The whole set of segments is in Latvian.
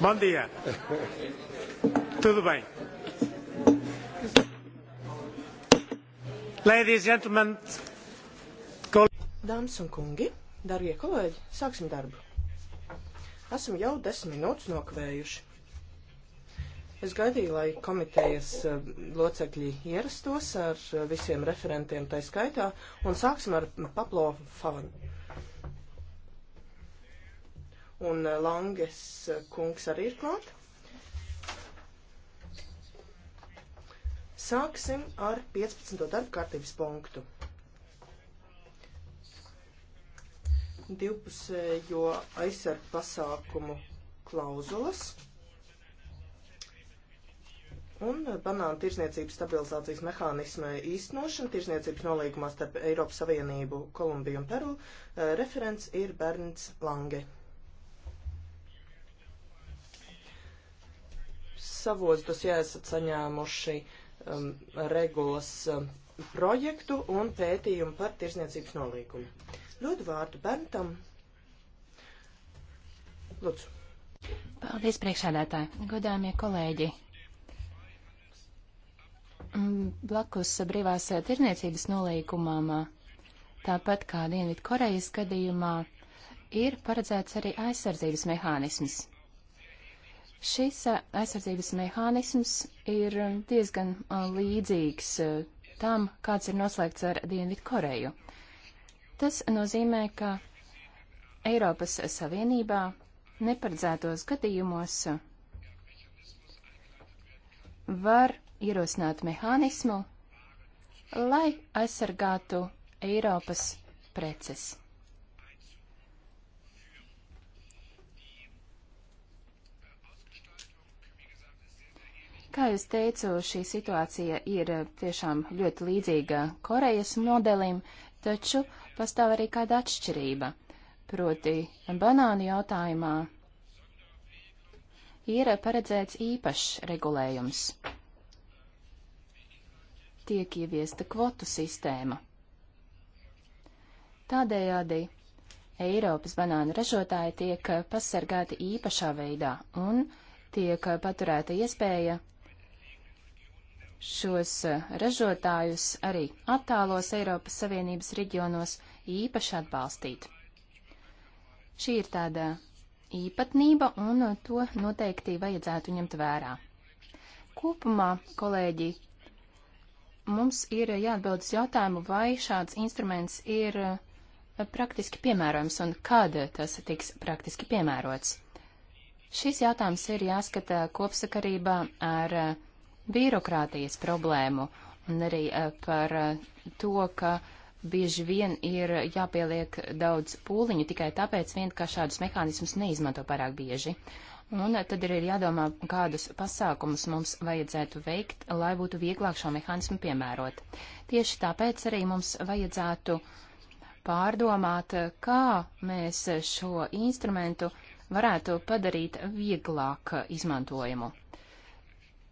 Bom dia. Tudo bem. Ladies and gentlemen. Dāmas un kungi, darbie kolēģi, sāksim darbu. Esam jau desmit minūtes nokavējuši. Es gaidīju, lai komitejas uh, locekļi ierastos ar uh, visiem referentiem tai skaitā un sāksim ar Pablo Favanu un eh, Langes eh, kungs arī ir klāt. Sāksim ar 15. darba kārtības punktu. Divpusējo aizsardz pasākumu klauzulas un eh, banānu tirzniecības stabilizācijas mehānisma īstenošana tirzniecības nolīgumā starp Eiropas Savienību, Kolumbiju un Peru. Referents ir Bernds Lange. savos dos jāsat saņēmuši um, regulas um, projektu un pētījumu par tirsniecības nolīgumu. Dodu vārdu Berntam. Lūdzu. Paldies, priekšādātāji. Godāmie kolēģi. Mm, blakus brīvās eh, tirniecības nolīgumam, eh, tāpat kā Dienvidu Korejas gadījumā, ir paredzēts arī aizsardzības mehānisms. Šis aizsardzības mehānisms ir um, diezgan līdzīgs tam, kāds ir noslēgts ar Dienvidu Koreju. Tas nozīmē, ka Eiropas Savienībā neparedzētos gadījumos var ierosināt mehānismu, lai aizsargātu Eiropas preces. Kā jau teicu, šī situācija ir eh, tiešām ļoti līdzīga Korejas modelim, taču pastāv arī kāda atšķirība. Proti, banānu jautājumā ir paredzēts īpašs regulējums. Tiek ieviesta kvotu sistēma. Tādējādi Eiropas banānu ražotāji tiek pasargāti īpašā veidā un tiek paturēta iespēja šos eh, ražotājus arī attālos Eiropas Savienības reģionos īpaši atbalstīt. Šī ir tāda īpatnība, un to noteikti vajadzētu ņemt vērā. Kopumā, kolēģi, mums ir jāatbild uz jautājumu, vai šāds instruments ir eh, praktiski piemērojams un kad tas tiks praktiski piemērots. Šis jautājums ir jāskata kopsakarībā ar uh, birokrātijas problēmu un arī eh, par eh, to, ka bieži vien ir jāpieliek daudz pūliņu tikai tāpēc, vien, ka šādus mehānismus neizmanto pārāk bieži. Un eh, tad ir jādomā, kādus pasākumus mums vajadzētu veikt, lai būtu vieglāk šo mehānismu piemērot. Tieši tāpēc arī mums vajadzētu pārdomāt, kā mēs šo instrumentu varētu padarīt vieglāk izmantojumu.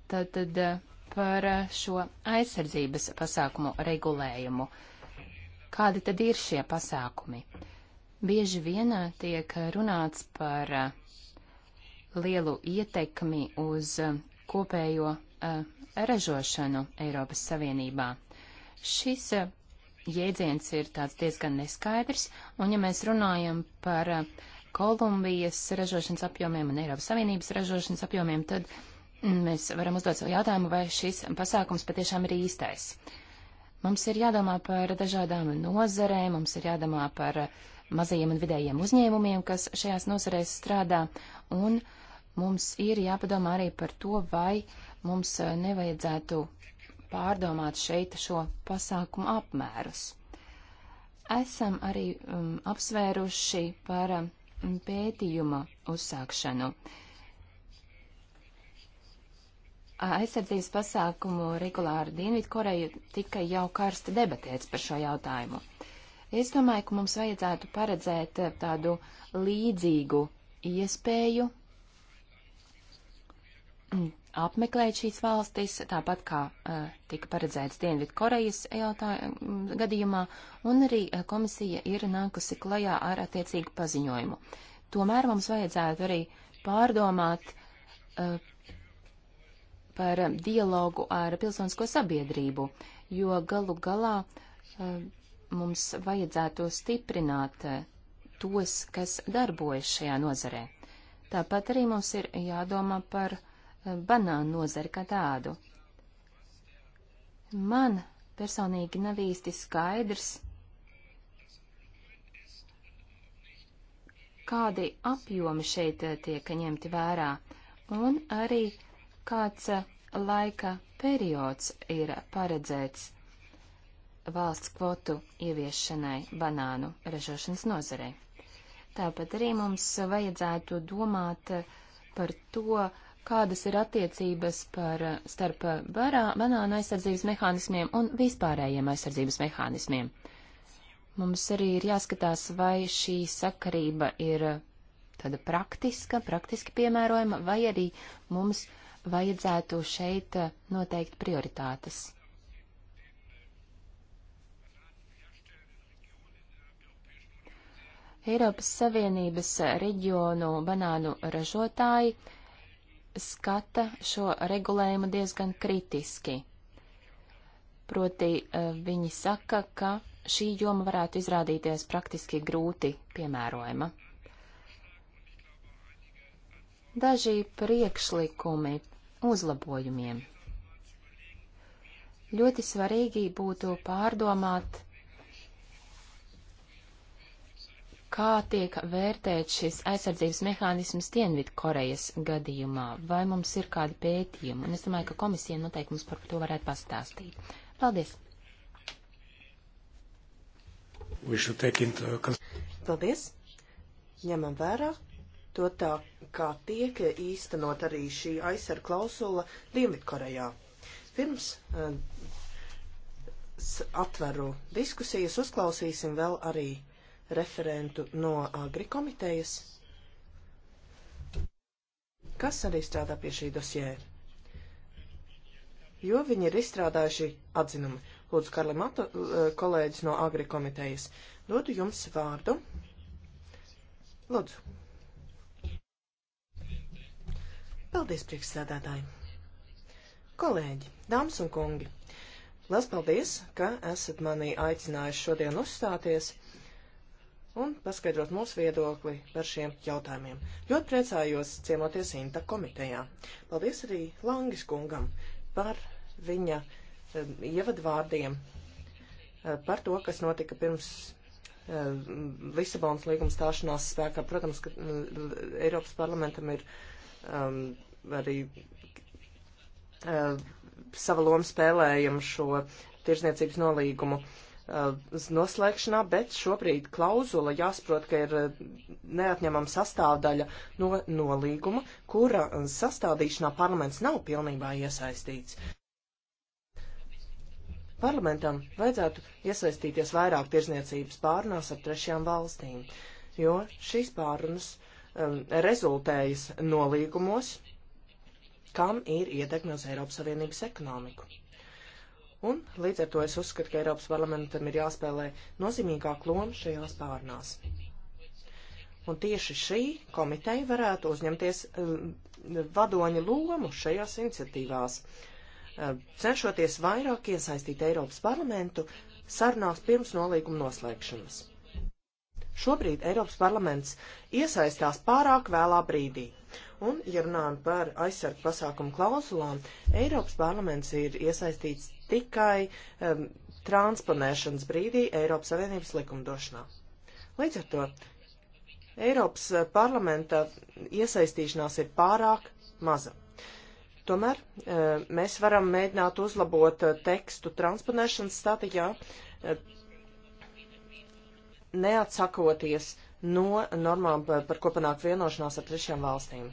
Tātad eh, par eh, šo aizsardzības pasākumu regulējumu. Kādi tad ir šie pasākumi? Bieži vien eh, tiek runāts par lielu ietekmi uz kopējo ražošanu Eiropas Savienībā. Šis jēdziens ir tāds diezgan neskaidrs, un ja mēs runājam par Kolumbijas ražošanas apjomiem un Eiropas Savienības ražošanas apjomiem, tad uh, Mēs varam uzdot sev jautājumu, vai šis pasākums patiešām ir īstais. Mums ir jādomā par dažādām nozarēm, mums ir jādomā par mazajiem un vidējiem uzņēmumiem, kas šajās nozarēs strādā, un mums ir jāpadomā arī par to, vai mums nevajadzētu pārdomāt šeit šo pasākumu apmērus. Esam arī um, apsvēruši par um, pētījuma uzsākšanu. Uh, aizsardzības pasākumu regulāri Dienvidkoreju tika jau karsti debatēts par šo jautājumu. Es domāju, ka mums vajadzētu paredzēt eh, tādu līdzīgu iespēju mm, apmeklēt šīs valstis, tāpat kā uh, tika paredzēts Dienvidkorejas mm, gadījumā, un arī eh, komisija ir nākusi klajā ar attiecīgu paziņojumu. Tomēr mums vajadzētu arī pārdomāt, uh, par dialogu ar pilsonisko sabiedrību, jo galu galā eh, mums vajadzētu stiprināt eh, tos, kas darbojas šajā nozarē. Tāpat arī mums ir jādomā par eh, banānu nozari kā tādu. Man personīgi nav īsti skaidrs, kādi apjomi šeit tiek ņemti vērā, un arī uh, Kāds eh, laika periods ir paredzēts valsts kvotu ieviešanai banānu ražošanas nozarei? Tāpat arī mums vajadzētu domāt eh, par to, kādas ir attiecības par, eh, starp barā, banāna aizsardzības mehānismiem un vispārējiem aizsardzības mehānismiem. Mums arī ir jāskatās, vai šī sakarība ir tāda praktiska, praktiski piemērojama, vai arī mums vajadzētu šeit eh, noteikt prioritātes. Eiropas Savienības reģionu banānu ražotāji skata šo regulējumu diezgan kritiski. Proti eh, viņi saka, ka šī joma varētu izrādīties praktiski grūti piemērojama. Daži priekšlikumi uzlabojumiem. Ļoti svarīgi būtu pārdomāt, kā tiek vērtēts šis aizsardzības mehānisms Dienvidu Korejas gadījumā, vai mums ir kādi pētījumi, un es domāju, ka komisija noteikti mums par to varētu pastāstīt. Paldies! Paldies! Ņemam vērā, to tā, kā tiek īstenot arī šī aizsardz klausula Dienvidkorejā. Pirms uh, atveru diskusijas, uzklausīsim vēl arī referentu no Agri komitejas, kas arī strādā pie šī dosjē. Jo viņi ir izstrādājuši atzinumu. Lūdzu, Karli Matu, eh, kolēģis no Agri komitejas, dodu jums vārdu. Lūdzu. Paldies, priekšsēdētāji! Kolēģi, dāmas un kungi! Lielas paldies, ka esat mani aicinājuši šodien uzstāties un paskaidrot mūsu viedokli par šiem jautājumiem. Ļoti priecājos ciemoties Inta komitejā. Paldies arī Langis kungam par viņa um, ievadvārdiem, uh, par to, kas notika pirms uh, Lisabonas līguma stāšanās spēkā. Protams, ka uh, Eiropas parlamentam ir um, arī uh, sava loma spēlējam šo tirzniecības nolīgumu uh, noslēgšanā, bet šobrīd klauzula jāsaprot, ka ir uh, neatņemama sastāvdaļa no nolīguma, kura uh, sastādīšanā parlaments nav pilnībā iesaistīts. Parlamentam vajadzētu iesaistīties vairāk tirzniecības pārunās ar trešajām valstīm, jo šīs pārunas uh, um, rezultējas nolīgumos, kam ir ietekme uz Eiropas Savienības ekonomiku. Un līdz ar to es uzskatu, ka Eiropas parlamentam ir jāspēlē nozīmīgāk loma šajās pārnās. Un tieši šī komiteja varētu uzņemties um, vadoņa lomu šajās iniciatīvās, um, cenšoties vairāk iesaistīt Eiropas parlamentu sarunās pirms nolīguma noslēgšanas. Šobrīd Eiropas parlaments iesaistās pārāk vēlā brīdī. Un, ja runājam par aizsargu pasākumu klausulām, Eiropas parlaments ir iesaistīts tikai um, transponēšanas brīdī Eiropas Savienības likumdošanā. Līdz ar to Eiropas eh, parlamenta iesaistīšanās ir pārāk maza. Tomēr eh, mēs varam mēģināt uzlabot eh, tekstu transponēšanas stadijā, neatsakoties no normām, par ko panāk vienošanās ar trešajām valstīm.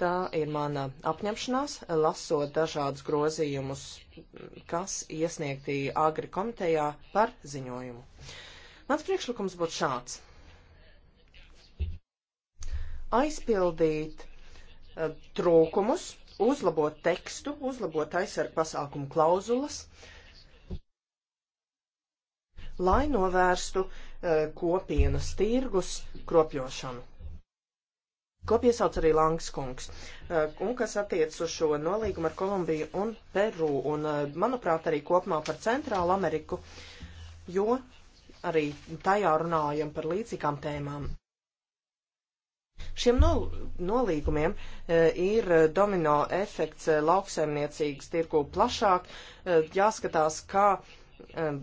Tā ir mana apņemšanās, lasot dažādus grozījumus, kas iesniegti Agri komitejā par ziņojumu. Mans priekšlikums būtu šāds. Aizpildīt uh, trūkumus, uzlabot tekstu, uzlabot aizsargu pasākumu klauzulas, lai novērstu uh, Eh, kopienas tirgus kropļošanu. Ko piesauc arī Langskungs, eh, un kas attiec uz šo nolīgumu ar Kolumbiju un Peru, un, eh, manuprāt, arī kopumā par Centrālu Ameriku, jo arī tajā runājam par līdzīgām tēmām. Šiem nol nolīgumiem e, ir domino efekts e, lauksaimniecīgas tirgu plašāk, e, jāskatās, kā e,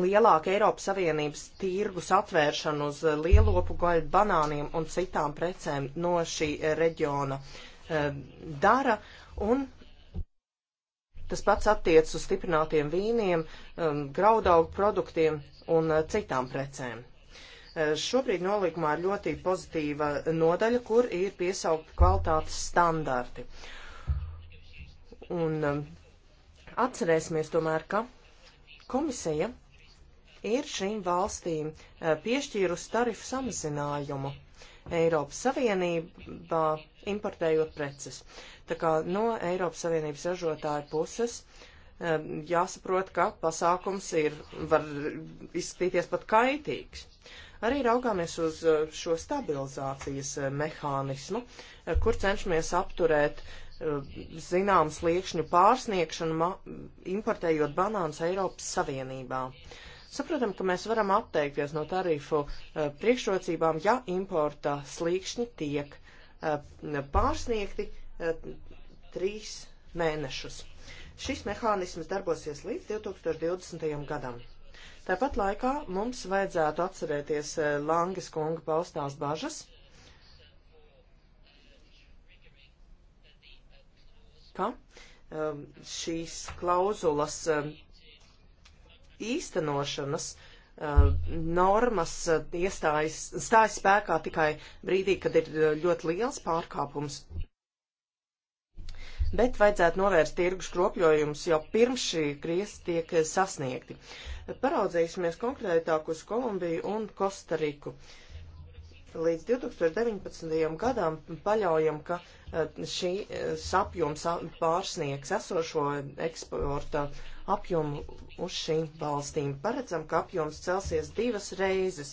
lielāku Eiropas Savienības tirgus atvēršanu uz lielopu gaļu, banāniem un citām precēm no šī eh, reģiona e, dara. Un tas pats attiec uz stiprinātiem vīniem, e, graudaugu produktiem un e, citām precēm. Šobrīd nolikumā ir ļoti pozitīva nodaļa, kur ir piesaukti kvalitātes standarti. Un atcerēsimies tomēr, ka komisija ir šīm valstīm eh, piešķīrusi tarifu samazinājumu Eiropas Savienībā importējot preces. Tā kā no Eiropas Savienības ražotāju puses eh, jāsaprot, ka pasākums ir, var izskatīties pat kaitīgs. Arī raugāmies uz eh, šo stabilizācijas mehānismu, kur cenšamies apturēt zināms liekšņu pārsniegšanu, importējot banānus Eiropas Savienībā. Uh, Saprotam, ka mēs varam atteikties no tarifu eh, priekšrocībām, ja importa slīkšņi tiek eh, pārsniegti eh, trīs mēnešus. Šis mehānisms darbosies līdz 2020. gadam. Tāpat laikā mums vajadzētu atcerēties Langas kunga paustās bažas, ka šīs klauzulas īstenošanas uh, normas uh, iestājas, stājas spēkā tikai brīdī, kad ir uh, ļoti liels pārkāpums. Bet vajadzētu novērst tirgus kropļojumus jau pirms šī krize tiek sasniegti. Paraudzīsimies konkrētāk uz Kolumbiju un Kostariku. Līdz 2019. gadam paļaujam, ka šī sapjums pārsniegs esošo eksporta uh, apjomu uz šīm valstīm. Paredzam, ka apjoms celsies divas reizes.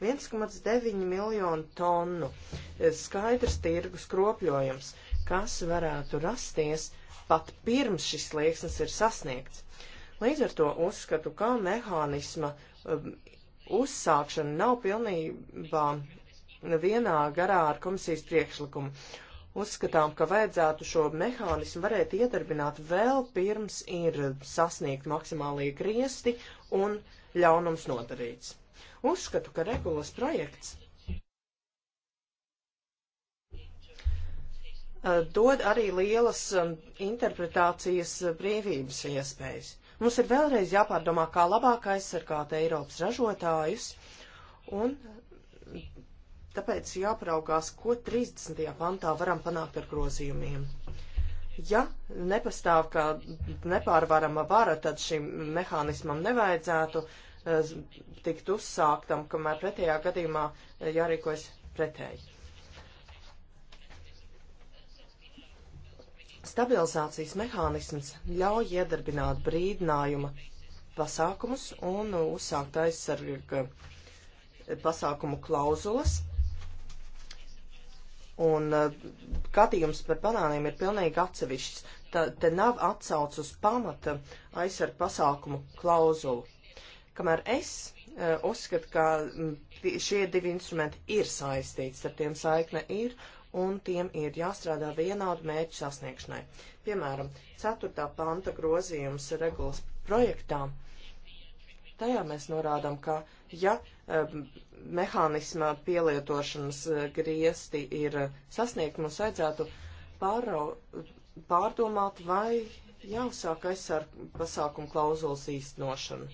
1,9 miljonu tonu skaidrs tirgus kropļojums, kas varētu rasties pat pirms šis slieksnis ir sasniegts. Līdz ar to uzskatu, ka mehānisma um, uzsākšana nav pilnībā vienā garā ar komisijas priekšlikumu Uzskatām, ka vajadzētu šo mehānismu varēt iedarbināt vēl pirms ir sasniegt maksimālie griesti un ļaunums nodarīts. Uzskatu, ka regulas projekts eh, dod arī lielas eh, interpretācijas eh, brīvības iespējas. Mums ir vēlreiz jāpārdomā, kā labāk aizsargāt Eiropas ražotājus un Tāpēc jāpraugās, ko 30. pantā varam panākt ar grozījumiem. Ja nepastāv kā nepārvarama vara, tad šim mehānismam nevajadzētu eh, tikt uzsāktam, kamēr pretējā gadījumā eh, jārīkojas pretēji. Stabilizācijas mehānisms ļauj iedarbināt brīdinājuma pasākumus un uzsākt aizsarga eh, pasākumu klauzulas, un gadījums eh, par banāniem ir pilnīgi atsevišķs. Ta, te nav atsauc uz pamata aizsardz pasākumu klauzulu. Kamēr es eh, uzskatu, ka mm, šie divi instrumenti ir saistīti, starp tiem saikne ir un tiem ir jāstrādā vienādu mērķu sasniegšanai. Piemēram, 4. panta grozījums regulas projektā. Tajā mēs norādām, ka ja eh, mehānisma pielietošanas griesti ir sasniegt, mums vajadzētu pārau, pārdomāt, vai jāsāk aizsarg pasākumu klauzulas īstenošanu.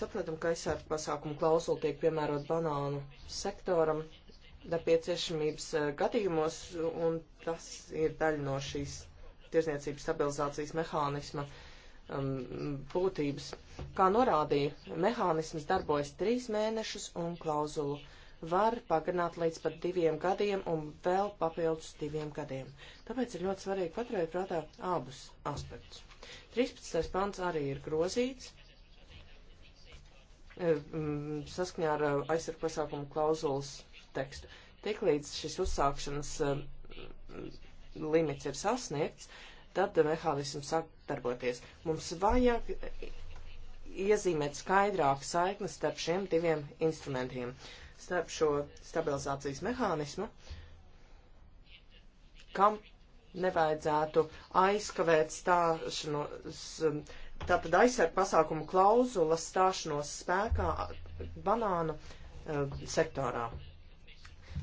Saprotam, ka aizsarg pasākumu klauzula tiek piemērot banānu sektoram nepieciešamības eh, gadījumos, un tas ir daļa no šīs tirzniecības stabilizācijas mehānisma. Uh, um, būtības. Kā norādīja, mehānisms darbojas trīs mēnešus un klauzulu var pagarināt līdz pat diviem gadiem un vēl papildus diviem gadiem. Tāpēc ir ļoti svarīgi paturēt prātā abus aspektus. 13. pants arī ir grozīts um, saskaņā ar uh, aizsargu pasākumu klauzulas tekstu. Tiklīdz šis uzsākšanas uh, limits ir sasniegts, tad mehānisms sāk darboties. Mums vajag iezīmēt skaidrāku saikni starp šiem diviem instrumentiem, starp šo stabilizācijas mehānismu, kam nevajadzētu aizkavēt stāšanos, tātad aizsardz pasākumu klauzulas stāšanos spēkā banānu uh, sektorā.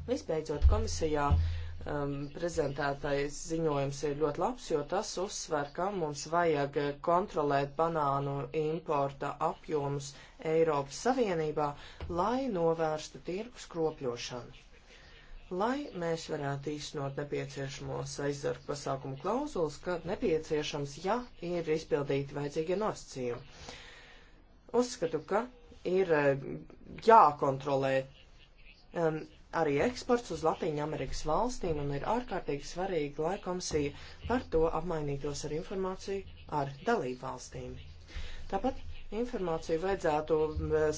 Visbeidzot, komisijā uh, um, prezentētais ziņojums ir ļoti labs, jo tas uzsver, ka mums vajag kontrolēt banānu importa apjomus Eiropas Savienībā, lai novērstu tirgus kropļošanu. Lai mēs varētu īstenot nepieciešamos aizsargu pasākumu klauzulas, kad nepieciešams, ja ir izpildīti vajadzīgie nosacījumi. Uzskatu, ka ir eh, jākontrolē um, arī eksports uz Latīņu Amerikas valstīm un ir ārkārtīgi svarīgi, lai komisija par to apmainītos ar informāciju ar dalību valstīm. Tāpat informāciju vajadzētu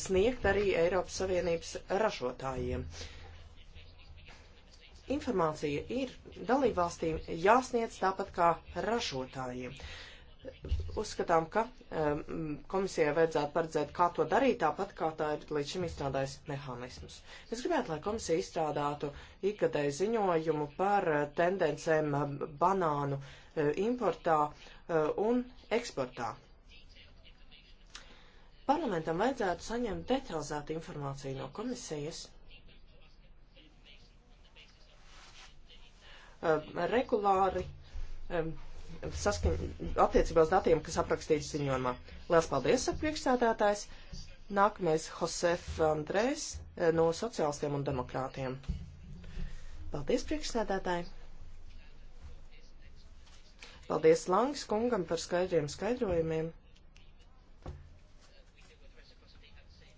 sniegt arī Eiropas Savienības ražotājiem. Informācija ir dalībvalstīm jāsniedz tāpat kā ražotājiem uzskatām, ka um, komisijai vajadzētu paredzēt, kā to darīt, tāpat kā tā ir līdz šim izstrādājis mehānismus. Es gribētu, lai komisija izstrādātu ikgadēju ziņojumu par uh, tendencēm uh, banānu uh, importā uh, un eksportā. Parlamentam vajadzētu saņemt detalizētu informāciju no komisijas. Uh, regulāri um, saskaņ attiecībā uz datiem, kas aprakstīts ziņojumā. Lielas paldies, saka priekšsēdētājs. Nākamais Josef Andrēs eh, no sociālistiem un demokrātiem. Paldies, priekšsēdētāji. Paldies Langs kungam par skaidriem skaidrojumiem.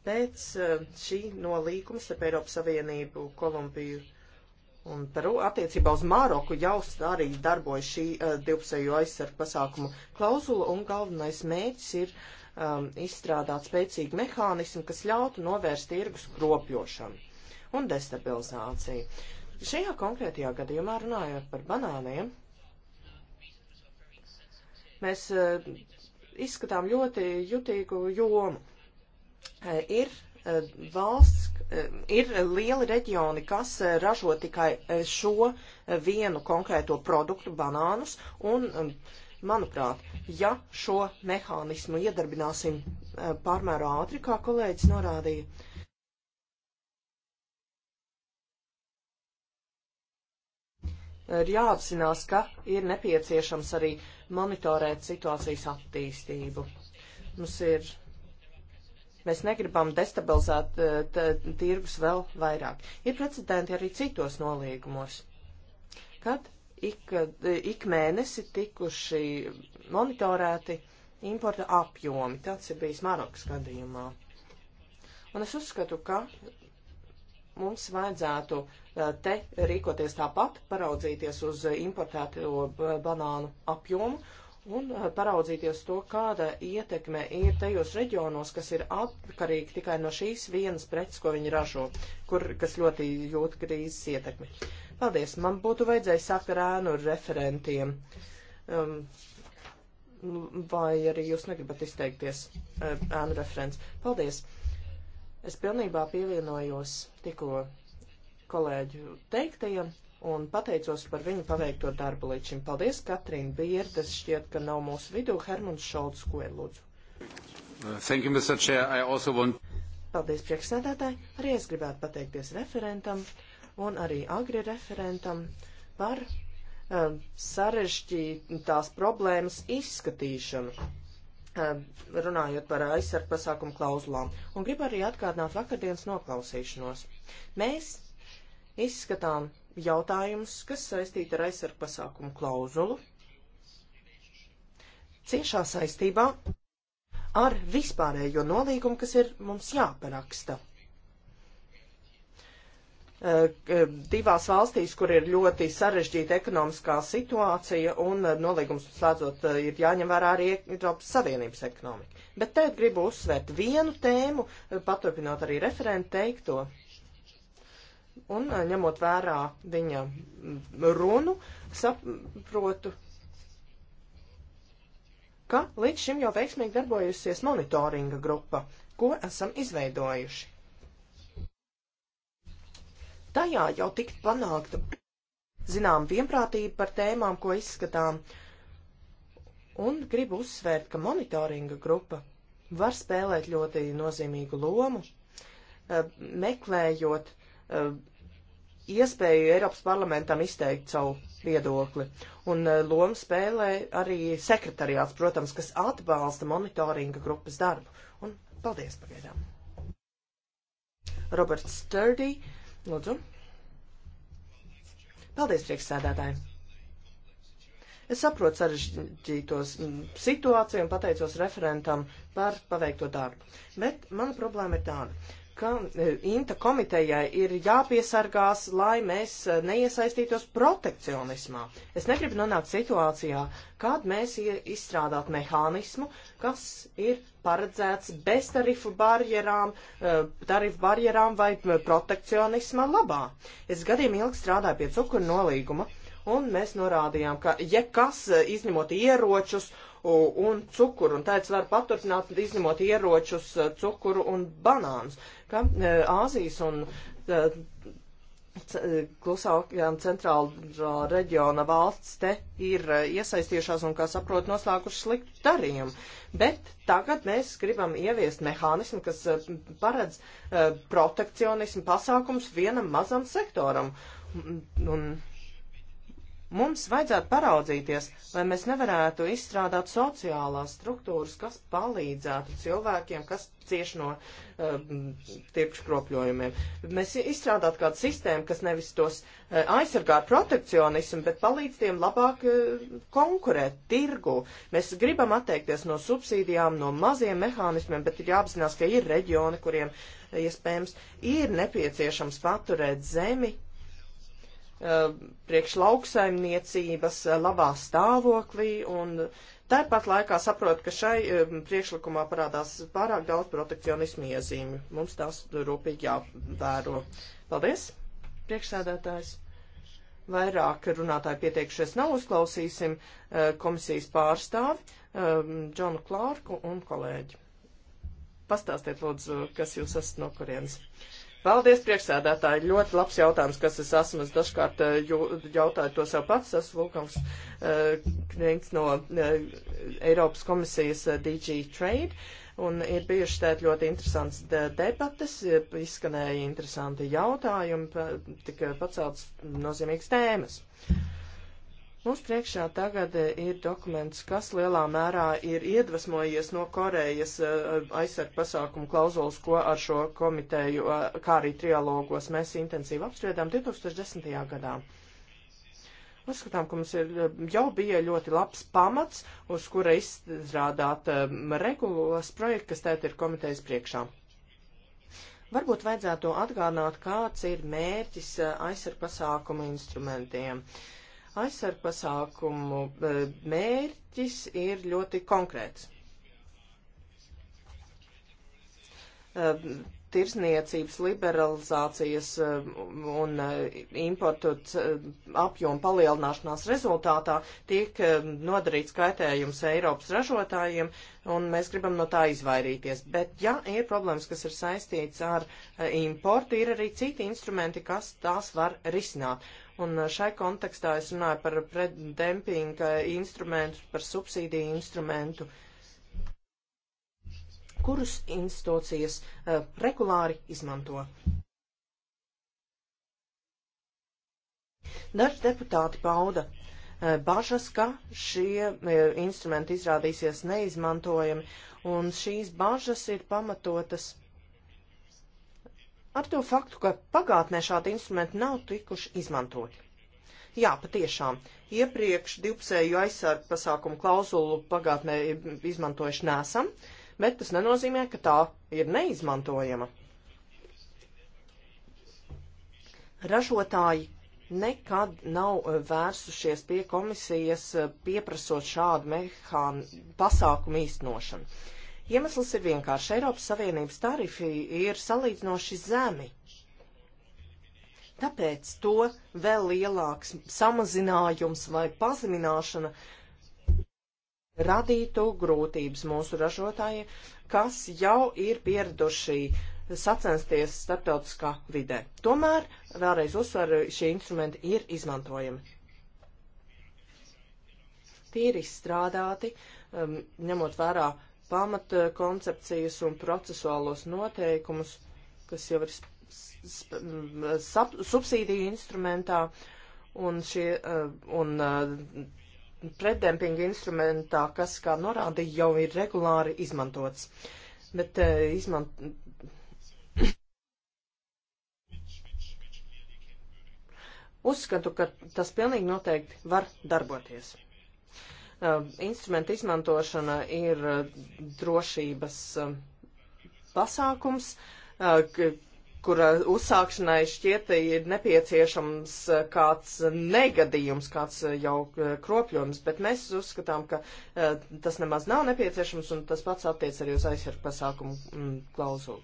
Pēc eh, šī nolīguma starp Eiropas Savienību, Kolumbiju un Peru attiecībā uz Māroku jau arī darbojas šī uh, divpusējo aizsardz pasākumu klauzula, un galvenais mēģis ir um, izstrādāt spēcīgu mehānismu, kas ļautu novērst tirgus kropļošanu un destabilizāciju. Šajā konkrētajā gadījumā runājot par banāniem, mēs uh, izskatām ļoti jutīgu jomu. Uh, ir valsts, eh, ir lieli reģioni, kas eh, ražo tikai eh, šo vienu konkrēto produktu, banānus, un, um, manuprāt, ja šo mehānismu iedarbināsim pārmērā ātri, kā kolēģis norādīja, ir jāapzinās, ka ir nepieciešams arī monitorēt situācijas attīstību. Mums ir Mēs negribam destabilizēt eh, tirgus vēl vairāk. Ir precedenti arī citos nolīgumos, kad ik, eh, ik mēnesi tikuši monitorēti importa apjomi. Tāds ir bijis Marokas gadījumā. Un es uzskatu, ka mums vajadzētu eh, te rīkoties tāpat, paraudzīties uz importēto banānu apjomu un eh, paraudzīties to, kāda ietekme ir tajos reģionos, kas ir atkarīgi tikai no šīs vienas preces, ko viņi ražo, kur, kas ļoti jūt krīzes ietekmi. Paldies, man būtu vajadzēja sakarēnu referentiem. Um, vai arī jūs negribat izteikties, eh, ēnu uh, referents. Paldies. Es pilnībā pievienojos tikko kolēģu teiktajiem. Ja un pateicos par viņu paveikto darbu līdz šim. Paldies, Katrīna Bierdes, šķiet, ka nav mūsu vidū. Hermans Šolds, ko ir lūdzu. Thank you, Mr. Chair. I also want... Paldies, priekšsēdētāji. Arī es gribētu pateikties referentam un arī agri referentam par um, sarežģītās problēmas izskatīšanu um, runājot par aizsardz pasākumu klauzulām, un gribu arī atgādināt vakardienas noklausīšanos. Mēs izskatām jautājums, kas saistīta ar aizsargu pasākumu klauzulu, ciešā saistībā ar vispārējo nolīgumu, kas ir mums jāparaksta. Divās valstīs, kur ir ļoti sarežģīta ekonomiskā situācija un nolīgums slēdzot eh, ir jāņem vērā arī Eiropas Savienības ekonomika. Bet tagad gribu uzsvērt vienu tēmu, paturpinot arī referentu teikto. Un ņemot vērā viņa runu, saprotu, ka līdz šim jau veiksmīgi darbojusies monitoringa grupa, ko esam izveidojuši. Tajā jau tikt panākta zinām vienprātība par tēmām, ko izskatām, un gribu uzsvērt, ka monitoringa grupa var spēlēt ļoti nozīmīgu lomu, meklējot uh, Eh, iespēju Eiropas parlamentam izteikt savu viedokli. Un eh, lomu spēlē arī sekretariāts, protams, kas atbalsta monitoringa grupas darbu. Un paldies pagaidām. Roberts Sturdy, lūdzu. Paldies, priekšsēdētāji. Es saprotu sarežģītos mm, situāciju un pateicos referentam par paveikto darbu. Bet mana problēma ir tāda ka e, Inta komitejai ir jāpiesargās, lai mēs e, neiesaistītos protekcionismā. Es negribu nonākt situācijā, kad mēs izstrādāt mehānismu, kas ir paredzēts bez tarifu barjerām, e, tarifu barjerām vai protekcionisma labā. Es gadiem ilgi strādāju pie cukuru nolīguma, un mēs norādījām, ka ja kas izņemot ieročus un cukuru, un tāds var paturpināt, izņemot ieročus, eh, cukuru un banānus, ka eh, Āzijas un eh, klusākajām centrāla reģiona valsts te ir iesaistījušās un, kā saprot, noslēguši sliktu darījumu. Bet tagad mēs gribam ieviest mehānismu, kas paredz protekcionismu pasākums vienam mazam sektoram. Un, un Mums vajadzētu paraudzīties, vai mēs nevarētu izstrādāt sociālās struktūras, kas palīdzētu cilvēkiem, kas cieši no uh, um, tirpškropļojumiem. Mēs izstrādāt kādu sistēmu, kas nevis tos uh, aizsargā ar protekcionismu, bet palīdz tiem labāk uh, konkurēt tirgu. Mēs gribam atteikties no subsīdijām, no maziem mehānismiem, bet ir jāapzinās, ka ir reģioni, kuriem uh, iespējams ir nepieciešams paturēt zemi Eh, priekš lauksaimniecības eh, labā stāvoklī, un tāpat laikā saprot, ka šai eh, priekšlikumā parādās pārāk daudz protekcionismu iezīmju. Mums tās rūpīgi jāvēro. Paldies, priekšsēdētājs! vairāk runātāji pieteikšies nav, uzklausīsim komisijas pārstāvi, Džonu Klārku un kolēģi. Pastāstiet, lūdzu, kas jūs esat no kurienes. Uh, Paldies, priekšsēdētāji. Ļoti labs jautājums, kas es esmu. Es dažkārt eh, jautāju to sev pats. Esmu Lukams eh, Kniņķis no eh, Eiropas komisijas DG Trade. Un ir bijušas tēt ļoti interesants debates, izskanēja interesanti jautājumi, tika paceltas nozīmīgas tēmas. Uh, Mums priekšā tagad e, ir dokuments, kas lielā mērā ir iedvesmojies no Korejas e, aizsardz pasākumu klauzulas, ko ar šo komiteju, kā arī trialogos mēs intensīvi apspriedām 2010. gadā. Uzskatām, ka mums ir, e, jau bija ļoti labs pamats, uz kura izstrādāt um, regulas projektu, kas tēt ir komitejas priekšā. Varbūt vajadzētu atgādināt, kāds ir mērķis aizsardz pasākumu instrumentiem. Uh, Aizsarpasākumu e, mērķis ir ļoti konkrēts. E, tirsniecības liberalizācijas e, un importu apjomu palielināšanās rezultātā tiek nodarīts kaitējums Eiropas ražotājiem, un mēs gribam no tā izvairīties. Bet, ja ir problēmas, kas ir saistīts ar importu, ir arī citi instrumenti, kas tās var risināt. Un uh, šai kontekstā es runāju par preddempinga instrumentu, par subsīdiju instrumentu, kurus institūcijas uh, regulāri izmanto. Daži deputāti pauda uh, bažas, ka šie uh, instrumenti izrādīsies neizmantojami, un šīs bažas ir pamatotas ar to faktu, ka pagātnē šādi instrumenti nav tikuši izmantoti. Jā, patiešām, iepriekš divpusēju aizsargu pasākumu klauzulu pagātnē izmantojuši nesam, bet tas nenozīmē, ka tā ir neizmantojama. Ražotāji nekad nav e, vērsušies pie komisijas e, pieprasot šādu mehānu pasākumu īstenošanu. Iemesls ir vienkārši. Eiropas Savienības tarifi ir salīdzinoši zemi. Tāpēc to vēl lielāks samazinājums vai pazemināšana radītu grūtības mūsu ražotājiem, kas jau ir pieraduši sacensties starptautiskā vidē. Tomēr, vēlreiz uzsveru, šie instrumenti ir izmantojami. Tie ir izstrādāti, um, ņemot vērā pamata koncepcijas un procesuālos noteikumus, kas jau ir subsīdiju instrumentā un, šie, eh, un eh, pretdempinga instrumentā, kas, kā norādīja, jau ir regulāri izmantots. Bet eh, izmant... Uzskatu, ka tas pilnīgi noteikti var darboties. Um, instrumentu izmantošana ir uh, drošības um, pasākums, uh, kura uzsākšanai šķiet ir nepieciešams uh, kāds negadījums, kāds jau kropļums, bet mēs uzskatām, ka tas nemaz nav nepieciešams un tas pats attiec arī uz aizsargu pasākumu mm, klauzulu.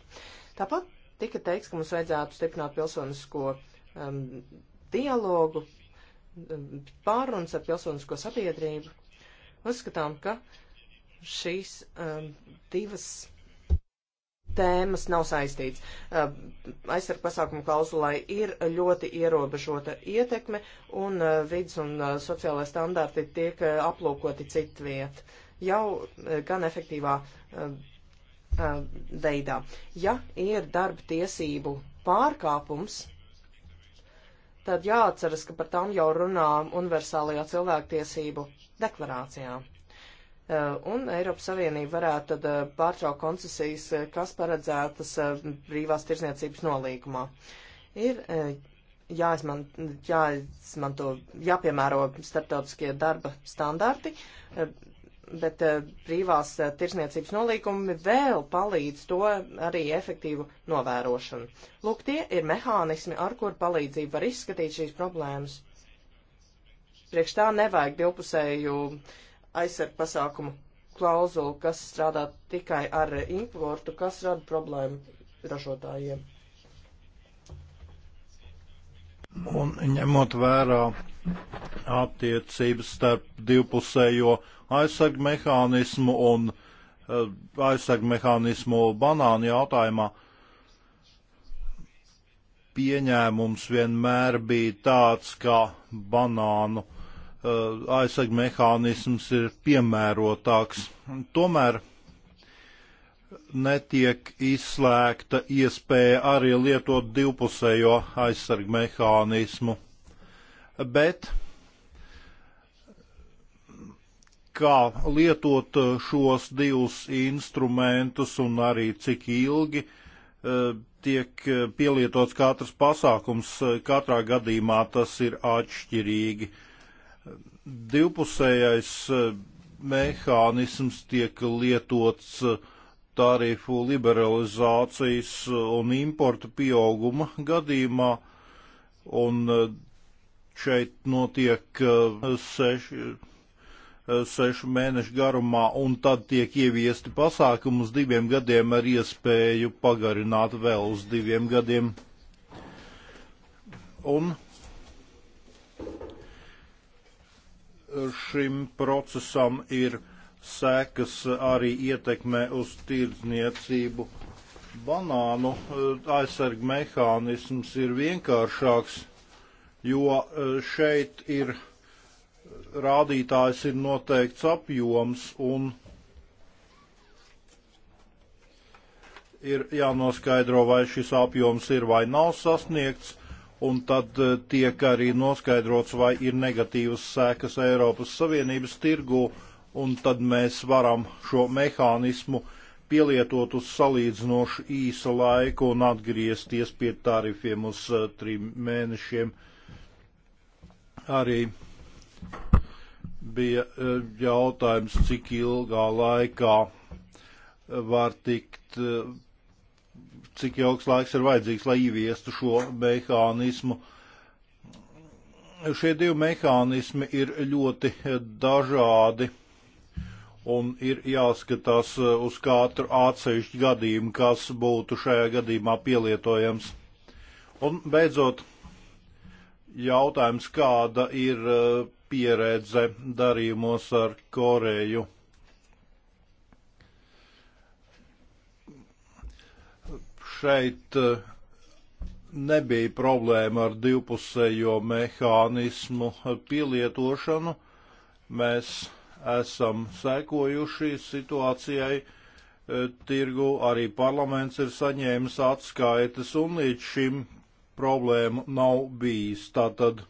Tāpat tika teiks, ka mums vajadzētu stiprināt pilsonisko um, dialogu, um, pārunas ar pilsonisko sabiedrību Uzskatām, ka šīs um, divas tēmas nav saistīts. Um, aizsargu pasākumu klauzulai ir ļoti ierobežota ietekme, un uh, vidas un uh, sociālai standarti tiek uh, aplūkoti citviet jau gan efektīvā um, veidā. Ja ir darba tiesību pārkāpums, tad jāatceras, ka par tām jau runā universālajā cilvēktiesību deklarācijā. Eh, un Eiropas Savienība varētu tad eh, pārtraukt koncesijas, eh, kas paredzētas brīvās tirzniecības nolīgumā. Ir jāizmanto, jāizmanto jāpiemēro starptautiskie darba standarti, bet eh, brīvās eh, tirsniecības nolīgumi vēl palīdz to arī efektīvu novērošanu. Lūk, tie ir mehānismi, ar kur palīdzību var izskatīt šīs problēmas. Priekš tā nevajag divpusēju aizsardz pasākumu klauzulu, kas strādā tikai ar importu, kas rada problēmu ražotājiem. Un ņemot vērā attiecības starp divpusējo aizsegu mehānismu un eh, aizsegu mehānismu banānu jautājumā pieņēmums vienmēr bija tāds, ka banānu eh, aizsegu mehānisms ir piemērotāks. Tomēr netiek izslēgta iespēja arī lietot divpusējo aizsargu mehānismu. Bet kā lietot uh, šos divus instrumentus un arī cik ilgi uh, tiek uh, pielietots katrs pasākums. Katrā gadījumā tas ir atšķirīgi. Divpusējais mehānisms tiek lietots tarifu liberalizācijas un importa pieauguma gadījumā, un šeit notiek seši Eh, sešu mēnešu garumā, un tad tiek ieviesti pasākumi uz diviem gadiem ar iespēju pagarināt vēl uz diviem gadiem. Un šim procesam ir sekas arī ietekmē uz tirdzniecību. Banānu eh, aizsarg mehānisms ir vienkāršāks, jo eh, šeit ir rādītājs ir noteikts apjoms un ir jānoskaidro, vai šis apjoms ir vai nav sasniegts, un tad eh, tiek arī noskaidrots, vai ir negatīvas sēkas Eiropas Savienības tirgu, un tad mēs varam šo mehānismu pielietot uz salīdzinoši īsa laika un atgriezties pie tarifiem uz eh, trim mēnešiem arī bija e, jautājums, cik ilgā laikā var tikt, e, cik ilgs laiks ir vajadzīgs, lai ieviestu šo mehānismu. Šie divi mehānismi ir ļoti dažādi un ir jāskatās e, uz katru atsevišķu gadījumu, kas būtu šajā gadījumā pielietojams. Un beidzot, jautājums, kāda ir pieredze darījumos ar Koreju. Šeit eh, nebija problēma ar divpusējo mehānismu pielietošanu. Mēs esam sekojuši situācijai eh, tirgu, arī parlaments ir saņēmis atskaites un līdz šim problēmu nav bijis. Tātad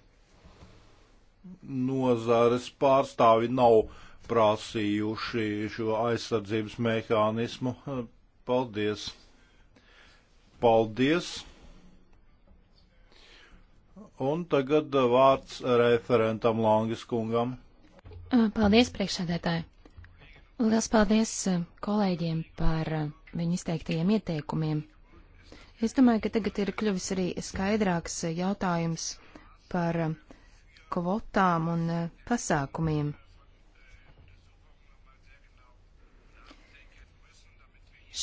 nozares pārstāvi nav prasījuši šo aizsardzības mehānismu. Paldies! Paldies! Un tagad vārds referentam Langas kungam. Paldies, priekšsēdētāji! Lielas paldies kolēģiem par viņu izteiktajiem ieteikumiem. Es domāju, ka tagad ir kļuvis arī skaidrāks jautājums par uh, kvotām un eh, pasākumiem.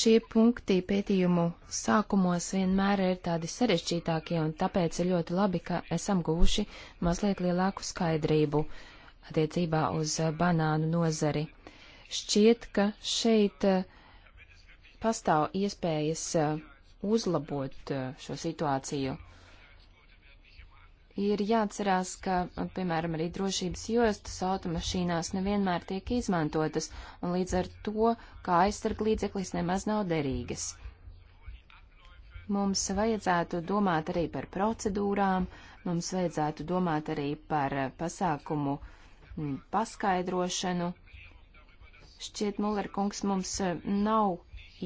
Šie punkti pētījumu sākumos vienmēr ir tādi sarežģītākie, un tāpēc ir ļoti labi, ka esam guvuši mazliet lielāku skaidrību attiecībā uz eh, banānu nozari. Šķiet, ka šeit eh, pastāv iespējas uzlabot šo situāciju ir jāatcerās, ka, piemēram, arī drošības jostas automašīnās nevienmēr tiek izmantotas, un līdz ar to, kā aizsarg līdzeklis nemaz nav derīgas. Mums vajadzētu domāt arī par procedūrām, mums vajadzētu domāt arī par eh, pasākumu mm, paskaidrošanu. Šķiet, Muller kungs, mums eh, nav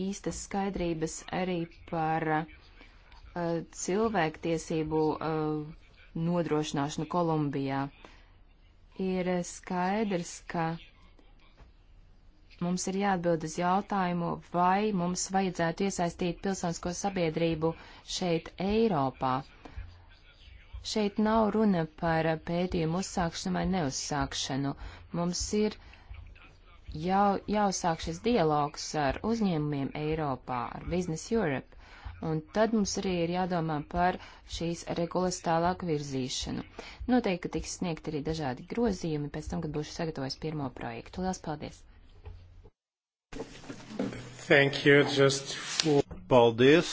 īstas skaidrības arī par uh, cilvēktiesību uh, nodrošināšanu Kolumbijā. Ir skaidrs, ka mums ir jāatbild uz jautājumu, vai mums vajadzētu iesaistīt pilsonisko sabiedrību šeit Eiropā. Šeit nav runa par pētījumu uzsākšanu vai neuzsākšanu. Mums ir jau, jāuzsāk šis dialogs ar uzņēmumiem Eiropā, ar Business Europe. Un tad mums arī ir jādomā par šīs regulas tālāku virzīšanu. Noteikti tiks sniegt arī dažādi grozījumi pēc tam, kad būšu sagatavojis pirmo projektu. Lielas paldies! Thank you, just for... Paldies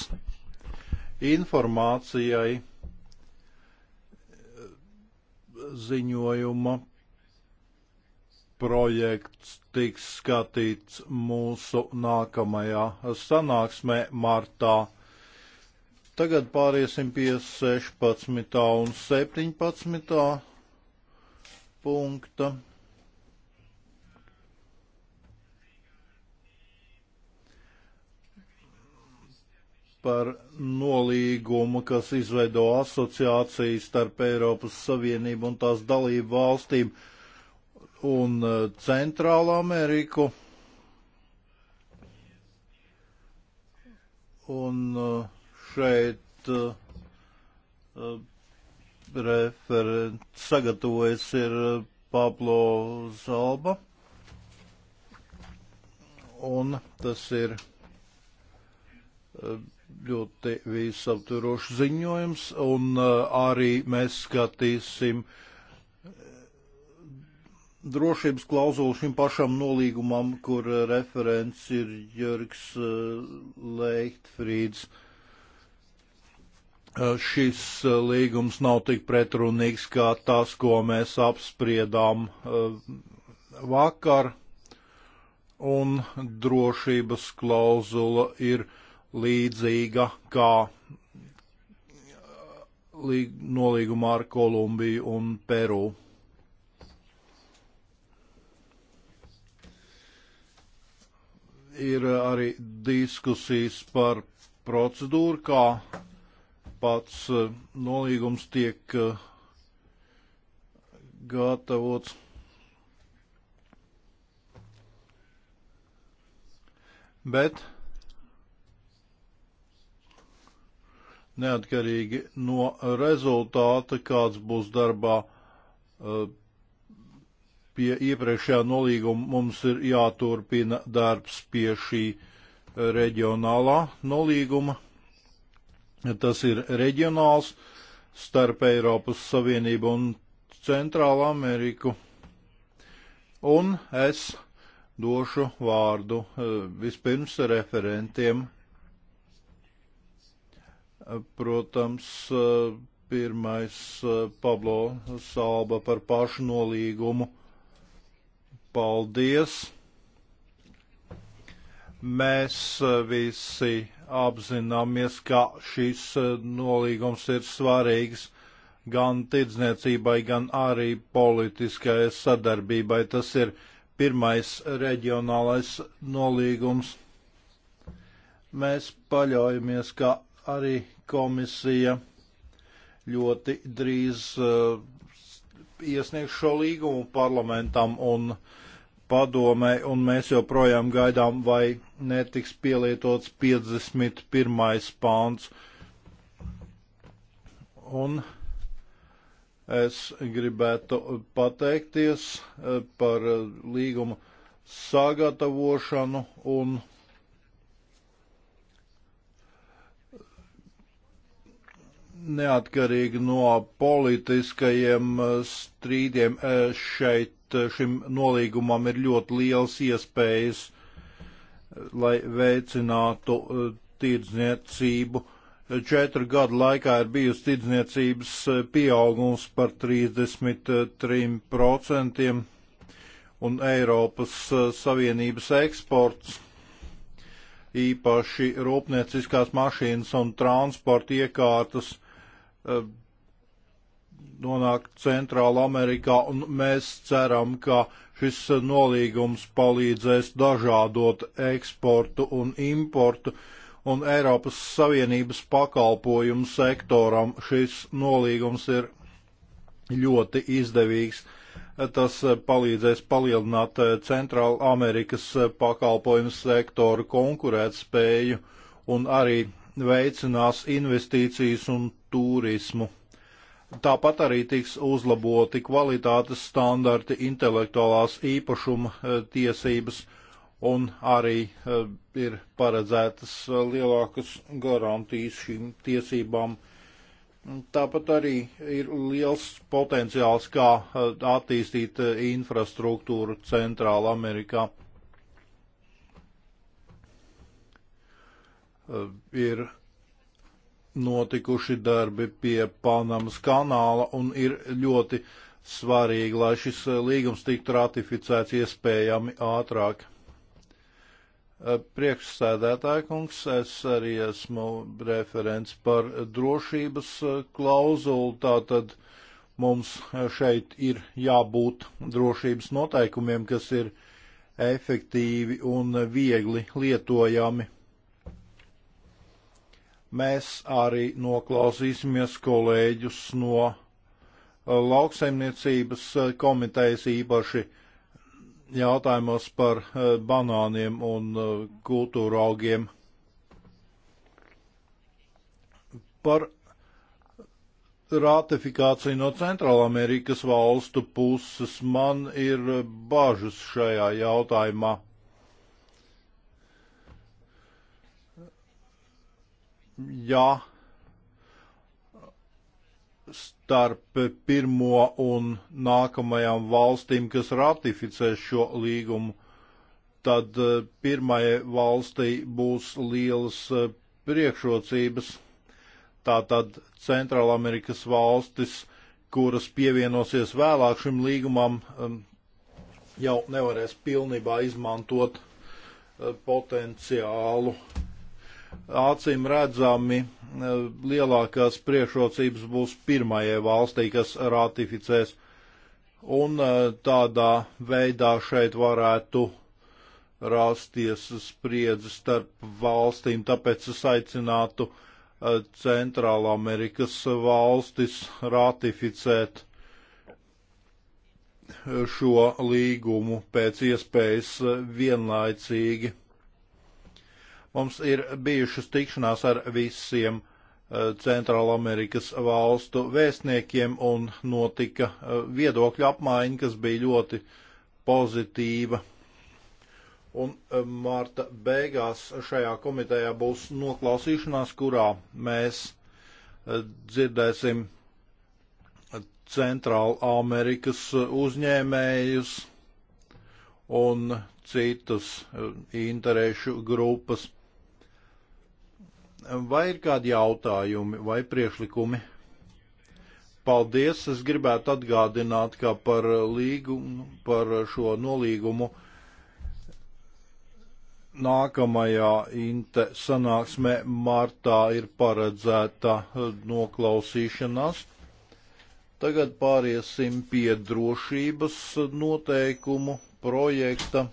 informācijai ziņojuma projekts tiks skatīts mūsu nākamajā sanāksmē martā. Tagad pāriesim pie 16. un 17. punkta. par nolīgumu, kas izveido asociāciju starp Eiropas Savienību un tās dalību valstīm un e, Centrālā Ameriku. Un uh, šeit uh, uh referents sagatavojis ir uh, Pablo Zalba. Un tas ir uh, ļoti visaptvarošs ziņojums, un uh, arī mēs skatīsim uh, drošības klauzulu šim pašam nolīgumam, kur referents ir Jörgs uh, Leichtfrīds. Uh, šis līgums nav tik pretrunīgs kā tas, ko mēs apspriedām vakar, un drošības klauzula ir līdzīga kā nolīgumā ar Kolumbiju un Peru. Ir arī diskusijas par procedūru, kā pats eh, nolīgums tiek eh, gatavots. Bet neatkarīgi no rezultāta, kāds būs darbā eh, pie iepriekšējā nolīguma, mums ir jāturpina darbs pie šī reģionālā nolīguma. Tas ir reģionāls starp Eiropas Savienību un Centrālu Ameriku. Un es došu vārdu eh, vispirms referentiem. Protams, eh, pirmais eh, Pablo Salba par pašu nolīgumu. Paldies! Mēs visi apzināmies, ka šis eh, nolīgums ir svarīgs gan tirdzniecībai, gan arī politiskajai sadarbībai. Tas ir pirmais reģionālais nolīgums. Mēs paļaujamies, ka arī komisija ļoti drīz uh, iesniegs šo līgumu parlamentam un uh, padomē, un mēs joprojām gaidām, vai netiks pielietots 51. pāns. Un es gribētu pateikties eh, par eh, līguma sagatavošanu un neatkarīgi no politiskajiem eh, strīdiem šeit Eh, šim nolīgumam ir ļoti liels iespējas, eh, lai veicinātu eh, tirdzniecību. Četru gadu laikā ir bijusi tirdzniecības pieaugums par 33% un Eiropas Savienības eksports īpaši rūpnieciskās mašīnas un transporta iekārtas nonākt Centrāla Amerikā, un mēs ceram, ka šis nolīgums palīdzēs dažādot eksportu un importu, un Eiropas Savienības pakalpojumu sektoram šis nolīgums ir ļoti izdevīgs. Tas palīdzēs palielināt Centrāla Amerikas pakalpojumu sektoru konkurētspēju un arī veicinās investīcijas un turismu. Tāpat arī tiks uzlaboti kvalitātes standarti, intelektuālās īpašuma eh, tiesības un arī eh, ir paredzētas eh, lielākas garantijas šīm tiesībām. Tāpat arī ir liels potenciāls, kā attīstīt infrastruktūru Centrāla Amerikā. Ir notikuši darbi pie Panamas kanāla un ir ļoti svarīgi, lai šis eh, līgums tiktu ratificēts iespējami ātrāk. Eh, priekšsēdētāja kungs, es arī esmu referents par drošības eh, klauzulu, tātad mums šeit ir jābūt drošības noteikumiem, kas ir efektīvi un viegli lietojami Mēs arī noklausīsimies kolēģus no eh, lauksaimniecības eh, komitejas īpaši jautājumos par eh, banāniem un kultūra augiem. Par ratifikāciju no Centrālamerikas valstu puses man ir bažas šajā jautājumā. ja starp pirmo un nākamajām valstīm, kas ratificē šo līgumu, tad eh, pirmajai valstī būs lielas eh, priekšrocības. Tātad Centrālamerikas valstis, kuras pievienosies vēlāk šim līgumam, ehm, jau nevarēs pilnībā izmantot eh, potenciālu uh, acīm redzami e, lielākās priekšrocības būs pirmajai valstī, kas ratificēs. Un e, tādā veidā šeit varētu rasties spriedzes starp valstīm, tāpēc es aicinātu e, Centrāla Amerikas valstis ratificēt šo līgumu pēc iespējas vienlaicīgi Mums ir bijušas tikšanās ar visiem eh, Centrālamerikas valstu vēstniekiem un notika eh, viedokļu apmaiņa, kas bija ļoti pozitīva. Un eh, mārta beigās šajā komitejā būs noklausīšanās, kurā mēs dzirdēsim Centrāla Amerikas uzņēmējus un citas interešu grupas. Vai ir kādi jautājumi vai priekšlikumi? Paldies! Es gribētu atgādināt, ka par līgumu, par šo nolīgumu nākamajā inte sanāksmē martā ir paredzēta noklausīšanās. Tagad pāriesim pie drošības noteikumu projekta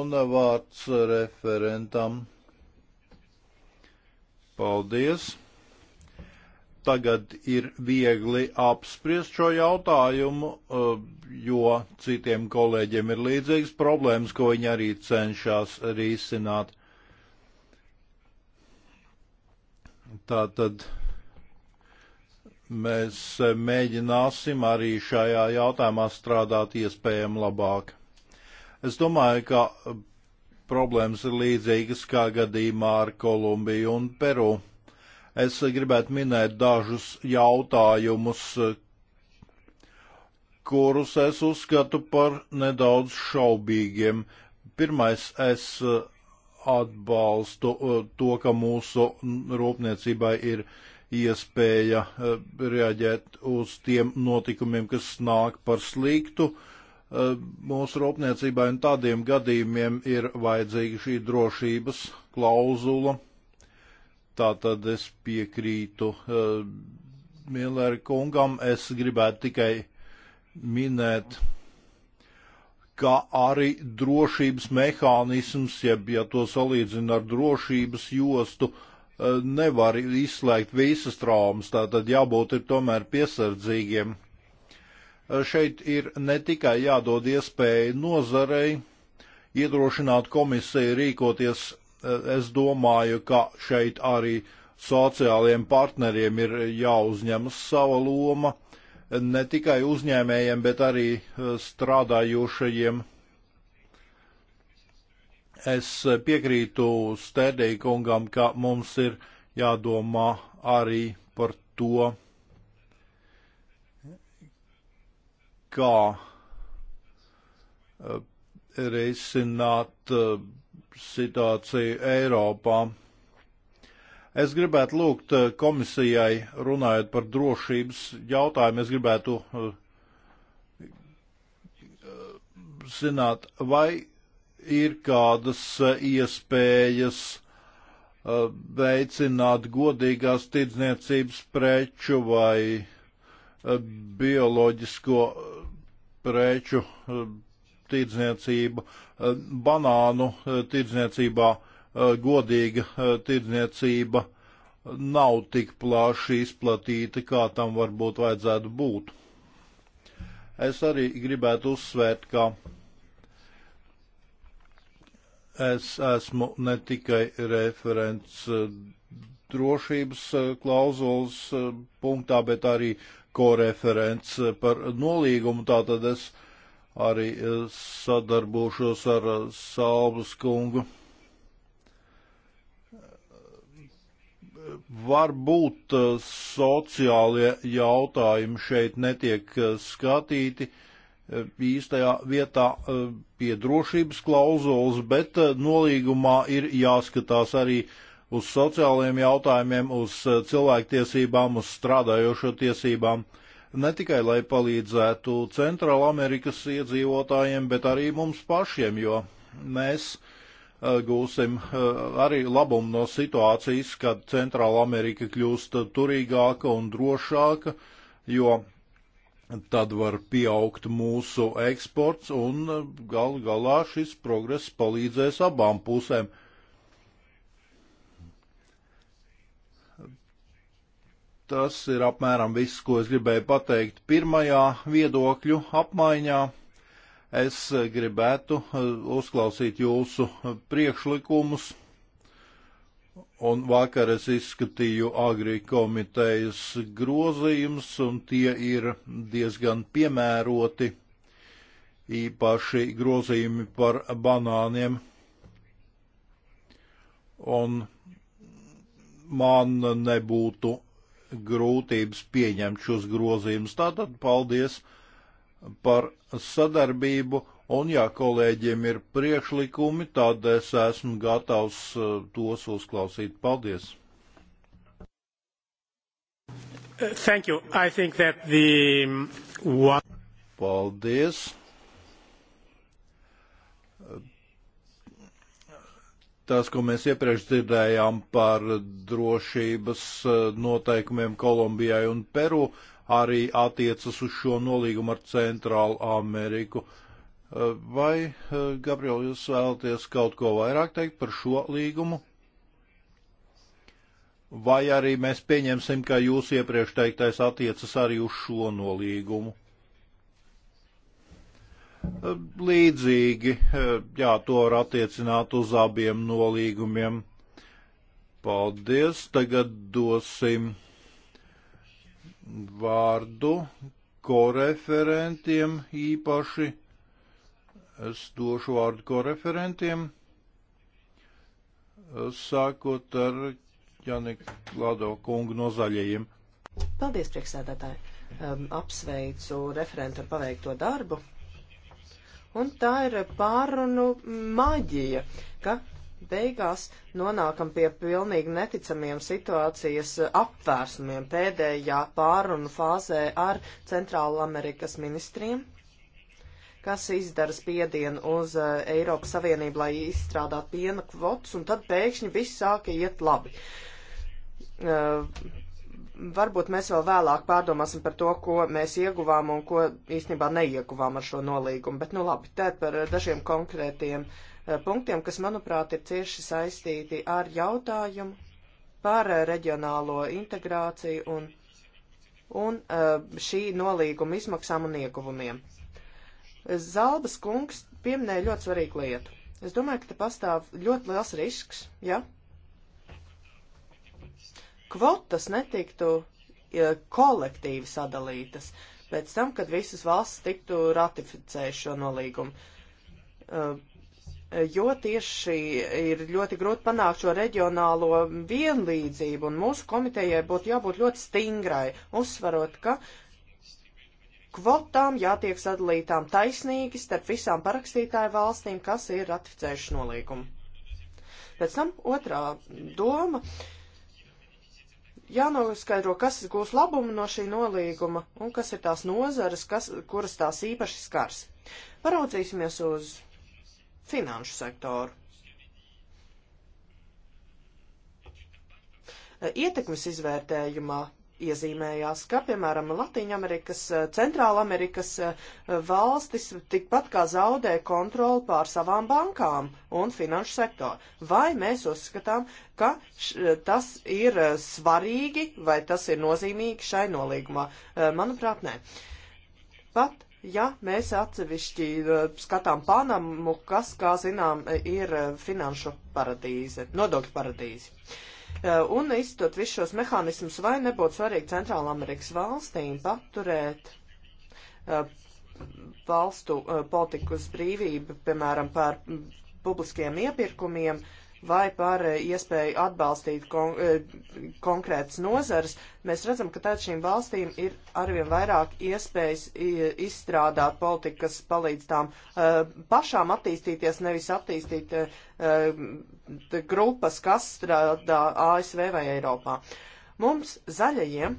un vārds referentam. Paldies! Tagad ir viegli apspriest šo jautājumu, eh, jo citiem kolēģiem ir līdzīgas problēmas, ko viņi arī cenšas risināt. Tātad mēs mēģināsim arī šajā jautājumā strādāt iespējami labāk. Es domāju, ka problēmas ir līdzīgas kā gadījumā ar Kolumbiju un Peru. Es gribētu minēt dažus jautājumus, kurus es uzskatu par nedaudz šaubīgiem. Pirmais, es atbalstu uh, to, ka mūsu rūpniecībai ir iespēja uh, reaģēt uz tiem notikumiem, kas nāk par sliktu, uh, Eh, mūsu rūpniecībai un tādiem gadījumiem ir vajadzīga šī drošības klauzula. Tā tad es piekrītu uh, eh, Millera kungam. Es gribētu tikai minēt, ka arī drošības mehānisms, jeb, ja to salīdzina ar drošības jostu, uh, nevar izslēgt visas traumas. Tā tad jābūt ir tomēr piesardzīgiem Šeit ir ne tikai jādod iespēja nozarei iedrošināt komisiju rīkoties, e, es domāju, ka šeit arī sociālajiem partneriem ir jāuzņemas sava loma, ne tikai uzņēmējiem, bet arī e, strādājošajiem. Es piekrītu Stēdei kungam, ka mums ir jādomā arī par to, kā eh, risināt eh, situāciju Eiropā. Es gribētu lūgt eh, komisijai, runājot par drošības jautājumu, es gribētu zināt, vai ir kādas iespējas veicināt godīgās tirdzniecības preču vai bioloģisko preču eh, tirdzniecību, eh, banānu eh, tirdzniecībā godīga tirdzniecība nav tik plaši izplatīta, kā tam varbūt vajadzētu būt. Es arī gribētu uzsvērt, ka es esmu ne tikai referents drošības klauzulas punktā, bet arī koreferents par nolīgumu, tātad es arī e, sadarbošos ar e, Sāvas kungu. Varbūt e, sociālie jautājumi šeit netiek skatīti īstajā vietā pie drošības klauzulas, bet nolīgumā ir jāskatās arī uh, uz sociāliem jautājumiem, uz eh, cilvēktiesībām, uz strādājošo tiesībām, ne tikai lai palīdzētu Centrāla Amerikas iedzīvotājiem, bet arī mums pašiem, jo mēs eh, gūsim eh, arī labumu no situācijas, kad Centrāla Amerika kļūst turīgāka un drošāka, jo tad var pieaugt mūsu eksports un gal galā šis progress palīdzēs abām pusēm. Tas ir apmēram viss, ko es gribēju pateikt pirmajā viedokļu apmaiņā. Es gribētu eh, uzklausīt jūsu priekšlikumus, un vakar es izskatīju agri komitejas grozījumus, un tie ir diezgan piemēroti, īpaši grozījumi par banāniem. Un man nebūtu grūtības pieņemt šos grozījumus. Tātad paldies par sadarbību, un ja kolēģiem ir priekšlikumi, tad es esmu gatavs uh, tos uzklausīt. Paldies! Thank you. I think that the um, one... Paldies! tas, ko mēs iepriekš dzirdējām par drošības eh, noteikumiem Kolumbijai un Peru, arī attiecas uz šo nolīgumu ar Centrālu Ameriku. Eh, vai, eh, Gabriel, jūs vēlaties kaut ko vairāk teikt par šo līgumu? Vai arī mēs pieņemsim, ka jūs iepriekš teiktais attiecas arī uz šo nolīgumu? līdzīgi. Eh, jā, to var attiecināt uz abiem nolīgumiem. Paldies. Tagad dosim vārdu koreferentiem īpaši. Es došu vārdu koreferentiem. Sākot ar Janiku Lado kungu no zaļajiem. Paldies, priekšsēdētāji! Um, apsveicu referentu ar paveikto darbu. Un tā ir pārunu maģija, ka beigās nonākam pie pilnīgi neticamiem situācijas apvērsumiem pēdējā pārunu fāzē ar Centrāla Amerikas ministriem kas izdara spiedienu uz uh, Eiropas Savienību, lai izstrādātu piena kvotus, un tad pēkšņi viss sāka iet labi. Uh, varbūt mēs vēl vēlāk pārdomāsim par to, ko mēs ieguvām un ko īstenībā neieguvām ar šo nolīgumu. Bet, nu labi, tā par dažiem konkrētiem eh, punktiem, kas, manuprāt, ir cieši saistīti ar jautājumu par eh, reģionālo integrāciju un, un eh, šī nolīguma izmaksām un ieguvumiem. Zalbas kungs pieminēja ļoti svarīgu lietu. Es domāju, ka te pastāv ļoti liels risks, ja kvotas netiktu e, kolektīvi sadalītas pēc tam, kad visas valsts tiktu ratificējuši šo nolīgumu. E, jo tieši ir ļoti grūti panākt šo reģionālo vienlīdzību, un mūsu komitejai būtu jābūt ļoti stingrai, uzsvarot, ka kvotām jātiek sadalītām taisnīgi starp visām parakstītāju valstīm, kas ir ratificējuši nolīgumu. Pēc tam otrā doma. Uh, jānoskaidro, kas gūs labumu no šī nolīguma un kas ir tās nozares, kas, kuras tās īpaši skars. Paraudzīsimies uz finanšu sektoru. Ietekmes izvērtējumā iezīmējās, ka, piemēram, Latīņamerikas, eh, Centrālamerikas eh, valstis tikpat kā zaudē kontroli pār savām bankām un finanšu sektoru. Vai mēs uzskatām, ka š, eh, tas ir svarīgi vai tas ir nozīmīgi šai nolīgumā? Manuprāt, nē. Pat ja mēs atsevišķi skatām Panamu, kas, kā zinām, ir finanšu paradīze, nodokļu paradīze. Eh, un izstot visus šos mehānismus, vai nebūtu svarīgi Centrāla Amerikas valstīm paturēt eh, valstu eh, politiku uz brīvību, piemēram, par publiskiem iepirkumiem, uh, vai par eh, iespēju atbalstīt kon eh, konkrētas nozares, mēs redzam, ka tad šīm valstīm ir arvien vairāk iespējas eh, izstrādāt politiku, kas palīdz tām pašām attīstīties, nevis attīstīt grupas, kas strādā ASV vai Eiropā. Mums zaļajiem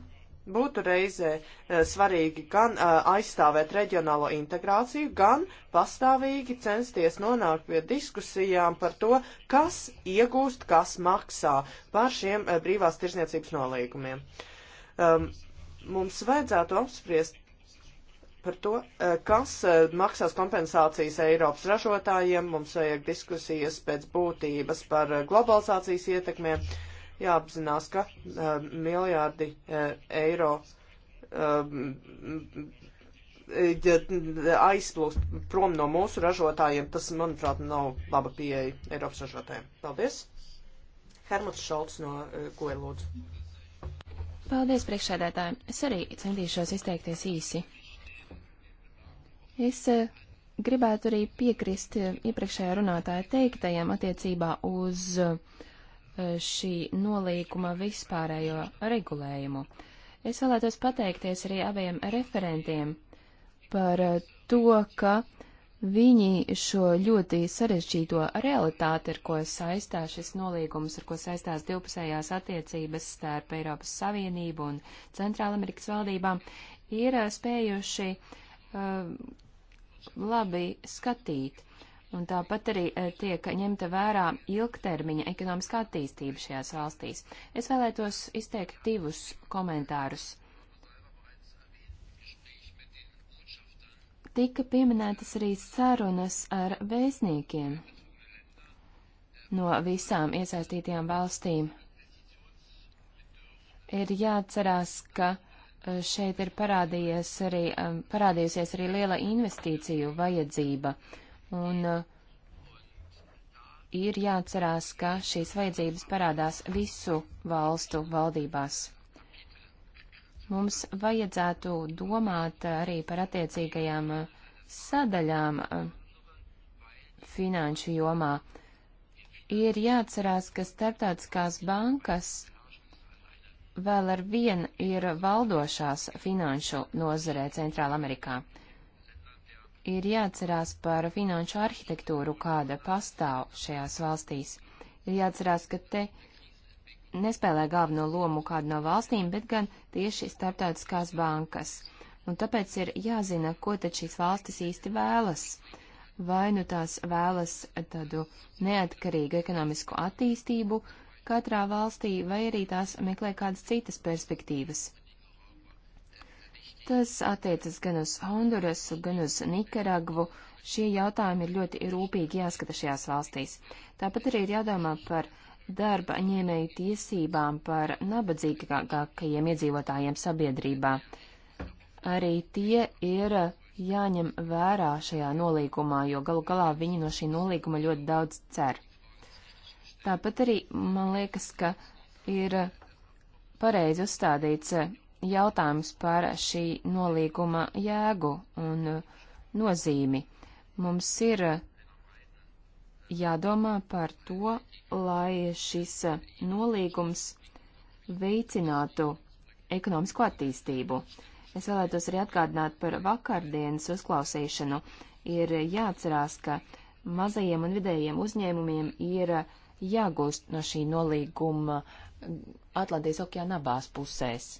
būtu reizē eh, svarīgi gan eh, aizstāvēt reģionālo integrāciju, gan pastāvīgi censties nonākt pie diskusijām par to, kas iegūst, kas maksā par šiem eh, brīvās tirzniecības nolīgumiem. Um, mums vajadzētu apspriest par to, kas maksās kompensācijas Eiropas ražotājiem. Mums vajag diskusijas pēc būtības par globalizācijas ietekmēm. Uh, jāapzinās, ka uh, miljārdi uh, eiro uh, aizplūst prom no mūsu ražotājiem, tas, manuprāt, nav laba pieeja Eiropas ražotājiem. Paldies! Hermats Šalts no Goja lūdzu. Paldies, priekšsēdētāji. Es arī centīšos izteikties īsi. Es gribētu arī piekrist iepriekšējā runātāja teiktajam attiecībā uz uh, Eh, šī nolīguma vispārējo regulējumu. Es vēlētos pateikties arī abiem referentiem par eh, to, ka viņi šo ļoti sarežģīto realitāti, ar ko saistās šis nolīgums, ar ko saistās divpusējās attiecības starp Eiropas Savienību un Centrālamerikas valdībām, ir eh, spējuši uh, labi skatīt. Un tāpat arī eh, tiek ņemta vērā ilgtermiņa ekonomiskā attīstība šajās valstīs. Es vēlētos izteikt divus komentārus. Tika pieminētas arī sarunas ar vēstniekiem no visām iesaistītajām valstīm. Ir jāatcerās, ka eh, šeit ir parādījies arī, eh, parādījusies arī liela investīciju vajadzība. Uh, un uh, ir jāatcerās, ka šīs vajadzības parādās visu valstu valdībās. Mums vajadzētu domāt arī par attiecīgajām uh, sadaļām uh, finanšu jomā. Ir jāatcerās, ka starptautiskās bankas vēl ar vien ir valdošās finanšu nozarē Centrāla Amerikā ir jāatcerās par finanšu arhitektūru, kāda pastāv šajās valstīs. Ir jāatcerās, ka te nespēlē galveno lomu kādu no valstīm, bet gan tieši starptautiskās bankas. Un tāpēc ir jāzina, ko tad šīs valstis īsti vēlas. Vai nu tās vēlas tādu neatkarīgu ekonomisku attīstību katrā valstī, vai arī tās meklē kādas citas perspektīvas. Tas attiecas gan uz Hondurasu, gan uz Nikaragvu. Šie jautājumi ir ļoti rūpīgi jāskata šajās valstīs. Tāpat arī ir jādomā par darba ņēmēju tiesībām, par nabadzīgākajiem iedzīvotājiem sabiedrībā. Arī tie ir jāņem vērā šajā nolīgumā, jo galu galā viņi no šī nolīguma ļoti daudz cer. Tāpat arī man liekas, ka ir pareizi uzstādīts jautājums par šī nolīguma jēgu un uh, nozīmi. Mums ir uh, jādomā par to, lai šis uh, nolīgums veicinātu ekonomisko attīstību. Es vēlētos arī atgādināt par vakardienas uzklausīšanu. Ir jāatcerās, ka mazajiem un vidējiem uzņēmumiem ir jāgūst no šī nolīguma Atlantijas okeāna abās pusēs.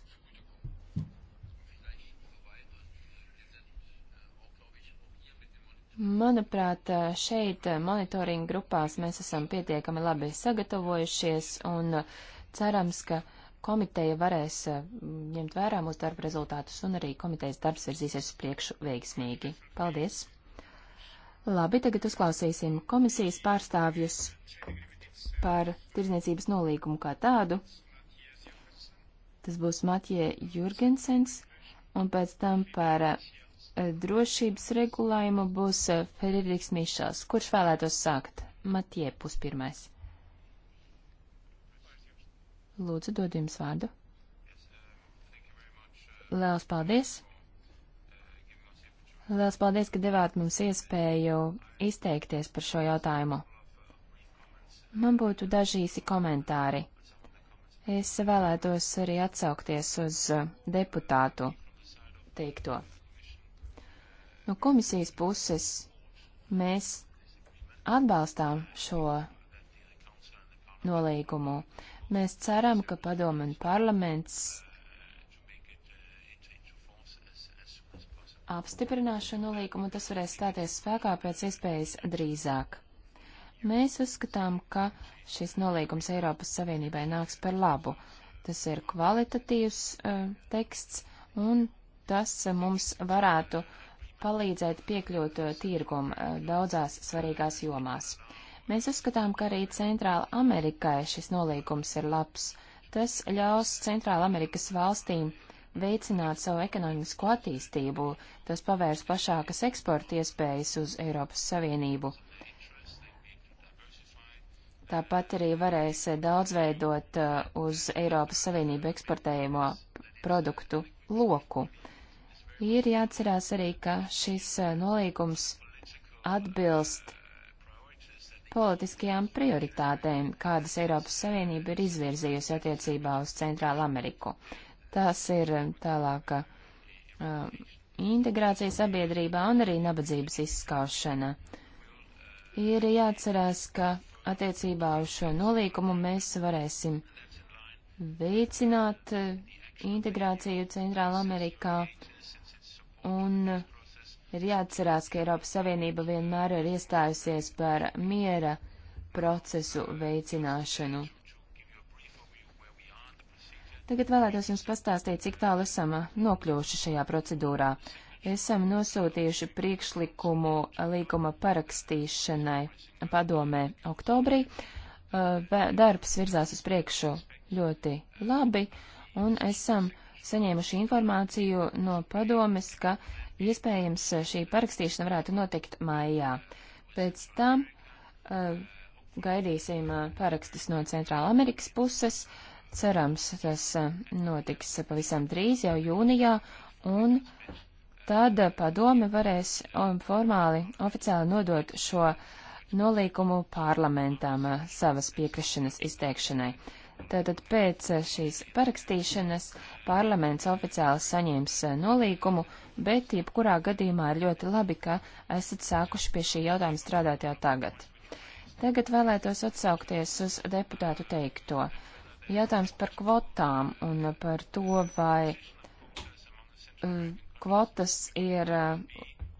Manuprāt, šeit monitoringa grupās mēs esam pietiekami labi sagatavojušies un cerams, ka komiteja varēs eh, ņemt vērā mūsu darba rezultātus un arī komitejas darbs virzīsies uz priekšu veiksmīgi. Paldies! Labi, tagad uzklausīsim komisijas pārstāvjus par tirzniecības nolīgumu kā tādu. Tas būs Matjē Jurgensens un pēc tam par Eh, drošības regulējumu būs eh, Frederiks Mišels. Kurš vēlētos sākt? Matie puspirmais. Lūdzu, dod jums vārdu. Liels paldies! Liels paldies, ka devāt mums iespēju izteikties par šo jautājumu. Man būtu daži īsi komentāri. Es vēlētos arī atsaukties uz eh, deputātu teikto. No komisijas puses mēs atbalstām šo nolīgumu. Mēs ceram, ka padomu un parlaments apstiprinās šo nolīgumu, tas varēs stāties spēkā pēc iespējas drīzāk. Mēs uzskatām, ka šis nolīgums Eiropas Savienībai nāks par labu. Tas ir kvalitatīvs uh, teksts, un tas eh, mums varētu uh, palīdzēt piekļūt eh, tirgum eh, daudzās svarīgās jomās. Mēs uzskatām, ka arī Centrāla Amerikai šis nolīgums ir labs. Tas ļaus Centrāla Amerikas valstīm veicināt savu ekonomisko attīstību, tas pavērs plašākas eksporta iespējas uz Eiropas Savienību. Tāpat arī varēs eh, daudzveidot uz Eiropas Savienību eksportējamo produktu loku. Uh, Ir jāatcerās arī, ka šis eh, nolīgums atbilst politiskajām prioritātēm, kādas Eiropas Savienība ir izvirzījusi attiecībā uz Centrālu Ameriku. Tās ir eh, tālāka uh, integrācija sabiedrībā un arī nabadzības izskaušana. Ir jāatcerās, ka attiecībā uz šo nolīkumu mēs varēsim veicināt integrāciju Centrāla Amerikā un ir jāatcerās, ka Eiropas Savienība vienmēr ir iestājusies par miera procesu veicināšanu. Tagad vēlētos jums pastāstīt, cik tālu esam nokļuvuši šajā procedūrā. Esam nosūtījuši priekšlikumu līguma parakstīšanai padomē oktobrī. Darbs virzās uz priekšu ļoti labi, un esam uh, saņēmuši informāciju no padomes, ka iespējams šī parakstīšana varētu notikt maijā. Pēc tam uh, gaidīsim uh, parakstus no Centrāla Amerikas puses. Cerams, tas uh, notiks pavisam drīz, jau jūnijā, un tad padome varēs um, formāli, oficiāli nodot šo nolīkumu parlamentam savas piekrišanas izteikšanai. Tātad pēc eh, šīs parakstīšanas parlaments oficiāli saņems eh, nolīgumu, bet jebkurā gadījumā ir ļoti labi, ka esat sākuši pie šī jautājuma strādāt jau tagad. Tagad vēlētos atsaukties uz deputātu teikto. Jautājums par kvotām un par to, vai eh, kvotas ir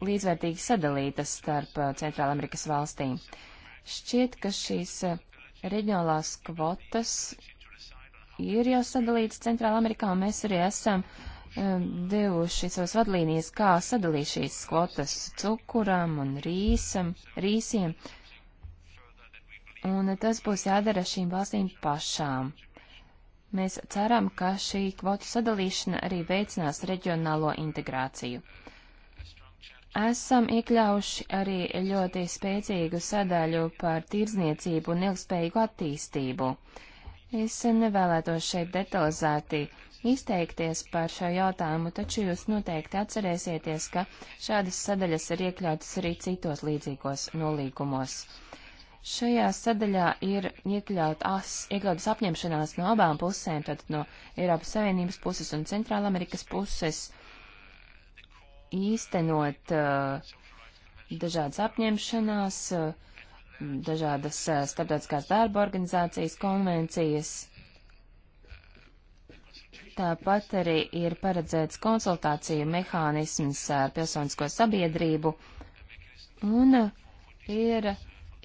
līdzvērtīgi sadalītas starp Centrālamerikas valstīm. Šķiet, ka šīs Reģionālās kvotas ir jau sadalītas Centrāla Amerikā, un mēs arī esam um, devuši savas vadlīnijas, kā sadalīt šīs kvotas cukuram un rīsam, rīsiem. Un tas būs jādara šīm valstīm pašām. Mēs ceram, ka šī kvotu sadalīšana arī veicinās reģionālo integrāciju. Uh, esam iekļauši arī ļoti spēcīgu sadaļu par tirdzniecību un ilgspējīgu attīstību. Es nevēlētos šeit detalizēti izteikties par šo jautājumu, taču jūs noteikti atcerēsieties, ka šādas sadaļas ir iekļautas arī citos līdzīgos nolīgumos. Šajā sadaļā ir iekļaut as, iekļautas apņemšanās no abām pusēm, tātad no Eiropas Savienības puses un Centrālamerikas puses. Uh, īstenot eh, dažādas apņemšanās, eh, dažādas eh, starptautiskās darba organizācijas konvencijas. Tāpat arī ir paredzēts konsultāciju mehānisms ar pilsonisko sabiedrību un ir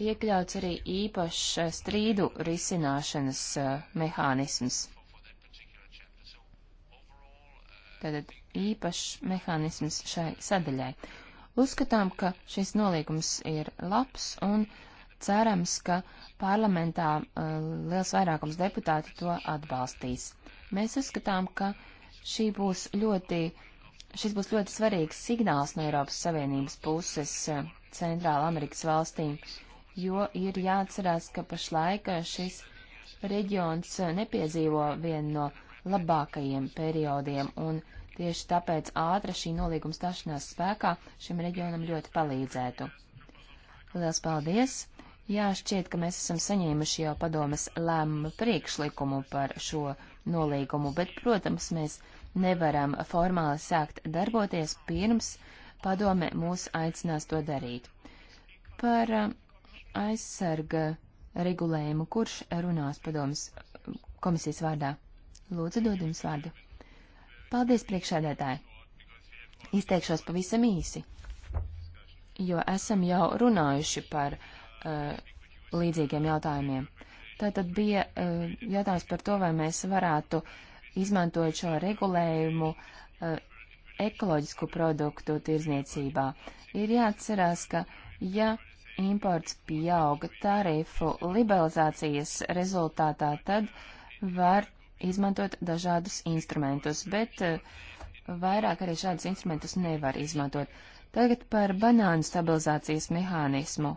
iekļauts arī īpašs strīdu risināšanas mehānisms. Tātad īpašs mehānisms šai sadaļai. Uzskatām, ka šis nolīgums ir labs un cerams, ka parlamentā uh, liels vairākums deputāti to atbalstīs. Mēs uzskatām, ka šī būs ļoti, šis būs ļoti svarīgs signāls no Eiropas Savienības puses uh, Centrāla Amerikas valstīm, jo ir jāatcerās, ka pašlaik uh, šis reģions uh, nepiedzīvo vienu no labākajiem periodiem, un Tieši tāpēc ātra šī nolīguma stāšanās spēkā šim reģionam ļoti palīdzētu. Lielas paldies! Jā, šķiet, ka mēs esam saņēmuši jau padomas lēmumu priekšlikumu par šo nolīgumu, bet, protams, mēs nevaram formāli sākt darboties pirms padome mūs aicinās to darīt. Par uh, aizsarga regulējumu, kurš runās padomas uh, komisijas vārdā. Lūdzu, dod jums vārdu. Paldies, priekšēdētāji! Izteikšos pavisam īsi, jo esam jau runājuši par uh, līdzīgiem jautājumiem. Tātad bija uh, jautājums par to, vai mēs varētu, izmantojot šo regulējumu, uh, ekoloģisku produktu tirzniecībā. Ir jāatcerās, ka ja imports pieauga tarifu liberalizācijas rezultātā, tad var izmantot dažādus instrumentus, bet eh, vairāk arī šādus instrumentus nevar izmantot. Tagad par banānu stabilizācijas mehānismu.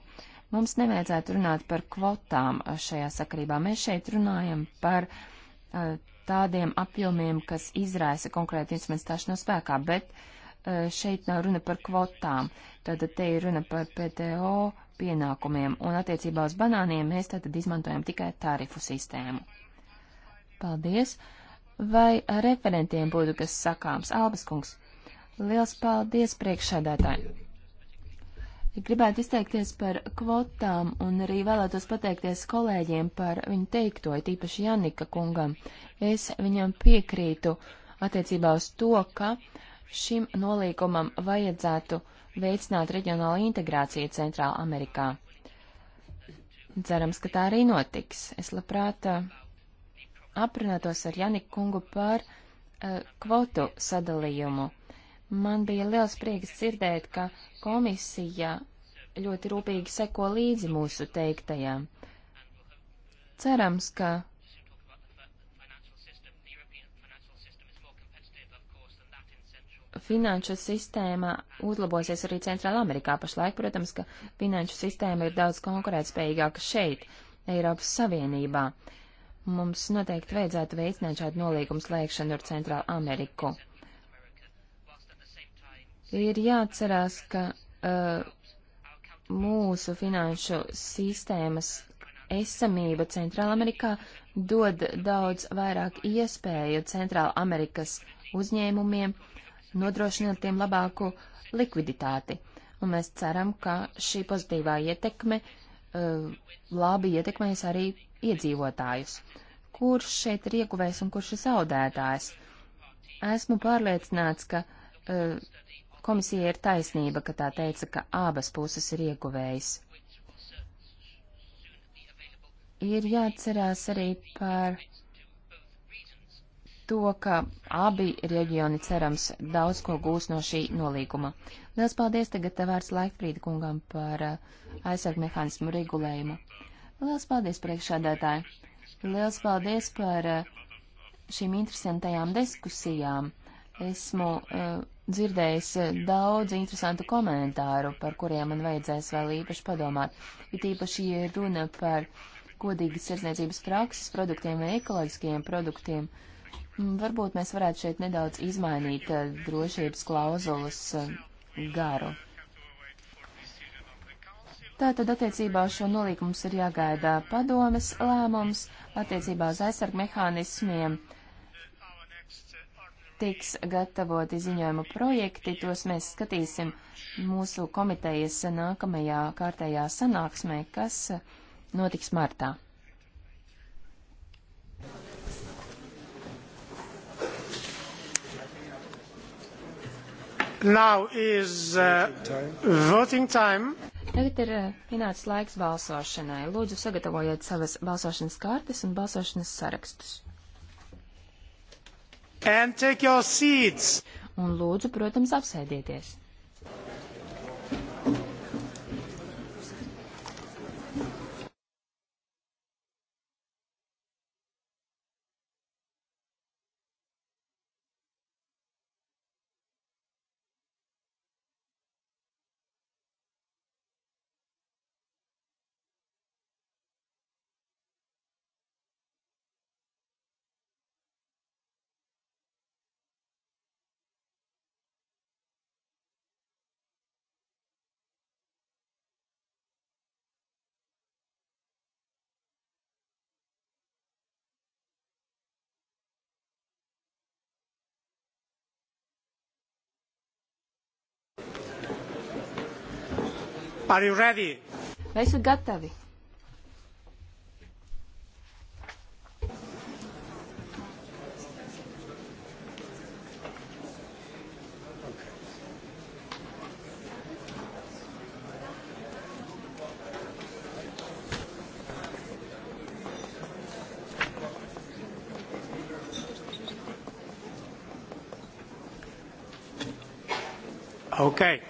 Mums nevajadzētu runāt par kvotām šajā sakarībā. Mēs šeit runājam par uh, tādiem apjomiem, kas izraisa konkrēti instruments stāšanos spēkā, bet uh, šeit nav runa par kvotām. Tātad te ir runa par PTO pienākumiem, un attiecībā uz banāniem mēs tātad izmantojam tikai tarifu sistēmu. Paldies! Vai referentiem būtu kas sakāms? Albas kungs. Liels paldies priekšsēdētāji! Gribētu izteikties par kvotām un arī vēlētos pateikties kolēģiem par viņu teikto, tīpaši Janika kungam. Es viņam piekrītu attiecībā uz to, ka šim nolīgumam vajadzētu veicināt reģionālu integrāciju Centrāla Amerikā. Cerams, ka tā arī notiks. Es labprāt aprunātos ar Janiku kungu par uh, kvotu sadalījumu. Man bija liels prieks dzirdēt, ka komisija ļoti rūpīgi seko līdzi mūsu teiktajām. Cerams, ka finanšu sistēma uzlabosies arī Centrāla Amerikā. Pašlaik, protams, ka finanšu sistēma ir daudz konkurētspējīgāka šeit, Eiropas Savienībā. Uh, Mums noteikti vajadzētu veicināt šādu nolīgumu slēgšanu ar Centrālu Ameriku. Ir jāatcerās, ka uh, mūsu finanšu sistēmas esamība Centrāla Amerikā dod daudz vairāk iespēju Centrāla Amerikas uzņēmumiem nodrošināt tiem labāku likviditāti. Un mēs ceram, ka šī pozitīvā ietekme uh, labi ietekmēs arī iedzīvotājus. Kurš šeit ir ieguvējs un kurš ir zaudētājs? Esmu pārliecināts, ka uh, eh, komisija ir taisnība, ka tā teica, ka abas puses ir ieguvējs. Ir jāatcerās arī par to, ka abi reģioni cerams daudz ko gūs no šī nolīguma. Liels paldies tagad vārds Laikfrīda kungam par eh, aizsargu mehānismu regulējumu. Liels paldies, priekšādātāji! Liels paldies par eh, šīm interesantajām diskusijām. Esmu uh, dzirdējis eh, daudz interesantu komentāru, par kuriem man vajadzēs vēl īpaši padomāt. It īpaši, ja runa par godīgas sirdsniecības prakses produktiem vai ekoloģiskajiem produktiem, mm, varbūt mēs varētu šeit nedaudz izmainīt uh, drošības klauzulas uh, garu. Tātad attiecībā uz šo nolīgumu ir jāgaida padomes lēmums, attiecībā uz aizsargu mehānismiem tiks gatavoti ziņojuma projekti, tos mēs skatīsim mūsu komitejas nākamajā kārtējā sanāksmē, kas notiks martā. Now is uh, voting time. Tagad ir eh, pienācis laiks balsošanai. Lūdzu, sagatavojiet savas balsošanas kartes un balsošanas sarakstus. Un lūdzu, protams, apsēdieties. Are you ready? Vai esat gatavi? Okay.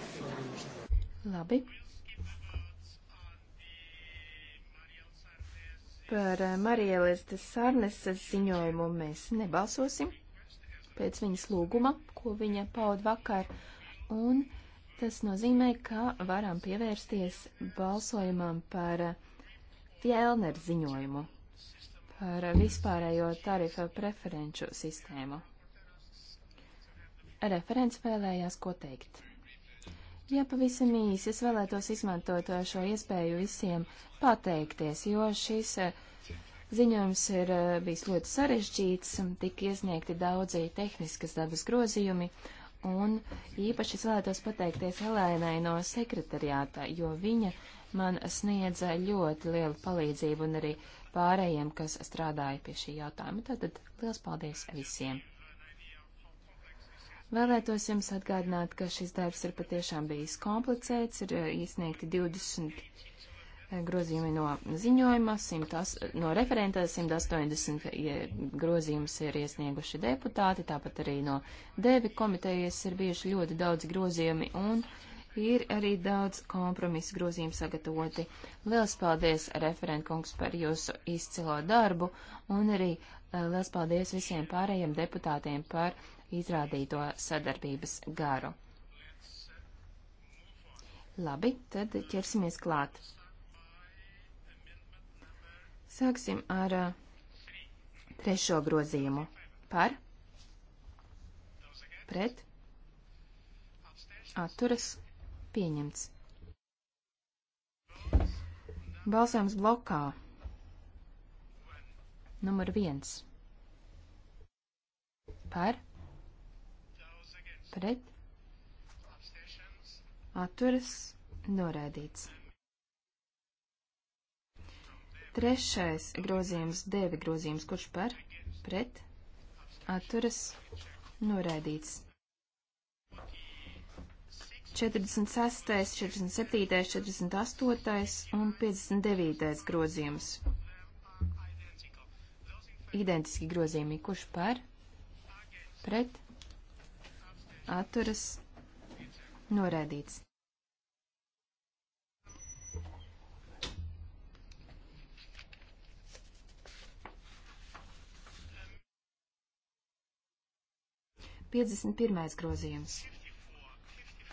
Labi. Par eh, Marielas Sarneses ziņojumu mēs nebalsosim pēc viņas lūguma, ko viņa paud vakar, un tas nozīmē, ka varam pievērsties balsojumam par eh, Fjellner ziņojumu par vispārējo tarifa preferenču sistēmu. Referents vēlējās ko teikt. Jā, pavisam īsi. Es vēlētos izmantot uh, šo iespēju visiem pateikties, jo šis uh, ziņojums ir uh, bijis ļoti sarežģīts, um, tika iesniegti daudzi tehniskas dabas grozījumi, un īpaši es vēlētos pateikties Helēnai no sekretariāta, jo viņa man sniedza ļoti lielu palīdzību un arī pārējiem, kas strādāja pie šī jautājuma. Tātad liels paldies visiem! Vēlētos jums atgādināt, ka šis darbs ir patiešām bijis komplicēts, ir eh, iesniegti 20 eh, grozījumi no ziņojuma, 100, no referenta 180 grozījumus ir iesnieguši deputāti, tāpat arī no dēvi komitejas ir bijuši ļoti daudz grozījumi un ir arī daudz kompromisu grozījumu sagatavoti. Liels paldies, referentkungs, par jūsu izcilo darbu un arī eh, liels paldies visiem pārējiem deputātiem par izrādīto sadarbības garu. Labi, tad ķersimies klāt. Sāksim ar uh, trešo grozījumu. Par, pret, atturas, pieņemts. Balsojums blokā. Numur viens. Par, pret, atturas, norēdīts. Trešais grozījums, dēvi grozījums, kurš par, pret, atturas, norēdīts. 46., 47., 48. un 59. grozījums. Identiski grozījumi, kurš par, pret, atturas noraidīts. Piecdesmit pirmais grozījums.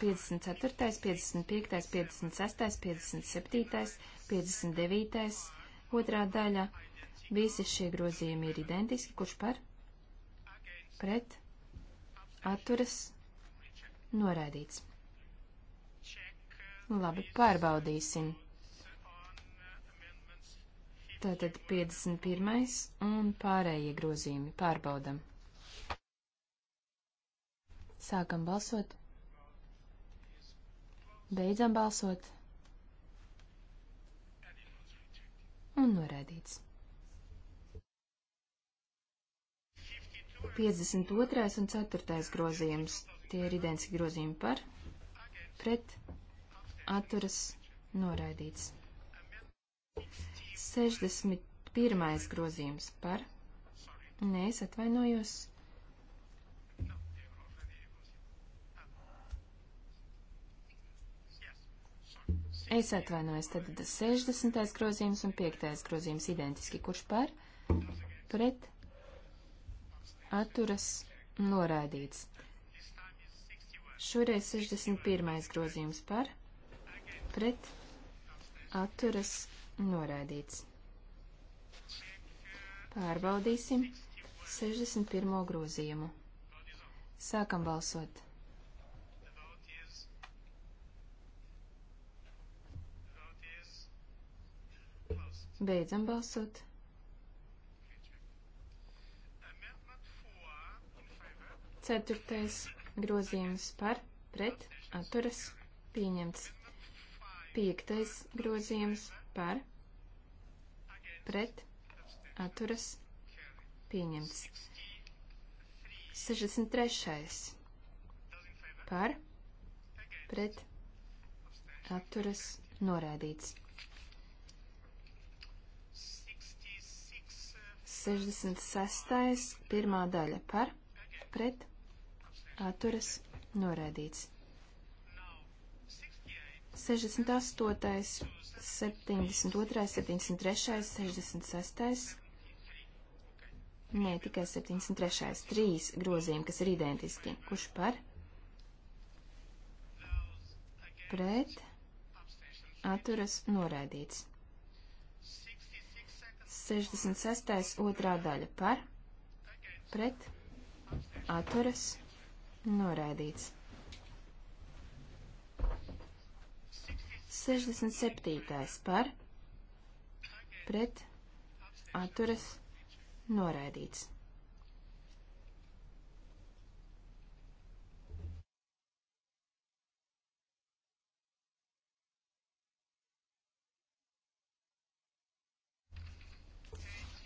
54., 55., 56., 57., 59., otrā daļa. Visi šie grozījumi ir identiski, kurš par, pret, atturas, Noraidīts. Labi, pārbaudīsim. Tātad 51. un pārējie grozījumi pārbaudam. Sākam balsot. Beidzam balsot. Un noraidīts. 52. un 4. grozījums Tie ir identiski grozījumi par, pret, atturas, noraidīts. 61. grozījums par, nē, es atvainojos. Es atvainojos, tad 60. grozījums un 5. grozījums identiski, kurš par, pret, atturas, noraidīts. Šoreiz 61. grozījums par, pret, atturas, noraidīts. Pārbaudīsim 61. grozījumu. Sākam balsot. Beidzam balsot. Ceturtais grozījums par pret atturas pieņemts. Piektais grozījums par pret atturas pieņemts. 63. par pret atturas norādīts. 66. pirmā daļa par pret atturas norēdīts. 68., 72., 73., 66. Nē, tikai 73. Trīs grozījumi, kas ir identiski. Kurš par? Pret. Atturas noraidīts. 66. otrā daļa par. Pret. Atturas Noraidīts. 67. par pret atturas noraidīts.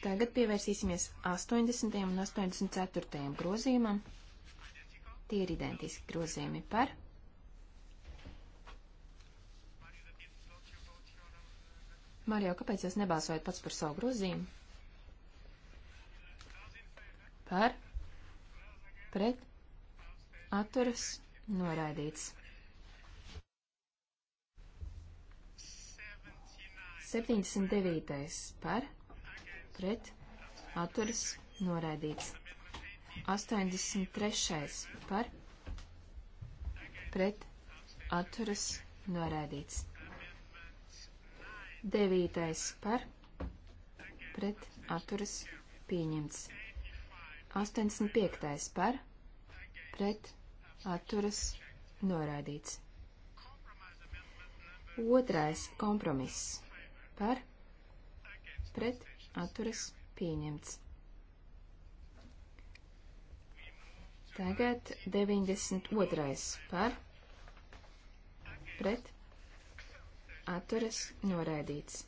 Tagad pievērsīsimies 80. un 84. grozījumam. Tie ir identiski grozījumi par. Mario, kāpēc jūs nebalsojat pats par savu grozījumu? Par. Pret. Atturas. Noraidīts. 79. par. Pret. Atturas. Noraidīts. 83. par pret atturas norādīts. 9. par pret atturas pieņemts. 85. par pret atturas norādīts. Otrais kompromiss par pret atturas pieņemts. Tagad 92. par pret atturas noraidīts.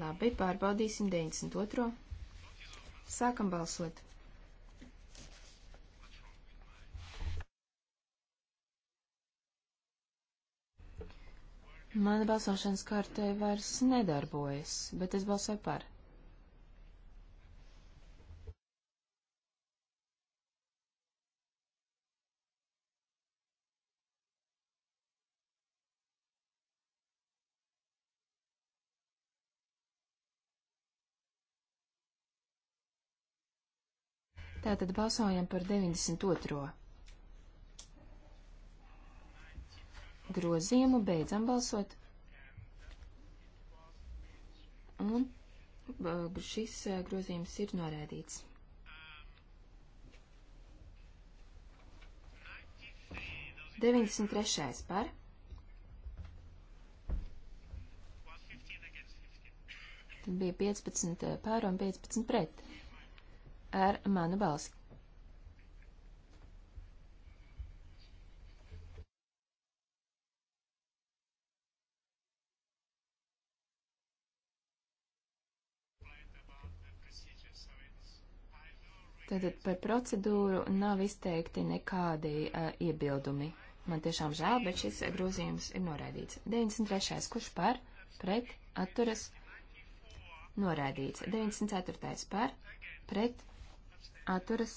Labi, pārbaudīsim 92. Sākam balsot. Mana balsošanas kārtē vairs nedarbojas, bet es balsoju par. Tātad balsojam par 92. grozījumu, beidzam balsot. Un šis eh, grozījums ir norēdīts. 93. par. Tad bija 15 eh, pār un 15 pret ar manu balsi. Tātad par procedūru nav izteikti nekādi uh, iebildumi. Man tiešām žēl, bet šis grozījums ir noraidīts. 93. kurš par, pret, atturas, noraidīts. 94. par, pret, atturas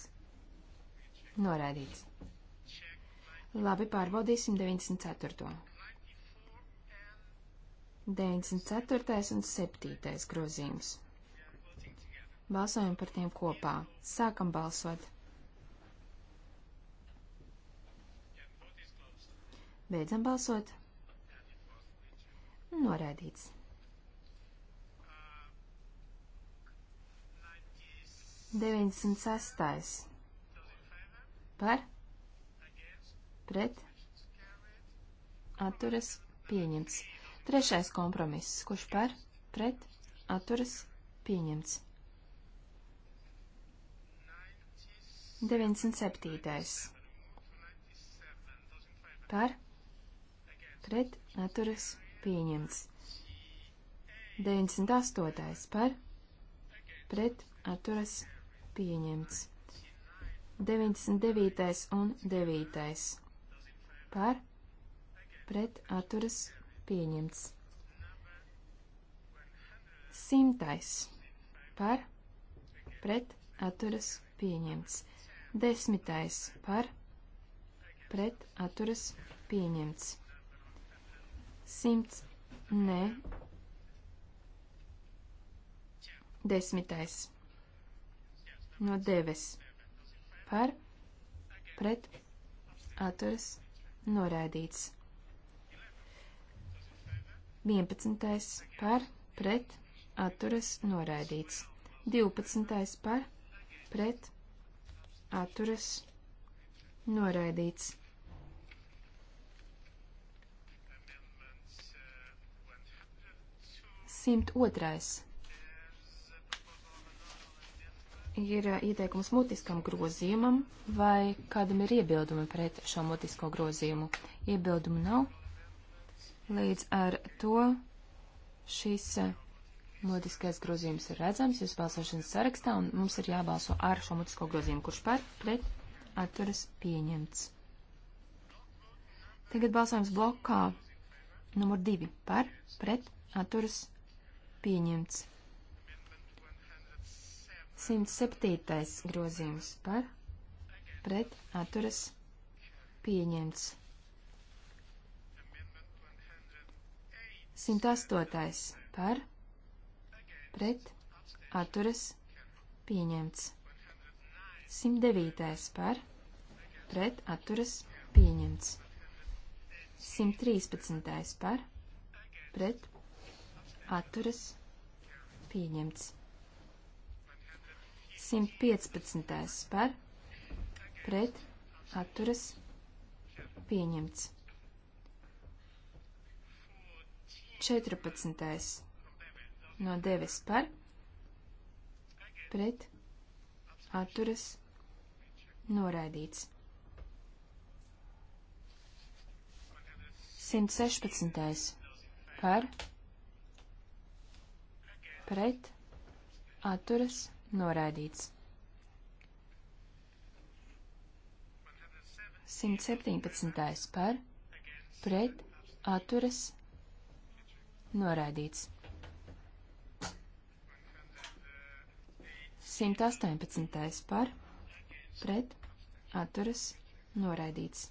noraidīts. Labi, pārbaudīsim 94. 94. un 7. grozījums. Balsojam par tiem kopā. Sākam balsot. Beidzam balsot. Noraidīts. 96. Par, pret, atturas, pieņemts. Trešais kompromiss, kurš par, pret, atturas, pieņemts. 97. Par, pret, atturas, pieņemts. 98. Par, pret, atturas, pieņemts pieņemts. 99. un 9. par pret atturas pieņemts. 100. par pret atturas pieņemts. 10. par pret atturas pieņemts. 100. nē. 10 no devis par pret atturas norādīts. 11. par pret atturas norādīts. 12. par pret atturas norādīts. 102. ir ieteikums mutiskam grozījumam, vai kādam ir iebildumi pret šo mutisko grozījumu? Iebildumu nav. Līdz ar to šis eh, mutiskais grozījums ir redzams jūsu balsošanas sarakstā, un mums ir jābalso ar šo mutisko grozījumu, kurš par pret atturas pieņemts. Tagad balsojums blokā numur divi par pret atturas pieņemts. 107. grozījums par pret atturas pieņemts. 108. par pret atturas pieņemts. 109. par pret atturas pieņemts. 113. par pret atturas pieņemts. 115. par pret atturas pieņemts. 14. no devis par pret atturas noraidīts. 116. par pret atturas noraidīts Noraidīts. 117. par pret atturas noraidīts. 118. par pret atturas noraidīts.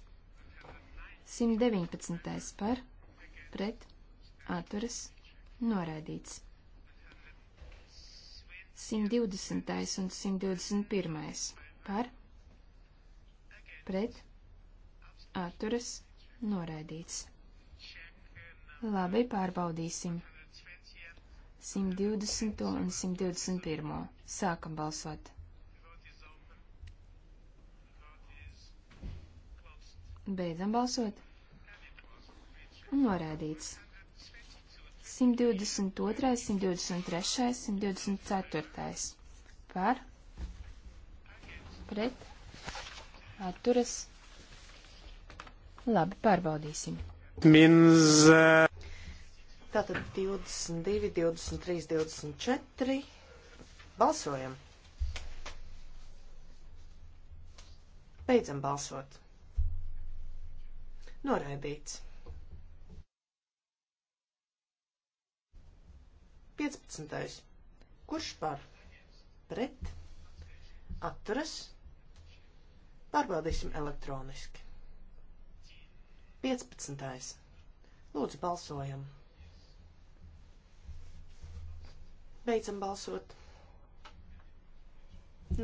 119. par pret atturas noraidīts. 120. un 121. par pret atturas noraidīts. Labi, pārbaudīsim. 120. un 121. Sākam balsot. Beidzam balsot. Norādīts. 122, 123, 124. Par, pret, atturas. Labi, pārbaudīsim. Minz. Tātad 22, 23, 24. Balsojam. Beidzam balsot. Noraidīts. 15. Kurš par? Pret. Atturas. Pārbaudīsim elektroniski. 15. Lūdzu, balsojam. Beidzam balsot.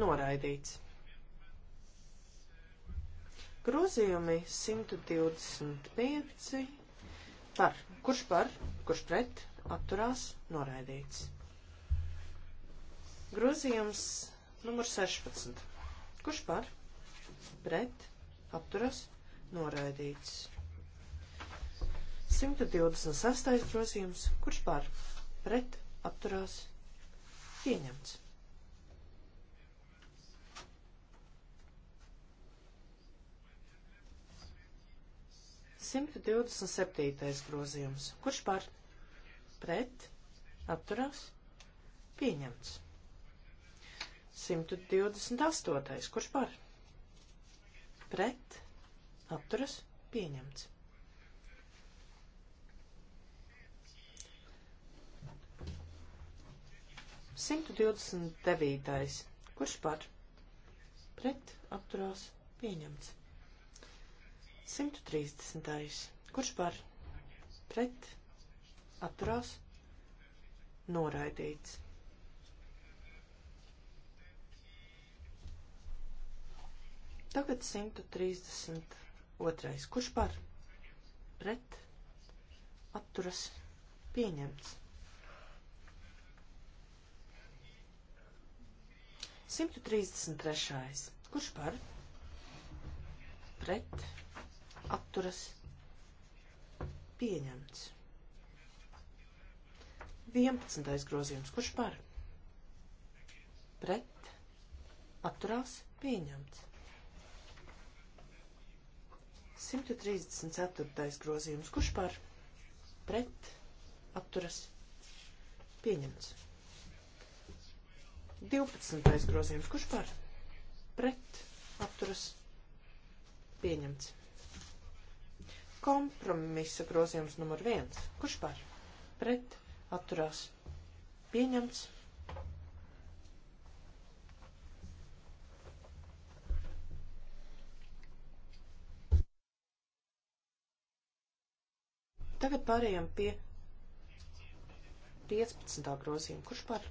Noraidīts. Grozījumi 125 par. Kurš par? Kurš pret? atturās noraidīts. Grozījums numur 16. Kurš par? Pret, atturas, noraidīts. 126. grozījums. Kurš par? Pret, atturās, pieņemts. Simt divdesmit septītais grozījums. Kurš par? pret, atturās, pieņemts. 128. Kurš par? Pret, atturas, pieņemts. Simtu divdesmit devītais. Kurš par? Pret, atturās, pieņemts. Simtu trīsdesmitais. Kurš par? Pret, atturās, noraidīts. Tagad 132. Kurš par? Pret. Atturas. Pieņemts. 133. Kurš par? Pret. Atturas. Pieņemts. 11. grozījums. Kurš par? Pret. Atturās. Pieņemts. 134. grozījums. Kurš par? Pret. Atturas. Pieņemts. 12. grozījums. Kurš par? Pret. Atturas. Pieņemts. Kompromisa grozījums numur 1. Kurš par? Pret atturās pieņemts. Tagad pārējām pie 15. grozījuma. Kurš par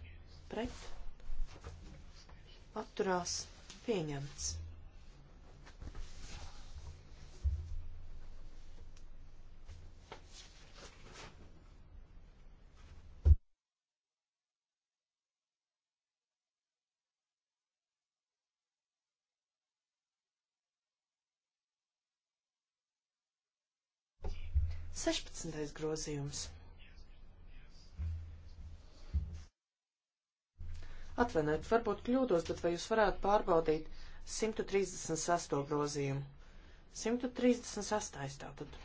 pret atturās pieņemts? 16. grozījums. Atvainojiet, varbūt kļūdos, bet vai jūs varētu pārbaudīt 138. grozījumu? 138. tātad.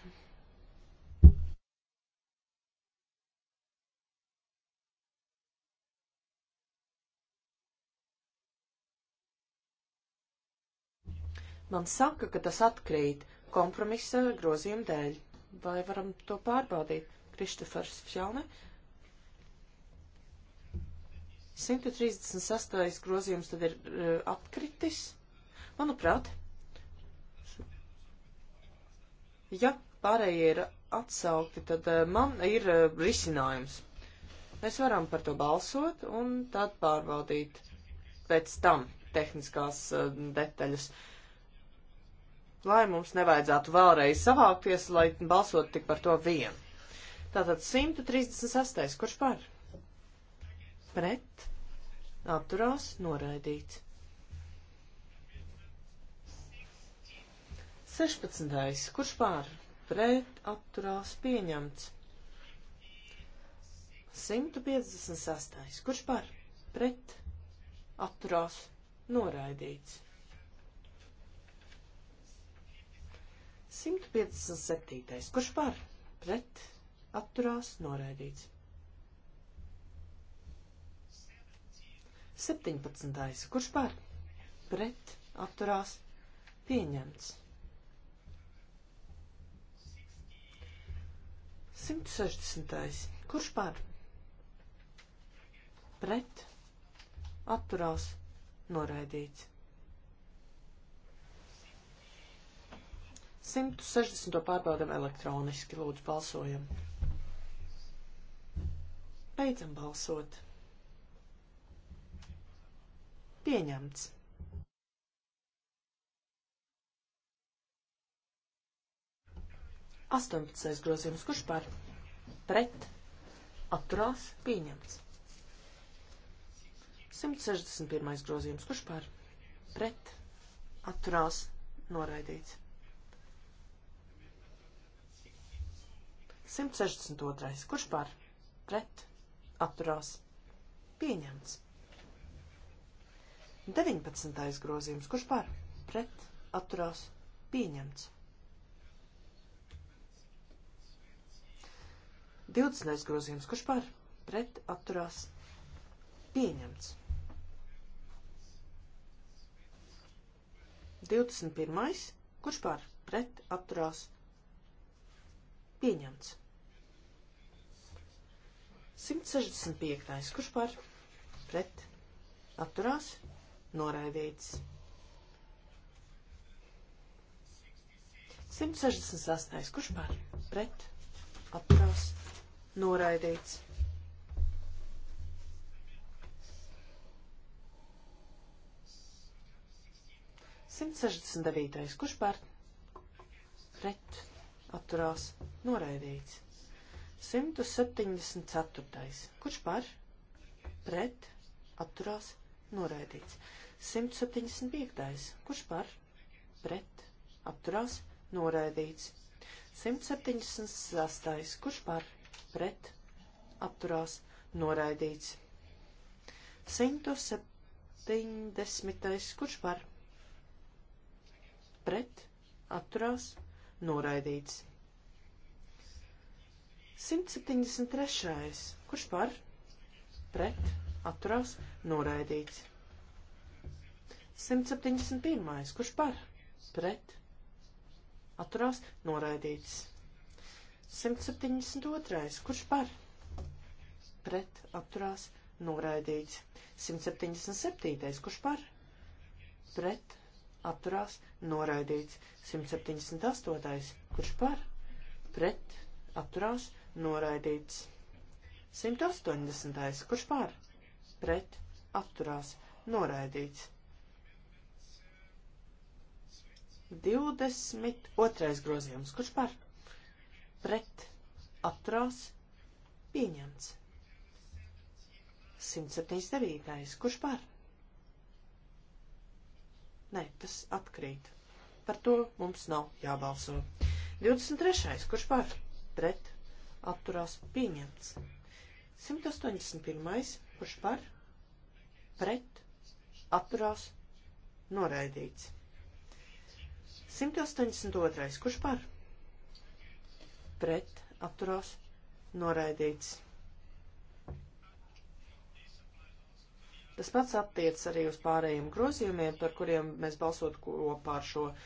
Man saka, ka tas atkrīt kompromisa grozījuma dēļ vai varam to pārbaudīt? Kristofers Fjalne. 136. grozījums tad ir uh, e, apkritis. Manuprāt, ja pārējie ir atsaukti, tad uh, man ir uh, risinājums. Mēs varam par to balsot un tad pārbaudīt pēc tam tehniskās uh, detaļas. Uh, lai mums nevajadzētu vēlreiz savākties, lai balsot tik par to vienu. Tātad 136. Kurš par? Pret. Atturās. Noraidīts. 16. Kurš pār? Pret. Atturās. Pieņemts. 156. Kurš par? Pret. Atturās. Noraidīts. 157. Kurš par? Pret. Atturās. Noraidīts. 17. Kurš par? Pret. Atturās. Pieņemts. 160. Kurš par? Pret. Atturās. Noraidīts. 160. pārbaudam elektroniski, lūdzu, balsojam. Beidzam balsot. Pieņemts. Astoņpadsmitais grozījums, kurš par pret atturās pieņemts. 161. grozījums, kurš par pret atturās noraidīts. 162. Kurš par? Pret. Atturās. Pieņemts. 19. grozījums. Kurš par? Pret. Atturās. Pieņemts. 20. grozījums. Kurš par? Pret. Atturās. Pieņemts. 21. Kurš par? Pret. Atturās. Pieņemts. 165. Kurš par pret atturās noraidīts? 168. Kurš par pret atturās noraidīts? Simt sešdesmit devītais. Kurš par pret atturās noraidīts? 174. Kurš par? Pret. Atturās. Noraidīts. 175. Kurš par? Pret. Atturās. Noraidīts. 176. Kurš par? Pret. Atturās. Noraidīts. 170. Kurš par? Pret. Atturās. Noraidīts. 173. Kurš par? Pret. Atturās. Noraidīts. 171. Kurš par? Pret. Atturās. Noraidīts. 172. Kurš par? Pret. Atturās. Noraidīts. 177. Kurš par? Pret. Atturās. Noraidīts. 178. Kurš par? Pret. Atturās. Noraidīts noraidīts. 180. Kurš pār? Pret. Atturās. Noraidīts. 22. grozījums. Kurš pār? Pret. Atturās. Pieņemts. 179. Kurš pār? Nē, tas atkrīt. Par to mums nav jābalso. 23. Kurš pār? Pret atturās pieņemts. 181. kurš par, pret, atturās, noraidīts. 182. kurš par, pret, atturās, noraidīts. Tas pats attiec arī uz pārējiem grozījumiem, par kuriem mēs balsot kopā ar šo uh,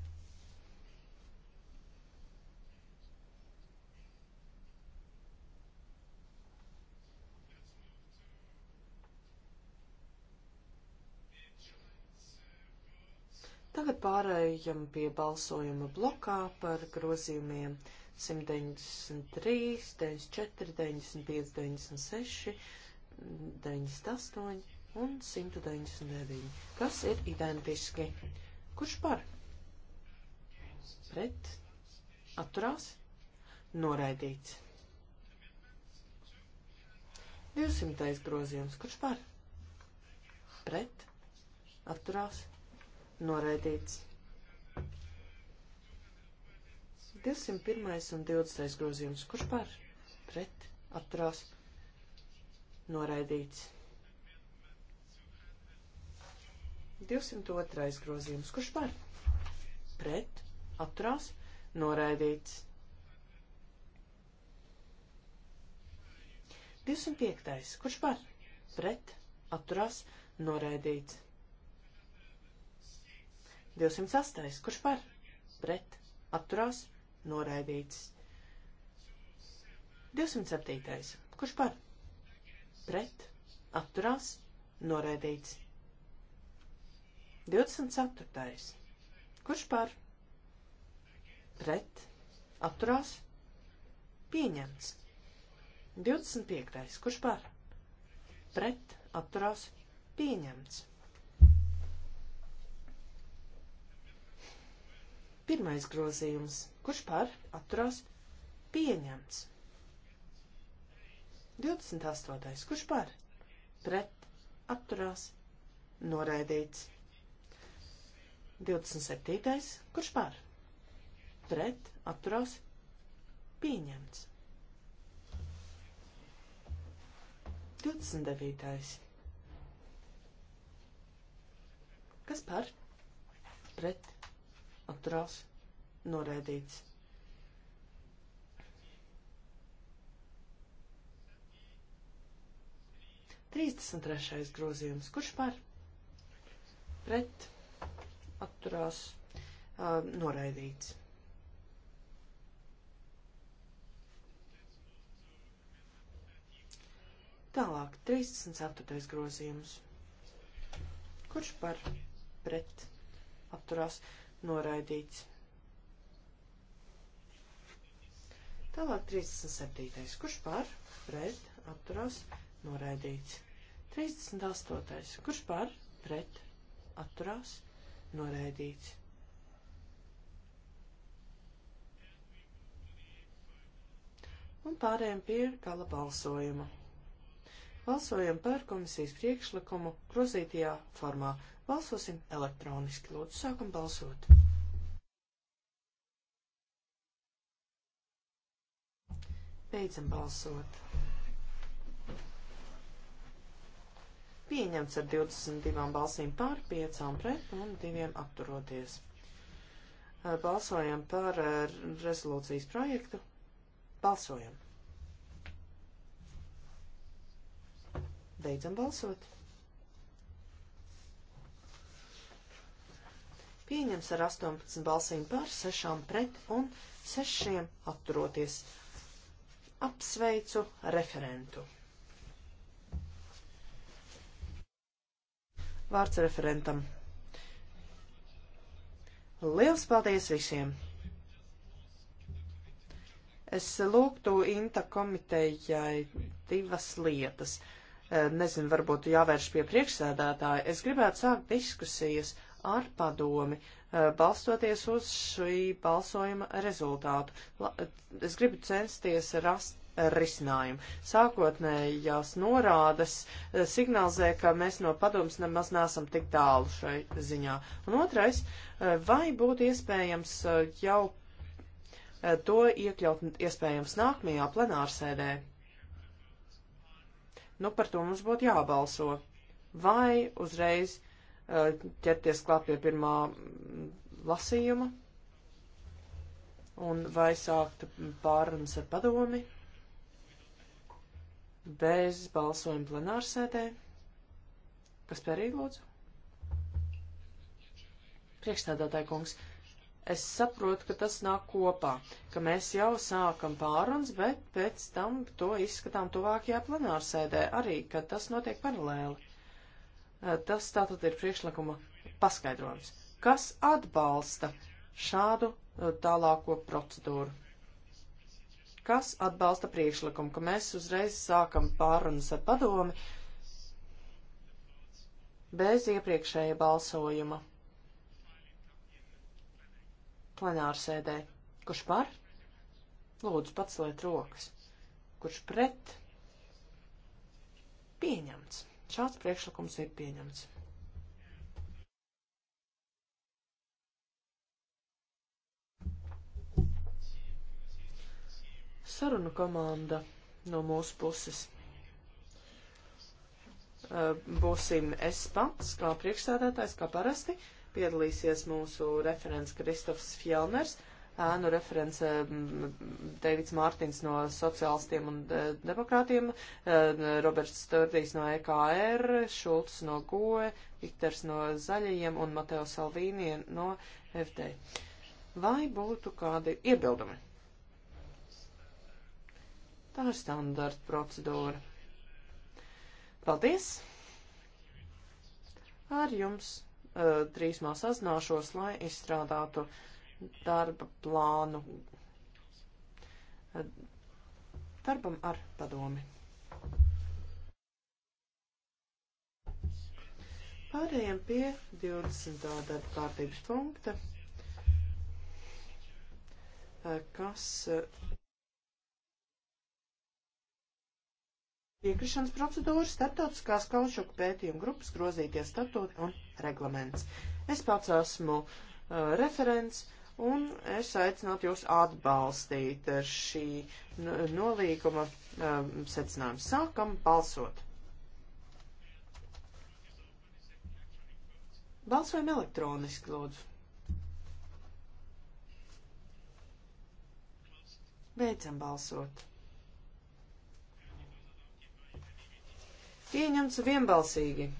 Tagad pārējām pie balsojuma blokā par grozījumiem 193, 94, 95, 96, 98 un 199, kas ir identiski. Kurš par? Pret? Atturās? Noraidīts. 200. grozījums. Kurš par? Pret? Atturās? Noraidīts. 201. un 20. grozījums. Kurš par? Pret. Atturās. Noraidīts. 202. grozījums. Kurš par? Pret. Atturās. Noraidīts. 205. Kurš par? Pret. Atturās. Noraidīts. 208. Kurš par? Pret. Atturās. Noraidīts. 207. Kurš par? Pret. Atturās. Noraidīts. 24. Kurš par? Pret. Atturās. Pieņemts. 25. Kurš par? Pret. Atturās. Pieņemts. Pirmais grozījums. Kurš par? Atturās. Pieņemts. 28. Kurš par? Pret. Atturās. Noraidīts. 27. Kurš par? Pret, atturās, pieņemts. 29. Kas par? Pret, atturās noraidīts. Trīsdesmit trešais grozījums. Kurš par? Pret atturās uh, noraidīts. Tālāk, 34. grozījums. Kurš par pret apturās noraidīts. Tālāk 37. Kurš par, pret, atturās, noraidīts. 38. Kurš par, pret, atturās, noraidīts. Un pārējām pie gala balsojuma. Balsojam par komisijas priekšlikumu grozītajā formā. Balsosim elektroniski. Lūdzu, sākam balsot. Beidzam balsot. Pieņemts ar 22 balsīm pār, 5 pret un 2 atturoties. Balsojam par rezolūcijas projektu. Balsojam. Beidzam balsot. pieņems ar 18 balsīm par, 6 pret un 6 atturoties. Apsveicu referentu. Vārds referentam. Liels paldies visiem! Es lūgtu Inta komitejai divas lietas. Nezinu, varbūt jāvērš pie priekšsēdētāja. Es gribētu sākt diskusijas ar padomi, eh, balstoties uz šī balsojuma rezultātu. Es gribu censties rast risinājumu. Sākotnējās norādes eh, signalizē, ka mēs no padomas nemaz nesam tik tālu šai ziņā. Un otrais, eh, vai būtu iespējams jau to iekļaut iespējams nākamajā plenārsēdē? Nu, par to mums būtu jābalso. Vai uzreiz uh, ķerties klāt pie pirmā lasījuma un vai sākt pārunas ar padomi bez balsojuma plenārsēdē. Kas perīgi lūdzu? Priekšstādātāji kungs, es saprotu, ka tas nāk kopā, ka mēs jau sākam pārunas, bet pēc tam to izskatām tuvākajā plenārsēdē arī, ka tas notiek paralēli. Eh, tas tātad ir priekšlikuma paskaidrojums. Kas atbalsta šādu eh, tālāko procedūru? Kas atbalsta priekšlikumu, ka mēs uzreiz sākam pārunas ar padomi bez iepriekšēja balsojuma plenārsēdē? Kurš par? Lūdzu, paceliet rokas. Kurš pret? Pieņemts. Šāds priekšlikums ir pieņemts. Sarunu komanda no mūsu puses. Būsim es pats, kā priekšsēdētājs, kā parasti. Piedalīsies mūsu referents Kristofs Fjellners ēnu referents mm, Deivids Mārtiņš no sociālistiem un e, demokrātiem, e, Roberts Stordijs no EKR, Šulcs no GOE, Viktors no Zaļajiem un Mateo Salvīnie no FD. Vai būtu kādi iebildumi? Tā ir standarta procedūra. Paldies! Ar jums uh, e, drīzumā sazināšos, lai izstrādātu uh, darba plānu darbam ar padomi. Pārējām pie 20. darba kārtības punkta, kas piekrišanas procedūra startautiskās kaučuku pētījuma grupas grozīties statūti un reglaments. Es pats esmu uh, referents. Uh, un es aicinātu jūs atbalstīt šī nolīguma um, secinājumu. Sākam balsot. Balsojam elektroniski, lūdzu. Beidzam balsot. Pieņemts vienbalsīgi.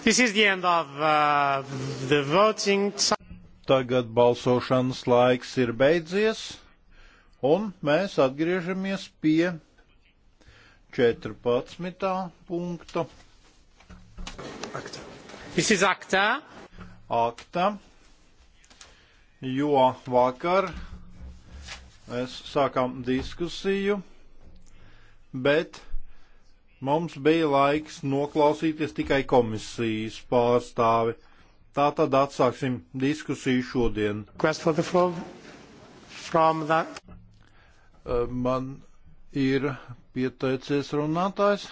Uh, Tagad balsošanas laiks ir beidzies, un mēs atgriežamies pie 14. punkta. Akta. This is akta. Akta. Jo vakar mēs sākām diskusiju, bet Mums bija laiks noklausīties tikai komisijas pārstāvi. Tā tad atsāksim diskusiju šodien. Eh, man ir pieteicies runātājs.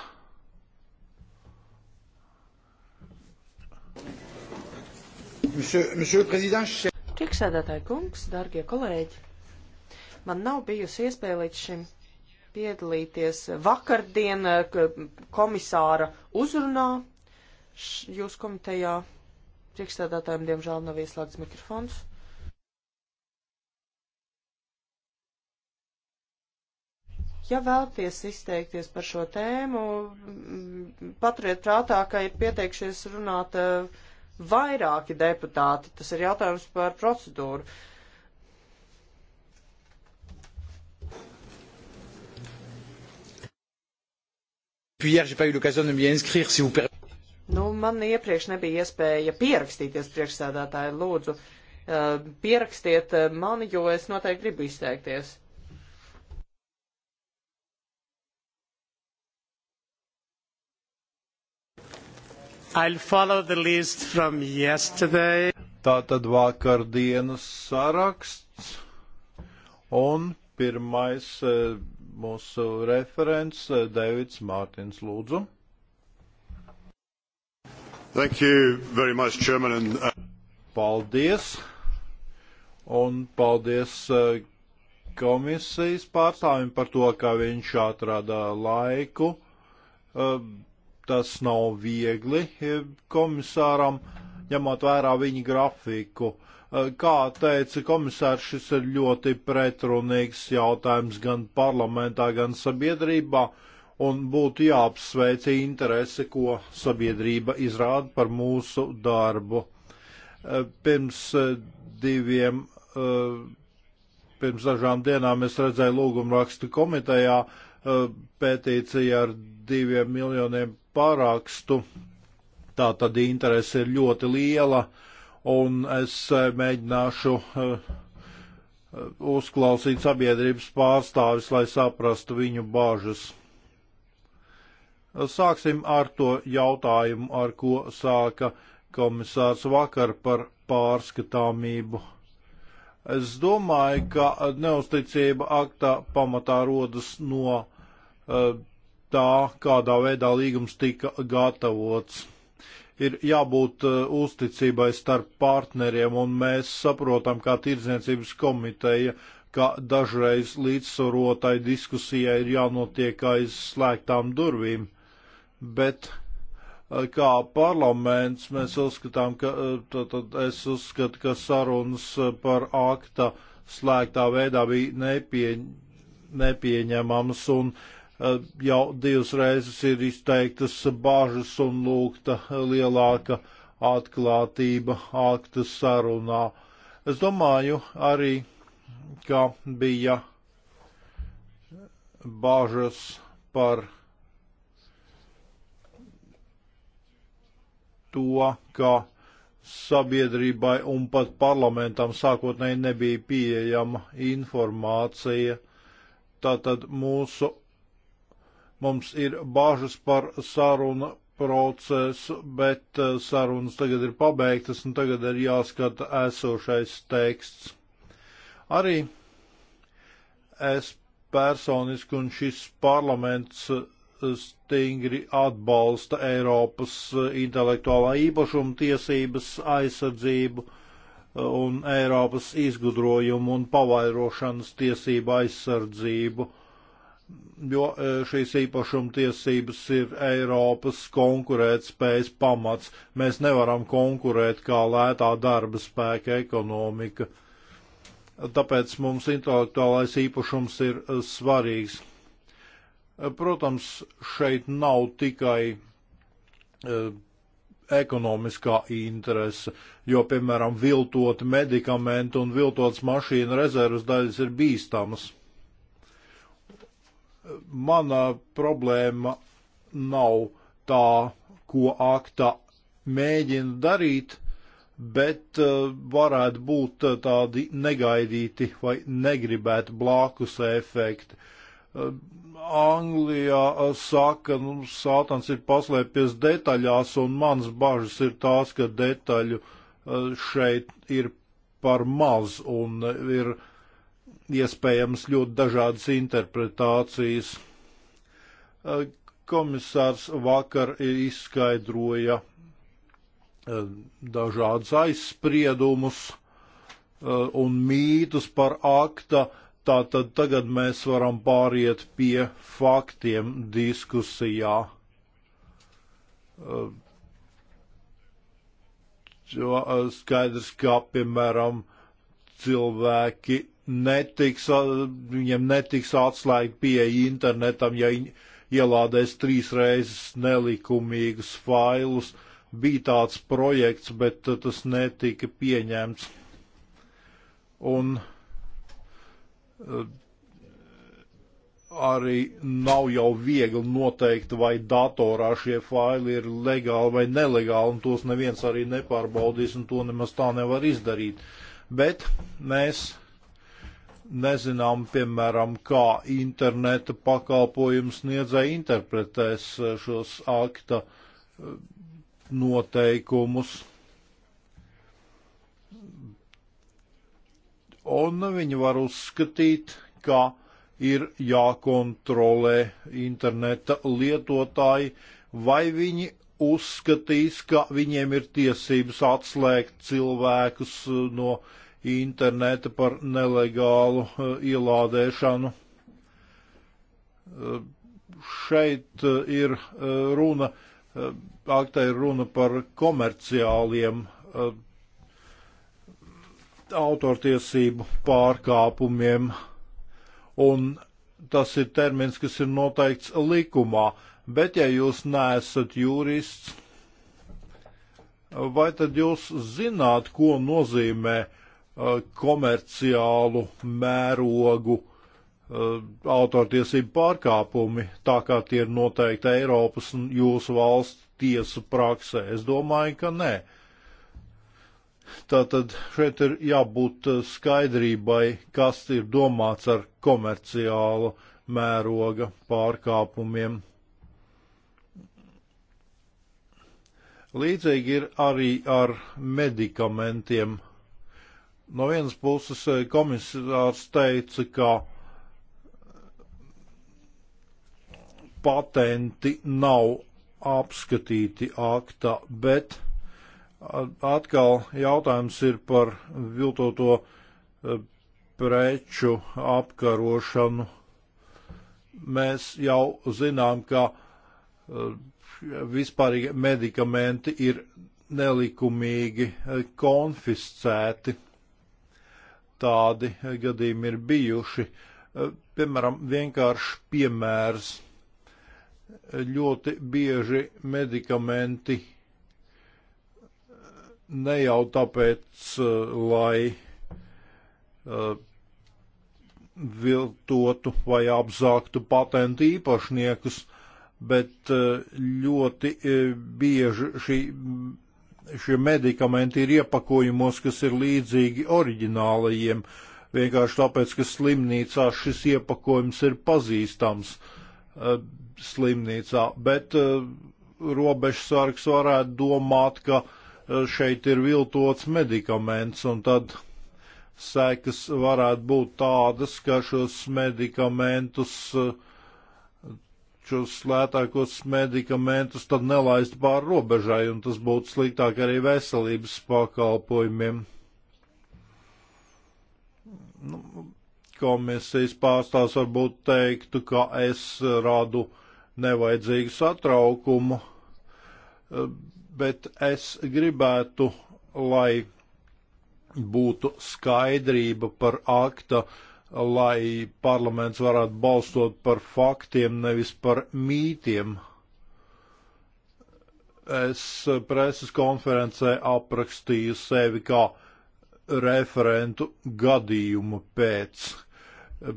Priekšsēdētāji kungs, darbie kolēģi, man nav bijusi iespēja līdz šim piedalīties vakardien eh, komisāra uzrunā jūs komitejā. Priekšstādātājiem, diemžēl, nav ieslēgts mikrofons. Ja vēlties izteikties par šo tēmu, paturiet prātā, ka ir pieteikšies runāt eh, vairāki deputāti. Tas ir jautājums par procedūru. Uh, Nu, man iepriekš nebija iespēja pierakstīties priekšsēdētāju. Lūdzu, eh, pierakstiet eh, mani, jo es noteikti gribu izteikties. Tā tad vakar dienas saraksts un pirmais eh, mūsu referents eh, Deivids Mārtins Lūdzu. Thank you very much, Chairman. And, uh... Paldies. Un paldies uh, komisijas pārstāvim par to, ka viņš atrada laiku. Uh, tas nav viegli komisāram, ņemot vērā viņa grafiku. Uh, Eh, kā teica komisārs, šis ir ļoti pretrunīgs jautājums gan parlamentā, gan sabiedrībā, un būtu jāapsveic interese, ko sabiedrība izrāda par mūsu darbu. Eh, pirms eh, diviem, pirms dažām dienām es redzēju lūgumu rakstu komitejā pētīciju ar diviem miljoniem parakstu. Tā tad interese ir ļoti liela. Uh, un es eh, mēģināšu eh, uzklausīt sabiedrības pārstāvis, lai saprastu viņu bāžas. Sāksim ar to jautājumu, ar ko sāka komisārs vakar par pārskatāmību. Es domāju, ka neusticība aktā pamatā rodas no eh, tā, kādā veidā līgums tika gatavots ir jābūt eh, uzticībai starp partneriem, un mēs saprotam, kā tirdzniecības komiteja, ka dažreiz līdzsvarotai diskusijai ir jānotiek aiz slēgtām durvīm, bet eh, kā parlaments mēs uzskatām, ka, eh, tad, tad es uzskatu, ka sarunas par akta slēgtā veidā bija nepie, nepieņemams, un uh, Eh, jau divas reizes ir izteiktas bažas un lūgta lielāka atklātība akta sarunā. Es domāju arī, ka bija bažas par to, ka sabiedrībai un pat parlamentam sākotnēji nebija pieejama informācija. Tātad mūsu Mums ir bažas par sarunu procesu, bet eh, sarunas tagad ir pabeigtas un tagad ir jāskata esošais teksts. Arī es personiski un šis parlaments eh, stingri atbalsta Eiropas eh, intelektuālā īpašuma tiesības aizsardzību un Eiropas izgudrojumu un pavairošanas tiesību aizsardzību jo e, šīs īpašumtiesības ir Eiropas konkurētspējas pamats. Mēs nevaram konkurēt kā lētā darba spēka ekonomika. Tāpēc mums intelektuālais īpašums ir e, svarīgs. E, protams, šeit nav tikai ekonomiskā interese, jo, piemēram, viltot medikamentu un viltots mašīnu rezervas daļas ir bīstamas. Mana problēma nav tā, ko akta mēģina darīt, bet eh, varētu būt eh, tādi negaidīti vai negribēti blākus efekti. Eh, Anglijā saka, nu, sātans ir paslēpies detaļās, un mans bažas ir tās, ka detaļu šeit ir par maz un ir iespējams ļoti dažādas interpretācijas. Komisārs vakar izskaidroja dažādas aizspriedumus un mītus par akta, tātad tagad mēs varam pāriet pie faktiem diskusijā. Jo skaidrs, ka, piemēram, cilvēki netiks, viņiem netiks atslēga pieeja internetam, ja viņi ielādēs trīs reizes nelikumīgus failus. Bija tāds projekts, bet uh, tas netika pieņemts. Un uh, arī nav jau viegli noteikt, vai datorā šie faili ir legāli vai nelegāli, un tos neviens arī nepārbaudīs, un to nemaz tā nevar izdarīt. Bet mēs nezinām, piemēram, kā interneta pakalpojums sniedzēja interpretēs eh, šos akta eh, noteikumus. Un viņi var uzskatīt, ka ir jākontrolē interneta lietotāji, vai viņi uzskatīs, ka viņiem ir tiesības atslēgt cilvēkus eh, no uh, interneta par nelegālu e, ielādēšanu. E, šeit e, ir runa, aktē ir runa par komerciāliem autortiesību pārkāpumiem, un tas ir termins, kas ir noteikts likumā, bet ja jūs neesat jurists, vai tad jūs zināt, ko nozīmē uh, Uh, komerciālu mērogu uh, autortiesību pārkāpumi, tā kā tie ir noteikti Eiropas un jūsu valsts tiesu praksē? Es domāju, ka nē. Tātad šeit ir jābūt uh, skaidrībai, kas ir domāts ar komerciālu mēroga pārkāpumiem. Līdzīgi ir arī ar medikamentiem No vienas puses eh, komisārs teica, ka patenti nav apskatīti aktā, bet atkal jautājums ir par viltoto eh, preču apkarošanu. Mēs jau zinām, ka eh, vispārīgi medikamenti ir nelikumīgi konfiscēti tādi gadījumi ir bijuši. Eh, piemēram, vienkārši piemērs. Ļoti bieži medikamenti eh, ne jau tāpēc, eh, lai viltotu vai apzāktu patentu īpašniekus, bet ļoti bieži šī šie medikamenti ir iepakojumos, kas ir līdzīgi oriģinālajiem, vienkārši tāpēc, ka slimnīcā šis iepakojums ir pazīstams eh, slimnīcā, bet eh, robežsargs varētu domāt, ka eh, šeit ir viltots medikaments, un tad sekas varētu būt tādas, ka šos medikamentus uh, šos lētākos medikamentus tad nelaist pāri robežai, un tas būtu sliktāk arī veselības pakalpojumiem. Nu, komisijas pārstāvs varbūt teiktu, ka es rādu nevajadzīgu satraukumu, bet es gribētu, lai būtu skaidrība par akta uh, lai parlaments varētu balstot par faktiem, nevis par mītiem. Es preses konferencē aprakstīju sevi kā referentu gadījumu pēc.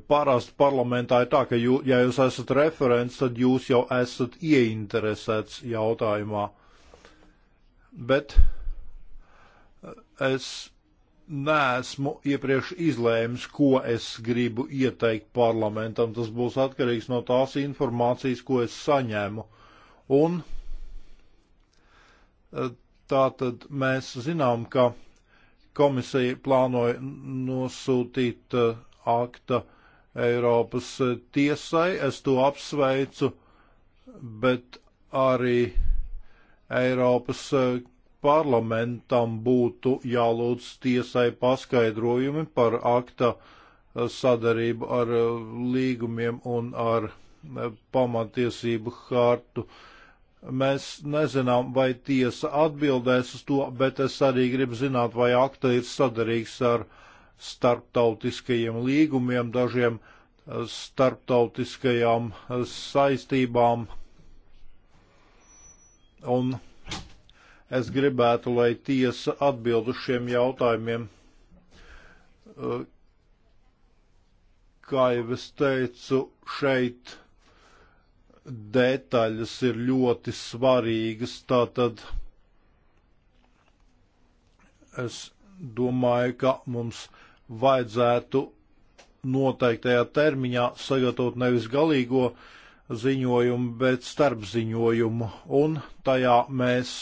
Parasti parlamentā ir tā, ka, jū, ja jūs esat referents, tad jūs jau esat ieinteresēts jautājumā. Bet es neesmu iepriekš izlēmis, ko es gribu ieteikt parlamentam. Tas būs atkarīgs no tās informācijas, ko es saņēmu. Un eh, tā tad mēs zinām, ka komisija plānoja nosūtīt eh, akta Eiropas eh, tiesai. Es to apsveicu, bet arī Eiropas parlamentam būtu jālūdz tiesai paskaidrojumi par akta eh, sadarību ar eh, līgumiem un ar eh, pamatiesību hārtu. Mēs nezinām, vai tiesa atbildēs uz to, bet es arī gribu zināt, vai akta ir sadarīgs ar starptautiskajiem līgumiem, dažiem starptautiskajām saistībām. Un Es gribētu, lai tiesa atbild uz šiem jautājumiem. Uh, kā jau es teicu, šeit detaļas ir ļoti svarīgas, tātad es domāju, ka mums vajadzētu noteiktajā termiņā sagatavot nevis galīgo ziņojumu, bet starpziņojumu, un tajā mēs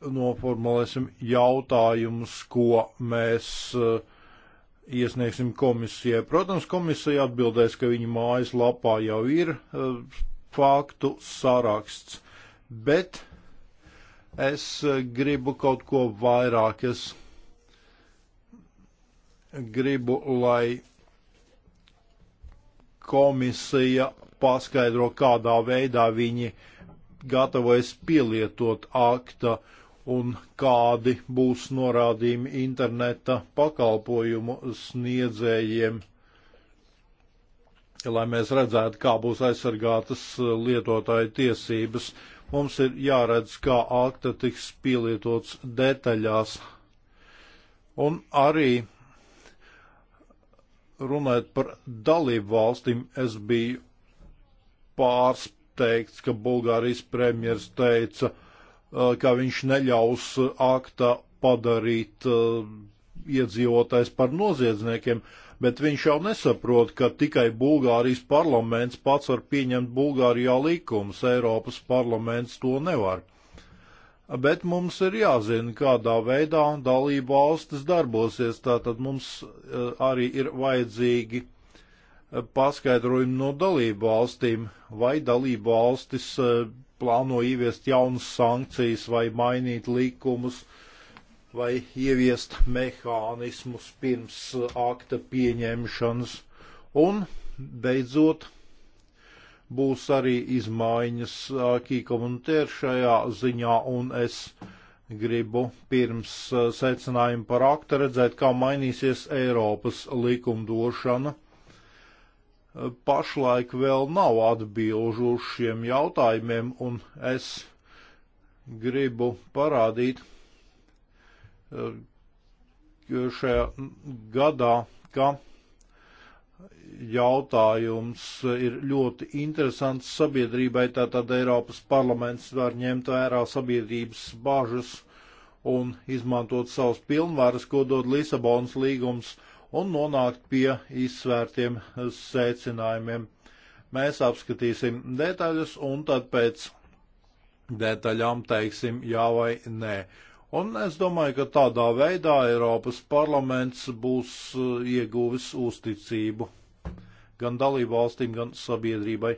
noformulēsim jautājumus, ko mēs eh, iesniegsim komisijai. Protams, komisija atbildēs, ka viņa mājas lapā jau ir eh, faktu saraksts, bet es eh, gribu kaut ko vairāk. Es gribu, lai komisija paskaidro, kādā veidā viņi gatavojas pielietot akta uh, un kādi būs norādījumi interneta pakalpojumu sniedzējiem, lai mēs redzētu, kā būs aizsargātas lietotāju tiesības. Mums ir jāredz, kā akta tiks pielietots detaļās. Un arī runājot par dalību valstīm, es biju pārsteigts, ka Bulgārijas premjers teica, ka ka viņš neļaus akta padarīt iedzīvotājs par noziedzniekiem, bet viņš jau nesaprot, ka tikai Bulgārijas parlaments pats var pieņemt Bulgārijā likumus, Eiropas parlaments to nevar. Bet mums ir jāzina, kādā veidā dalība valstis darbosies, tātad mums arī ir vajadzīgi paskaidrojumi no dalību valstīm, vai dalību valstis plāno ieviest jaunas sankcijas vai mainīt likumus vai ieviest mehānismus pirms akta pieņemšanas. Un, beidzot, būs arī izmaiņas Kī komunitēra šajā ziņā, un es gribu pirms secinājumu par akta redzēt, kā mainīsies Eiropas likumdošana pašlaik vēl nav atbilžu uz šiem jautājumiem, un es gribu parādīt eh, šajā gadā, ka jautājums ir ļoti interesants sabiedrībai, tātad Eiropas parlaments var ņemt vērā sabiedrības bāžas un izmantot savus pilnvaras, ko dod Lisabonas līgums un nonākt pie izsvērtiem secinājumiem. Mēs apskatīsim detaļas un tad pēc detaļām teiksim jā vai nē. Un es domāju, ka tādā veidā Eiropas parlaments būs eh, ieguvis uzticību gan dalību valstīm, gan sabiedrībai.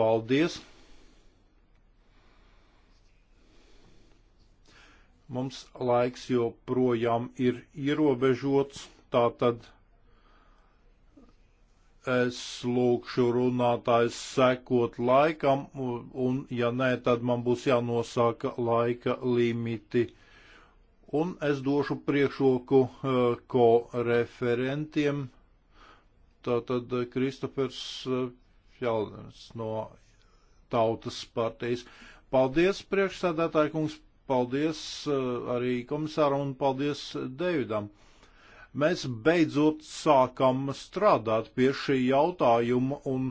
Paldies! Mums laiks joprojām ir ierobežots. Tā tad es lūkšu runātājs sekot laikam, un ja nē, tad man būs jānosaka laika limiti. Un es došu priekšroku eh, koreferentiem. Tātad eh, Kristofers eh, Fjaldens no Tautas partijas. Paldies, priekšsēdētāji kungs, paldies arī komisāram un paldies Deividam. Uh, mēs beidzot sākam strādāt pie šī jautājuma, un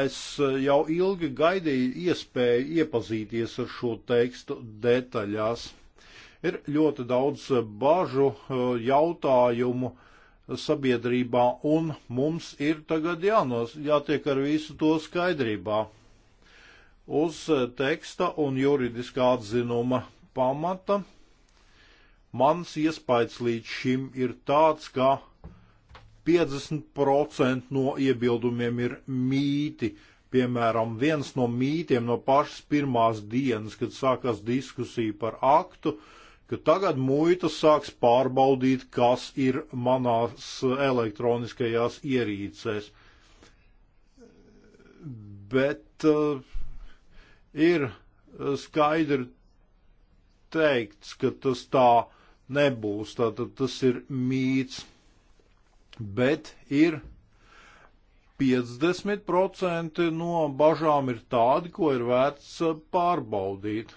es jau ilgi gaidīju iespēju iepazīties ar šo tekstu detaļās. Ir ļoti daudz bažu eh, jautājumu sabiedrībā, un mums ir tagad jānos, jātiek ar visu to skaidrībā. Uz teksta un juridiskā atzinuma pamata Mans iespējas līdz šim ir tāds, ka 50% no iebildumiem ir mīti. Piemēram, viens no mītiem no pašas pirmās dienas, kad sākās diskusija par aktu, ka tagad muita sāks pārbaudīt, kas ir manās elektroniskajās ierīcēs. Bet uh, ir skaidri teikts, ka tas tā nebūs. Tātad tas ir mīts. Bet ir 50% no bažām ir tādi, ko ir vērts uh, pārbaudīt.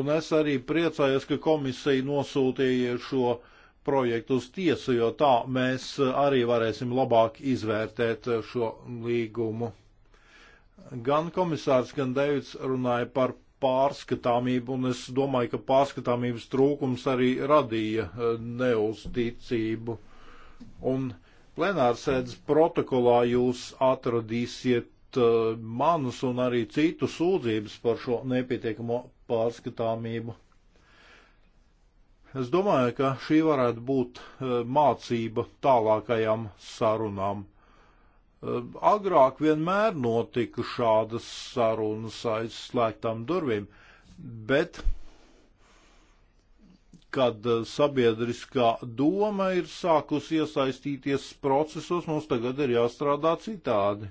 Un es arī priecājos, ka komisija nosūtīja šo projektu uz tiesu, jo tā mēs uh, arī varēsim labāk izvērtēt uh, šo līgumu. Gan komisārs, gan Deivids runāja par pārskatāmību, un es domāju, ka pārskatāmības trūkums arī radīja e, neusticību. Un plenārsēdes protokolā jūs atradīsiet uh, manus un arī citu sūdzības par šo nepietiekamo pārskatāmību. Es domāju, ka šī varētu būt uh, mācība tālākajām sarunām. Ehm, agrāk vienmēr notika šādas sarunas aizslēgtām durvīm, bet kad eh, sabiedriskā doma ir sākus iesaistīties procesos, mums tagad ir jāstrādā citādi.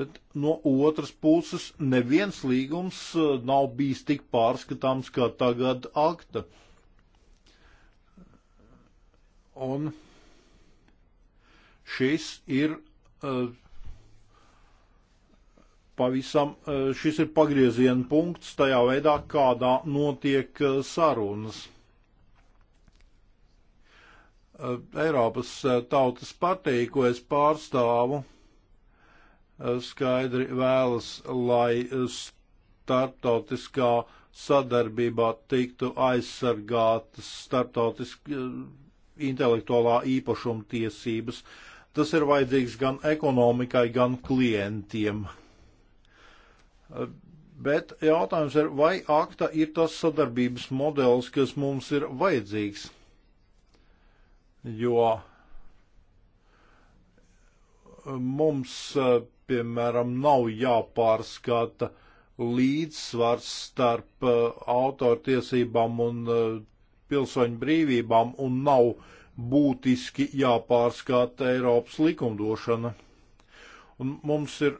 Bet no otras puses neviens līgums eh, nav bijis tik pārskatāms kā tagad akta. Un Šis ir e, pavisam, e, šis ir pagrieziena punkts tajā veidā, kādā notiek e, sarunas. Eiropas tautas partija, ko es pārstāvu, skaidri vēlas, lai starptautiskā sadarbībā tiktu aizsargātas starptautiskā intelektuālā īpašuma tiesības. Uh, Tas ir vajadzīgs gan ekonomikai, gan klientiem. Eh, bet jautājums ir, vai akta ir tas sadarbības modelis, kas mums ir vajadzīgs? Jo eh, mums, eh, piemēram, nav jāpārskata līdzsvars starp autortiesībām un pilsoņu brīvībām un nav būtiski jāpārskata Eiropas likumdošana. Un mums ir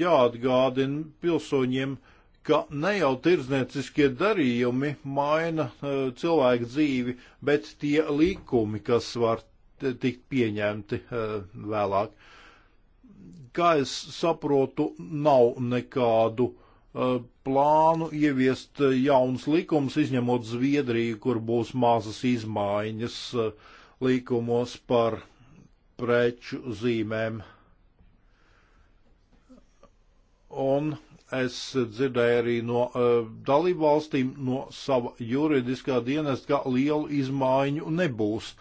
jāatgādina pilsoņiem, ka ne jau tirdznieciskie darījumi maina e, cilvēku dzīvi, bet tie likumi, kas var tikt pieņemti e, vēlāk. Kā es saprotu, nav nekādu uh, Uh, plānu ieviest uh, jauns likums, izņemot Zviedriju, kur būs mazas izmaiņas uh, likumos par preču zīmēm. Un es dzirdēju arī no uh, dalībvalstīm, no sava juridiskā dienesta, ka lielu izmaiņu nebūs.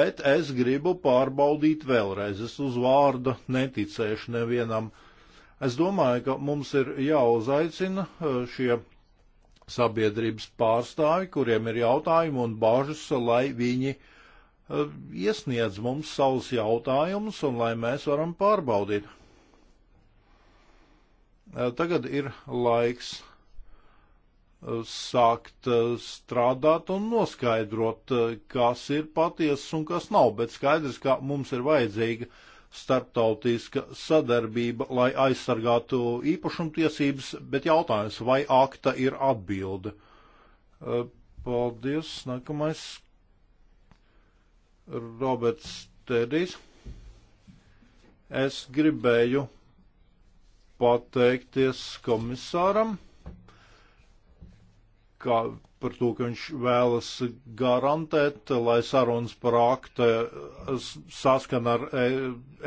Bet es gribu pārbaudīt vēlreiz. Es uz vārda neticēšu nevienam uh, Es domāju, ka mums ir jāuzaicina e, šie sabiedrības pārstāvi, kuriem ir jautājumi un bažas, lai viņi e, iesniedz mums savus jautājumus un lai mēs varam pārbaudīt. E, tagad ir laiks sākt strādāt un noskaidrot, kas ir patiesas un kas nav, bet skaidrs, ka mums ir vajadzīga uh, starptautiska sadarbība, lai aizsargātu īpašumtiesības, bet jautājums, vai akta ir atbilde. Paldies, nākamais Roberts Tēdīs. Es gribēju pateikties komisāram, ka par to, ka viņš vēlas garantēt, lai sarunas par akte saskan ar e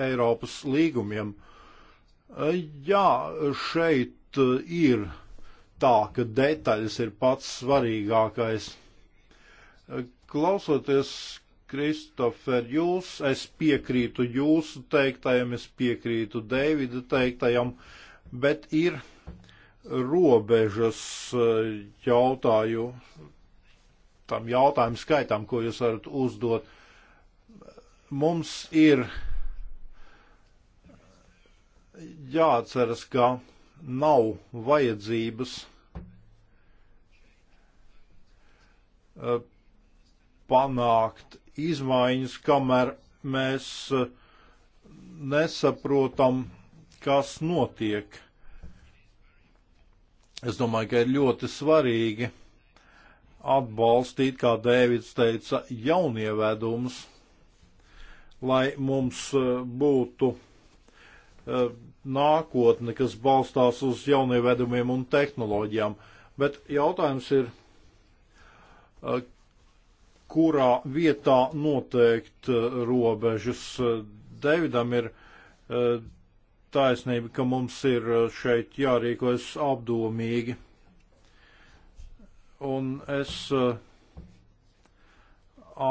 Eiropas līgumiem. E, jā, šeit e, ir tā, ka detaļas ir pats svarīgākais. E, klausoties, Kristofer, jūs, es piekrītu jūsu teiktajam, es piekrītu Deivida teiktajam, bet ir robežas eh, jautāju, tam jautājumu skaitam, ko jūs varat uzdot. Mums ir jāatceras, ka nav vajadzības eh, panākt izmaiņas, kamēr mēs eh, nesaprotam, kas notiek Es domāju, ka ir ļoti svarīgi atbalstīt, kā Dēvids teica, jaunievedumus, lai mums eh, būtu eh, nākotne, kas balstās uz jaunievedumiem un tehnoloģijām. Bet jautājums ir, eh, kurā vietā noteikt robežas. Dēvidam ir taisnība, ka mums ir eh, šeit jārīkojas apdomīgi. Un es eh,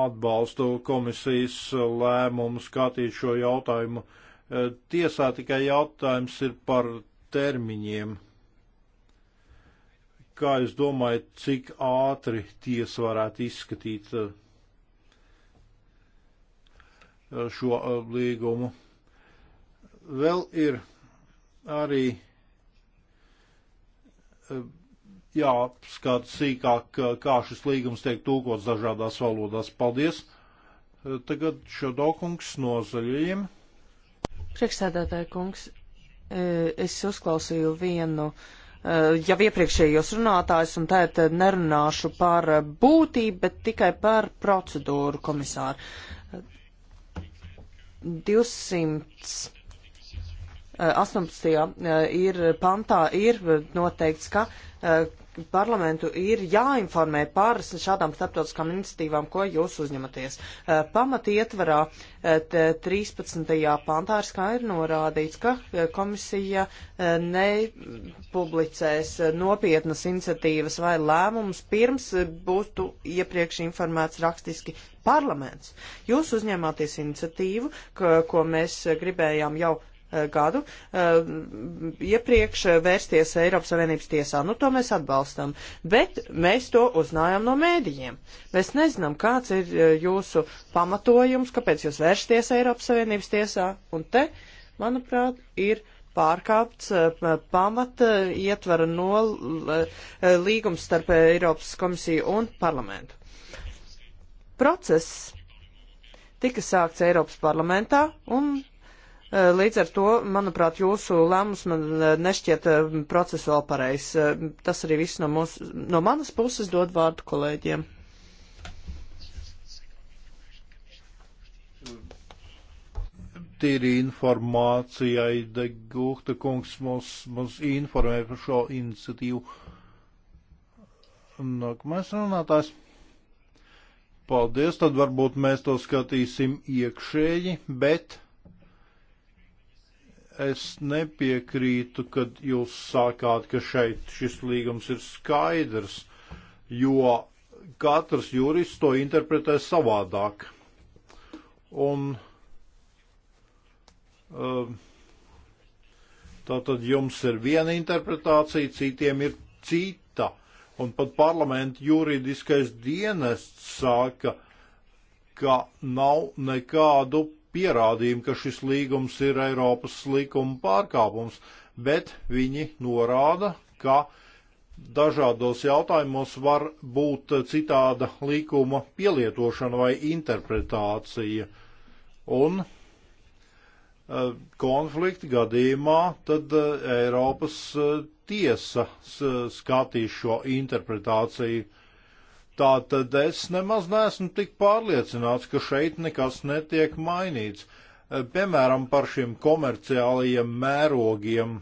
atbalstu komisijas eh, lēmumu skatīt šo jautājumu. Tiesā tikai jautājums ir par termiņiem. Kā jūs domājat, cik ātri tiesa varētu izskatīt šo līgumu? vēl ir arī e, jāskata sīkāk, kā šis līgums tiek tūkots dažādās valodās. Paldies! E, tagad Šodokungs no zaļajiem. Priekšsēdētāja kungs, e, es uzklausīju vienu jau iepriekšējos runātājus, un tātad nerunāšu par būtību, bet tikai par procedūru komisāru. 200 18. Eh, ir, pantā ir eh, noteikts, ka eh, parlamentu ir jāinformē par šādām starptautiskām iniciatīvām, ko jūs uzņematies. Pamat ietvarā 13. pantā ir skaidri norādīts, ka komisija nepublicēs nopietnas iniciatīvas vai lēmumus pirms būtu iepriekš informēts rakstiski parlaments. Jūs uzņēmāties iniciatīvu, ko mēs gribējām jau Eh, gadu eh, iepriekš eh, vērsties Eiropas Savienības tiesā. Nu, to mēs atbalstam, bet mēs to uznājām no mēdījiem. Mēs nezinām, kāds ir jūsu pamatojums, kāpēc jūs vērsties Eiropas Savienības tiesā, un te, manuprāt, ir pārkāpts pamata ietvara no līgums starp Eiropas komisiju un parlamentu. Process tika sākts Eiropas parlamentā un Eh, līdz ar to, manuprāt, jūsu lēmums man eh, nešķiet eh, procesuāli pareizs. Tas arī viss no, mūs, no manas puses dod vārdu kolēģiem. Tīri informācijai, Degūhta kungs mums, mums informē par šo iniciatīvu. Nākamais runātājs. Paldies, tad varbūt mēs to skatīsim iekšēji, bet es nepiekrītu, kad jūs sākāt, ka šeit šis līgums ir skaidrs, jo katrs jurists to interpretē savādāk. Un um, tātad jums ir viena interpretācija, citiem ir cita. Un pat parlamenta juridiskais dienests saka, ka nav nekādu pierādījumi, ka šis līgums ir Eiropas likuma pārkāpums, bet viņi norāda, ka dažādos jautājumos var būt citāda likuma pielietošana vai interpretācija. Un eh, konflikta gadījumā tad eh, Eiropas eh, tiesa skatīs šo interpretāciju Tā tad es nemaz neesmu tik pārliecināts, ka šeit nekas netiek mainīts. Eh, piemēram, par šiem komerciālajiem mērogiem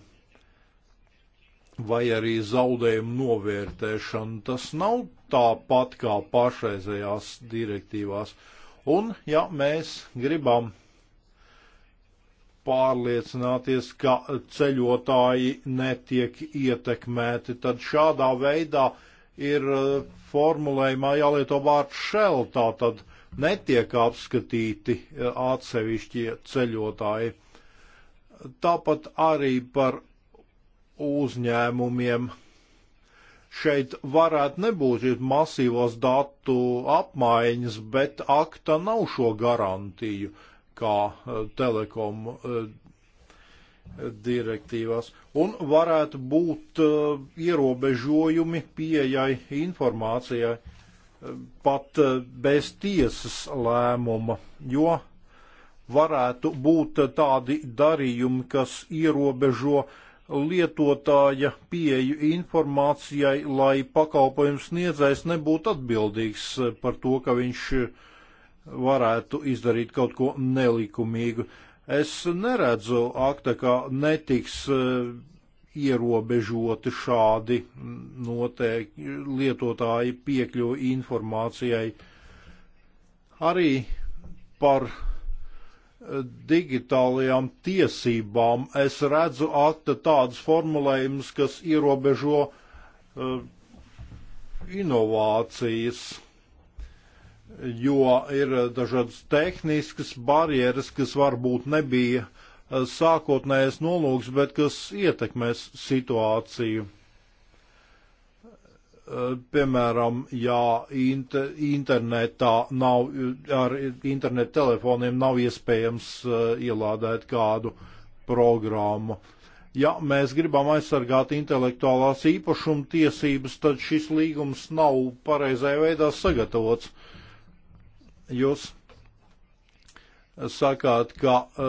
vai arī zaudējumu novērtēšanu. Tas nav tāpat kā pašreizējās direktīvās. Un, ja mēs gribam pārliecināties, ka ceļotāji netiek ietekmēti, tad šādā veidā uh, ir e, formulējumā jālieto vārds šel, tātad netiek apskatīti e, atsevišķie ceļotāji. Tāpat arī par uzņēmumiem. Šeit varētu nebūt šīs masīvos datu apmaiņas, bet akta nav šo garantiju, kā e, telekom direktīvās, un varētu būt uh, ierobežojumi pieejai informācijai uh, pat uh, bez tiesas lēmuma, jo varētu būt tādi darījumi, kas ierobežo lietotāja pieeju informācijai, lai pakalpojums sniedzējs nebūtu atbildīgs par to, ka viņš varētu izdarīt kaut ko nelikumīgu. Es neredzu akta, ka netiks eh, ierobežoti šādi noteik, lietotāji piekļuvi informācijai. Arī par eh, digitālajām tiesībām es redzu akta tādus formulējumus, kas ierobežo uh, inovācijas jo ir dažādas tehniskas barjeras, kas varbūt nebija eh, sākotnējais nolūks, bet kas ietekmēs situāciju. Eh, piemēram, ja internetā nav, ar internetu telefoniem nav iespējams eh, ielādēt kādu programmu. Ja mēs gribam aizsargāt intelektuālās īpašuma tiesības, tad šis līgums nav pareizajā veidā sagatavots. Uh, Jūs sakāt, ka e,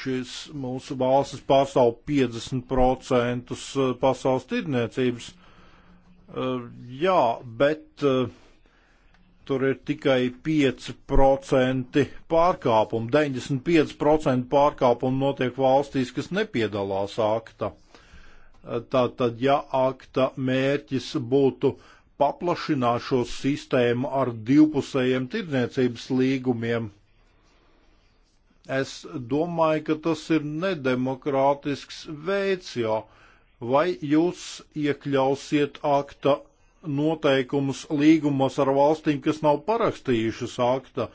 šis mūsu valstis pārstāv 50% e, pasaules tirniecības. E, jā, bet tur ir tikai 5% pārkāpumu. 95% pārkāpumu notiek valstīs, kas nepiedalās akta. Tātad, ja akta mērķis būtu uh, paplašināt šo sistēmu ar divpusējiem tirdzniecības līgumiem. Es domāju, ka tas ir nedemokrātisks veids, jo vai jūs iekļausiet akta noteikumus līgumos ar valstīm, kas nav parakstījušas akta?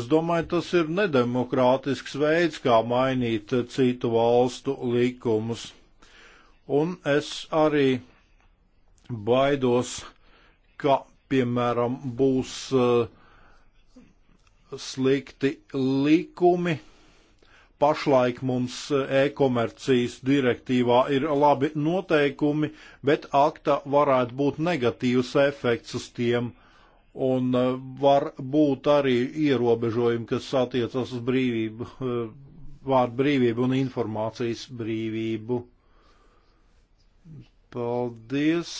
Es domāju, tas ir nedemokrātisks veids, kā mainīt citu valstu likumus. Un es arī baidos, ka, piemēram, būs eh, slikti likumi. Pašlaik mums eh, e-komercijas direktīvā ir labi noteikumi, bet akta varētu būt negatīvs efekts uz tiem, un eh, var būt arī ierobežojumi, kas attiecas uz brīvību, vārdu brīvību un informācijas brīvību. Paldies!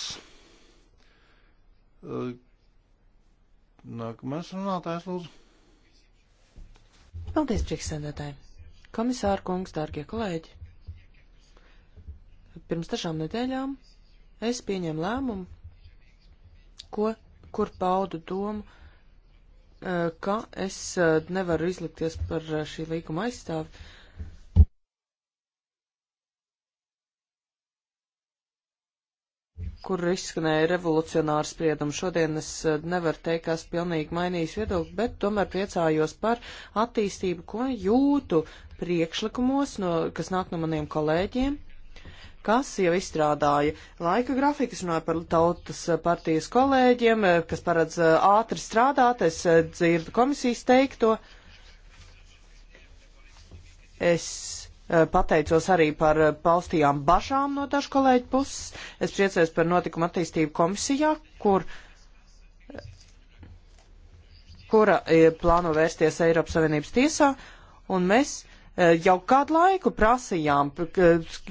Uh, nākamais runātājs lūdzu. Paldies, priekšsēdētāji. Komisāra kungs, dārgie kolēģi. Pirms dažām nedēļām es pieņēmu lēmumu, ko, kur paudu domu, uh, ka es uh, nevaru izlikties par šī līguma aizstāvi, kur izskanēja revolucionāra sprieduma. Šodien es eh, nevaru teikt, ka esmu pilnīgi mainījis viedokli, bet tomēr priecājos par attīstību, ko jūtu priekšlikumos, no, kas nāk no maniem kolēģiem kas jau izstrādāja laika grafikas, runāja par tautas partijas kolēģiem, eh, kas paredz eh, ātri strādāt, es dzirdu komisijas teikto. Es Eh, pateicos arī par eh, paustījām bažām no dažu kolēģu puses. Es priecājos par notikumu attīstību komisijā, kur, kura eh, plāno vērsties Eiropas Savienības tiesā, un mēs Eh, jau kādu laiku prasījām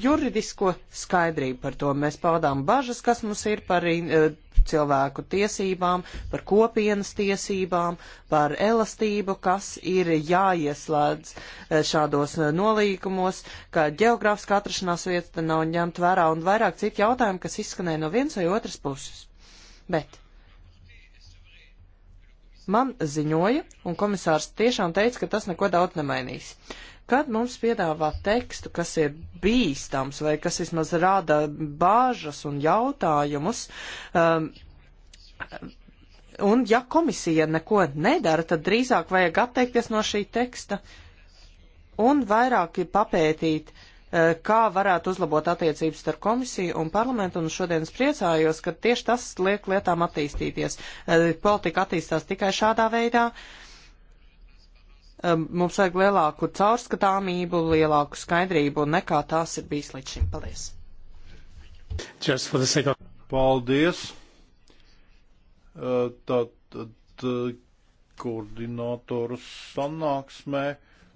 juridisko skaidrību par to. Mēs paudām bažas, kas mums ir par eh, cilvēku tiesībām, par kopienas tiesībām, par elastību, kas ir jāieslēdz eh, šādos nolīgumos, ka geogrāfiska atrašanās vieta nav ņemta vērā un vairāk citu jautājumu, kas izskanēja no vienas vai otras puses. Bet man ziņoja, un komisārs tiešām teica, ka tas neko daudz nemainīs. Kad mums piedāvā tekstu, kas ir bīstams vai kas vismaz rada bāžas un jautājumus, um, un ja komisija neko nedara, tad drīzāk vajag atteikties no šī teksta un vairāk papētīt, uh, kā varētu uzlabot attiecības starp komisiju un parlamentu, un šodien es priecājos, ka tieši tas liek lietām attīstīties. Uh, politika attīstās tikai šādā veidā. Uh, Mums vajag lielāku caurskatāmību, lielāku skaidrību nekā tās ir bijis līdz šim. Paldies! Paldies! Tātad koordinātoru sanāksmē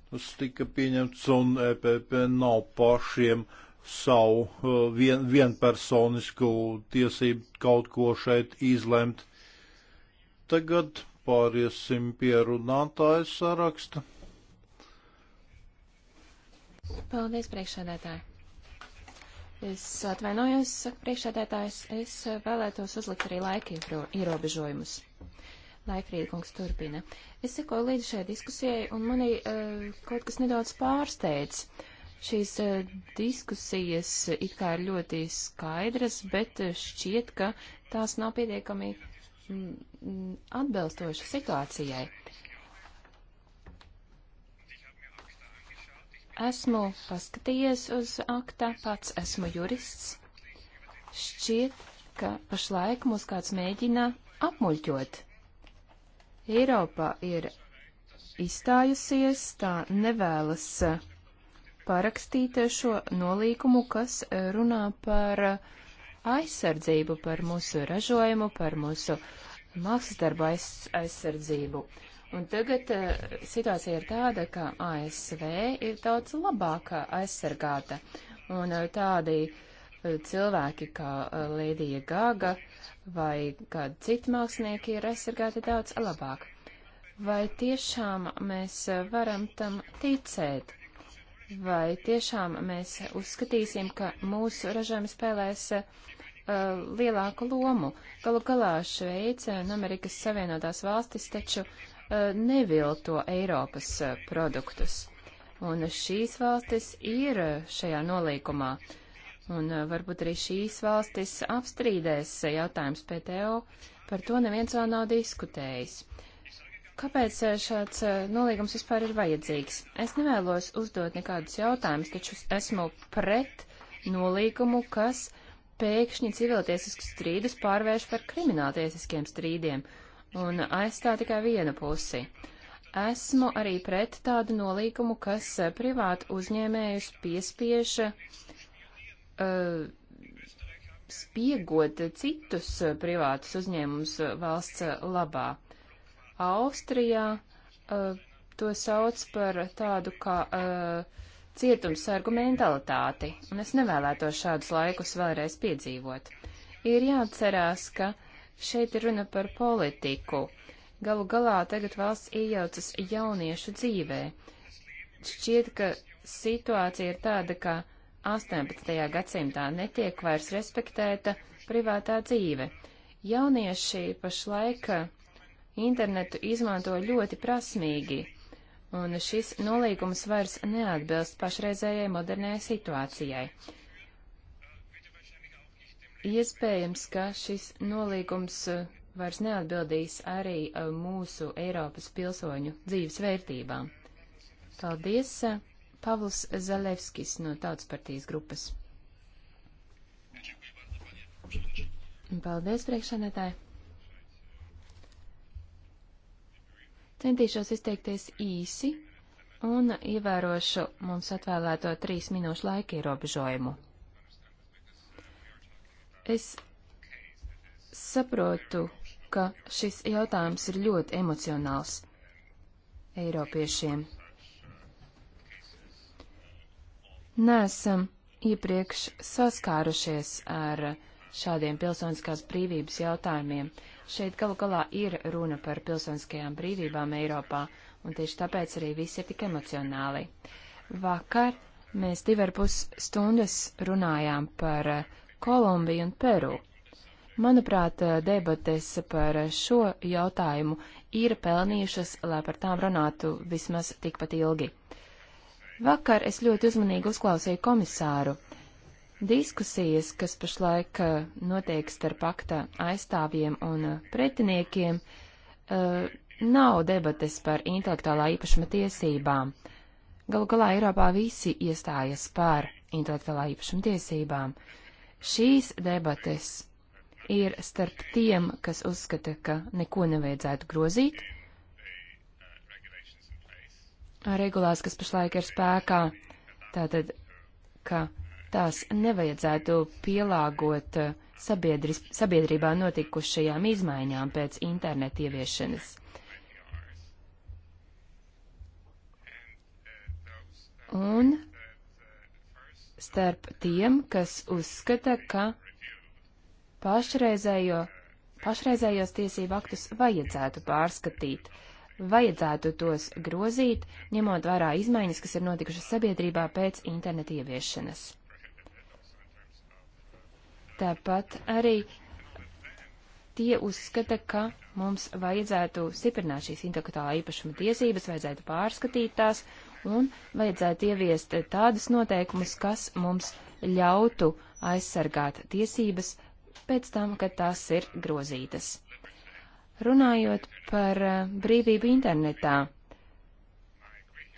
tas tika pieņemts un EPP nav pašiem savu vien, vienpersonisku tiesību kaut ko šeit izlemt. Tagad pāriesim pie runātāja saraksta. Paldies, priekšsēdētāji. Es atvainojos, saka priekšsēdētājs, es vēlētos uzlikt arī laika ierobežojumus. Laikrīdkungs turpina. Es sekoju līdzi šai diskusijai, un manī uh, eh, kaut kas nedaudz pārsteidz. Šīs uh, diskusijas it kā ir ļoti skaidras, bet eh, šķiet, ka tās nav pietiekami atbilstoši situācijai. Esmu paskatījies uz aktā, pats esmu jurists. Šķiet, ka pašlaik mūs kāds mēģina apmuļķot. Eiropa ir izstājusies, tā nevēlas eh, parakstīt eh, šo nolīkumu, kas eh, runā par uh, aizsardzību, par mūsu ražojumu, par mūsu mākslas darbu aiz, aizsardzību. Un tagad uh, situācija ir tāda, ka ASV ir daudz labāk aizsargāta. Un uh, tādi uh, cilvēki kā Lēdija Gaga vai kādi citi mākslinieki ir aizsargāti daudz labāk. Vai tiešām mēs varam tam ticēt? vai tiešām mēs uzskatīsim, ka mūsu ražojumi spēlēs uh, lielāku lomu. Galu galā Šveice un Amerikas Savienotās valstis taču uh, nevilto Eiropas uh, produktus. Un šīs valstis ir šajā nolīkumā. Un varbūt arī šīs valstis apstrīdēs jautājums PTO. Par to neviens vēl nav diskutējis. Uh, Kāpēc eh, šāds eh, nolīgums vispār ir vajadzīgs? Es nevēlos uzdot nekādus jautājumus, taču esmu pret nolīgumu, kas pēkšņi civiltiesiskus strīdus pārvērš par krimināltiesiskiem strīdiem un aizstā tikai vienu pusi. Esmu arī pret tādu nolīgumu, kas eh, privātu uzņēmējus piespiež uh, spiegot citus privātus uzņēmumus valsts labā. Uh, Austrijā uh, to sauc par tādu kā uh, cietumsargu mentalitāti, un es nevēlētos šādus laikus vēlreiz piedzīvot. Ir jāatcerās, ka šeit ir runa par politiku. Galu galā tagad valsts iejaucas jauniešu dzīvē. Šķiet, ka situācija ir tāda, ka 18. gadsimtā netiek vairs respektēta privātā dzīve. Jaunieši pašlaika internetu izmanto ļoti prasmīgi, un šis nolīgums vairs neatbilst pašreizējai modernajai situācijai. Iespējams, ka šis nolīgums uh, vairs neatbildīs arī uh, mūsu Eiropas pilsoņu dzīves vērtībām. Paldies, uh, Pavls Zalevskis no Tautas partijas grupas. Paldies, priekšsēdētāji! Centīšos izteikties īsi un ievērošu mums atvēlēto trīs minūšu laika ierobežojumu. Es saprotu, ka šis jautājums ir ļoti emocionāls Eiropiešiem. Nesam iepriekš saskārušies ar uh, šādiem pilsoniskās brīvības jautājumiem. Šeit galu galā ir runa par pilsoniskajām brīvībām Eiropā, un tieši tāpēc arī viss ir tik emocionāli. Vakar mēs divi ar pus stundas runājām par eh, Kolumbiju un Peru. Manuprāt, eh, debates par šo jautājumu ir pelnījušas, lai par tām runātu vismaz tikpat ilgi. Vakar es ļoti uzmanīgi uzklausīju komisāru, Diskusijas, kas pašlaik eh, notiek starp akta aizstāvjiem un eh, pretiniekiem, eh, nav debates par intelektuālā īpašuma tiesībām. Galu galā Eiropā visi iestājas par intelektuālā īpašuma tiesībām. Šīs debates ir starp tiem, kas uzskata, ka neko nevajadzētu grozīt, regulās, kas pašlaik ir spēkā, tātad, ka Tās nevajadzētu pielāgot eh, sabiedris, sabiedrībā notikušajām izmaiņām pēc interneta ieviešanas. Un starp tiem, kas uzskata, ka pašreizējo, pašreizējos tiesību aktus vajadzētu pārskatīt, vajadzētu tos grozīt, ņemot vērā izmaiņas, kas ir notikušas sabiedrībā pēc interneta ieviešanas. Tāpat arī tie uzskata, ka mums vajadzētu stiprināt šīs intelektuālā īpašuma tiesības, vajadzētu pārskatīt tās un vajadzētu ieviest tādus noteikumus, kas mums ļautu aizsargāt tiesības pēc tam, kad tās ir grozītas. Runājot par eh, brīvību internetā,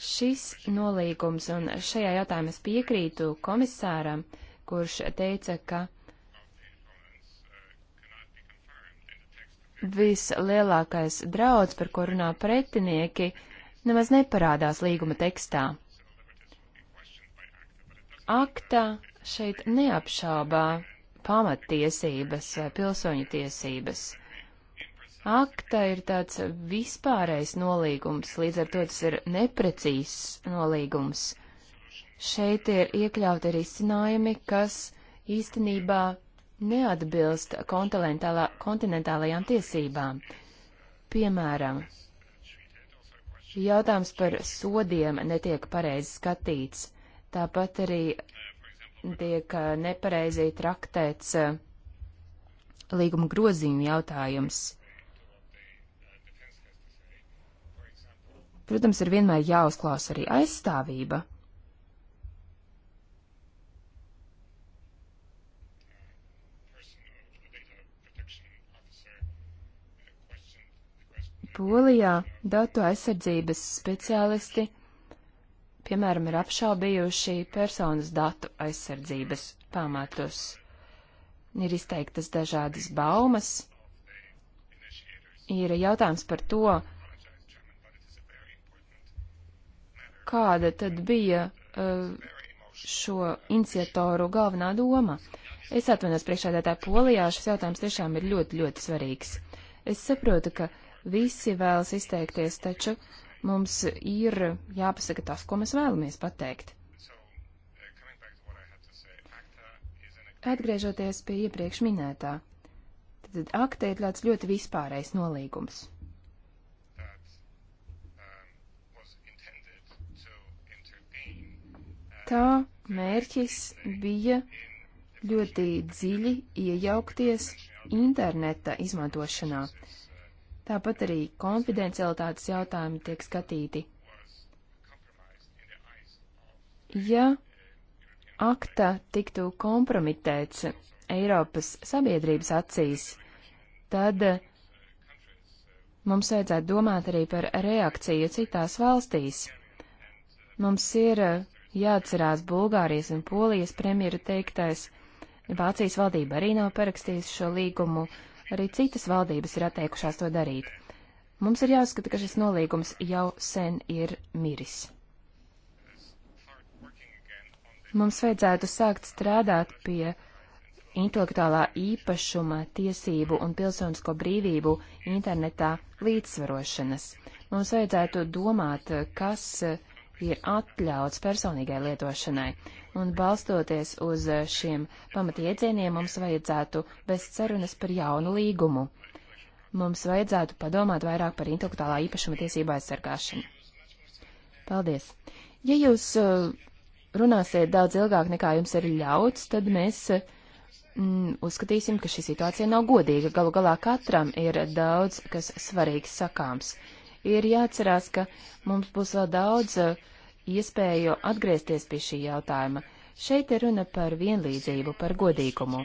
šis nolīgums, un šajā jautājumā es piekrītu komisāram, kurš teica, ka vislielākais draudz, par ko runā pretinieki, nemaz neparādās līguma tekstā. Akta šeit neapšābā pamattiesības vai pilsoņu tiesības. Akta ir tāds vispārējs nolīgums, līdz ar to tas ir neprecīzs nolīgums. Šeit ir iekļauti risinājumi, kas īstenībā neatbilst kontinentālajām tiesībām. Piemēram, jautājums par sodiem netiek pareizi skatīts, tāpat arī tiek nepareizi traktēts līguma grozījumu jautājums. Protams, ir vienmēr jāuzklausa arī aizstāvība. Polijā datu aizsardzības speciālisti, piemēram, ir apšaubījuši personas datu aizsardzības pamatus. Ir izteiktas dažādas baumas. Ir jautājums par to, kāda tad bija uh, šo iniciatoru galvenā doma. Es atvainojos priekšādētāju Polijā, šis jautājums tiešām ir ļoti, ļoti svarīgs. Es saprotu, ka Visi vēlas izteikties, taču mums ir jāpasaka tas, ko mēs vēlamies pateikt. Atgriežoties pie iepriekš minētā, tad akte ir tāds ļoti vispārējs nolīgums. tā mērķis bija ļoti dziļi iejaukties interneta izmantošanā. Tāpat arī konfidencialitātes jautājumi tiek skatīti. Ja akta tiktu kompromitēts Eiropas sabiedrības acīs, tad eh, mums vajadzētu domāt arī par reakciju citās valstīs. Mums ir eh, jāatcerās Bulgārijas un Polijas premjera teiktais, Vācijas valdība arī nav parakstījusi šo līgumu, uh, Arī citas valdības ir atteikušās to darīt. Mums ir jāuzskata, ka šis nolīgums jau sen ir miris. Mums vajadzētu sākt strādāt pie intelektuālā īpašuma, tiesību un pilsonisko brīvību internetā līdzsvarošanas. Mums vajadzētu domāt, kas ir atļauts personīgai lietošanai un balstoties uz eh, šiem pamatiedzieniem mums vajadzētu vest sarunas par jaunu līgumu. Mums vajadzētu padomāt vairāk par intelektuālā īpašuma tiesību aizsargāšanu. Paldies! Ja jūs eh, runāsiet daudz ilgāk nekā jums ir ļauts, tad mēs eh, mm, uzskatīsim, ka šī situācija nav godīga. Galu galā katram ir daudz, kas svarīgs sakāms. Ir jāatcerās, ka mums būs vēl daudz uh, iespēju atgriezties pie šī jautājuma. Šeit ir runa par vienlīdzību, par godīgumu.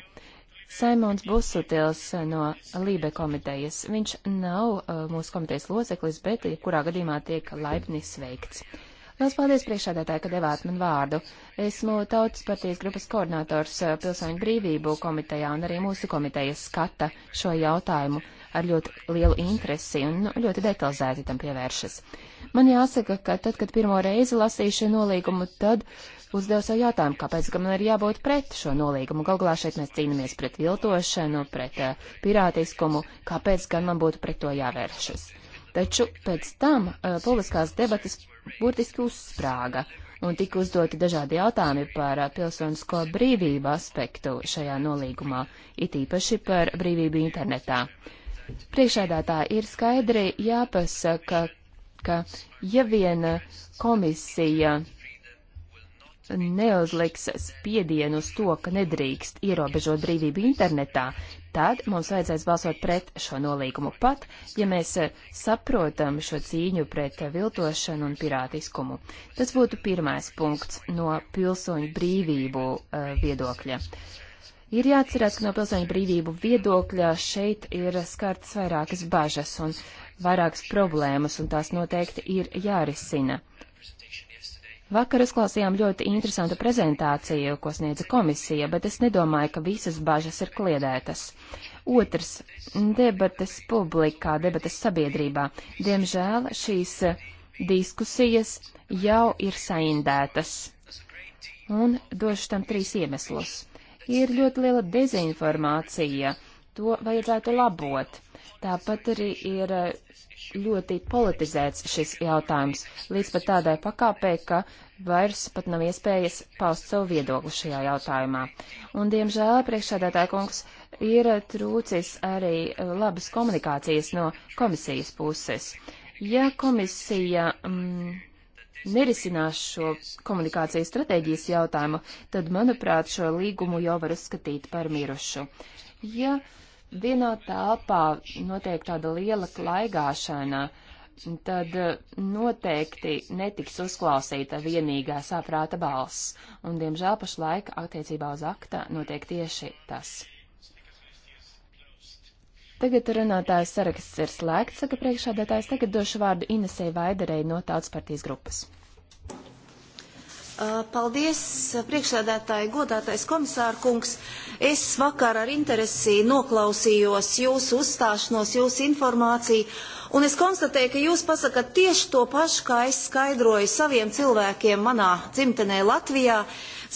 Saimons Busutils no Lībe komitejas. Viņš nav uh, mūsu komitejas loceklis, bet kurā gadījumā tiek laipni sveikts. Lielas paldies priekšādātāji, ka devāt man vārdu. Esmu Tautas partijas grupas koordinators uh, pilsoņu brīvību komitejā un arī mūsu komitejas skata šo jautājumu ar ļoti lielu interesi un nu, ļoti detalizēti tam pievēršas. Man jāsaka, ka tad, kad pirmo reizi lasīju šo nolīgumu, tad uzdevu sev jautājumu, kāpēc gan man ir jābūt pret šo nolīgumu. Galvā šeit mēs cīnāmies pret viltošanu, pret uh, pirātiskumu, kāpēc gan man būtu pret to jāvēršas. Taču pēc tam uh, publiskās debatas burtiski uzsprāga un tika uzdoti dažādi jautājumi par uh, pilsonisko brīvību aspektu šajā nolīgumā, it īpaši par brīvību internetā. Uh, Priekšēdātā ir skaidri jāpasaka, ka ja vien komisija neuzliks spiedienu uz to, ka nedrīkst ierobežot brīvību internetā, tad mums vajadzēs balsot pret šo nolīgumu pat, ja mēs saprotam šo cīņu pret viltošanu un pirātiskumu. Tas būtu pirmais punkts no pilsoņu brīvību uh, viedokļa. Uh, Ir jāatcerās, ka no pilsoņu brīvību viedokļa šeit ir skartas vairākas bažas un vairākas problēmas, un tās noteikti ir jārisina. Vakar uzklausījām ļoti interesantu prezentāciju, ko sniedza komisija, bet es nedomāju, ka visas bažas ir kliedētas. Otrs - debates publikā, debates sabiedrībā. Diemžēl šīs diskusijas jau ir saindētas. Un došu tam trīs iemeslus. Ir ļoti liela dezinformācija. To vajadzētu labot. Tāpat arī ir eh, ļoti politizēts šis jautājums, līdz pat tādai pakāpē, ka vairs pat nav iespējas paust savu viedokli šajā jautājumā. Un, diemžēl, priekšsādātāja kungs ir trūcis arī eh, labas komunikācijas no komisijas puses. Ja komisija mm, nerisinās šo komunikācijas stratēģijas jautājumu, tad, manuprāt, šo līgumu jau var uzskatīt par mirušu. Ja vienā telpā notiek tāda liela klaigāšana, tad uh, noteikti netiks uzklausīta vienīgā saprāta balss, un, diemžēl, pašlaik attiecībā uz akta notiek tieši tas. Tagad runātājs saraksts ir slēgts, saka priekšādātājs. Tagad došu vārdu Inesei Vaiderei no Tautas partijas grupas. Uh, paldies, priekšsēdētāji, godātais komisāra kungs. Es vakar ar interesi noklausījos jūsu uzstāšanos, jūsu informāciju, un es konstatēju, ka jūs pasakat tieši to pašu, kā es skaidroju saviem cilvēkiem manā dzimtenē Latvijā.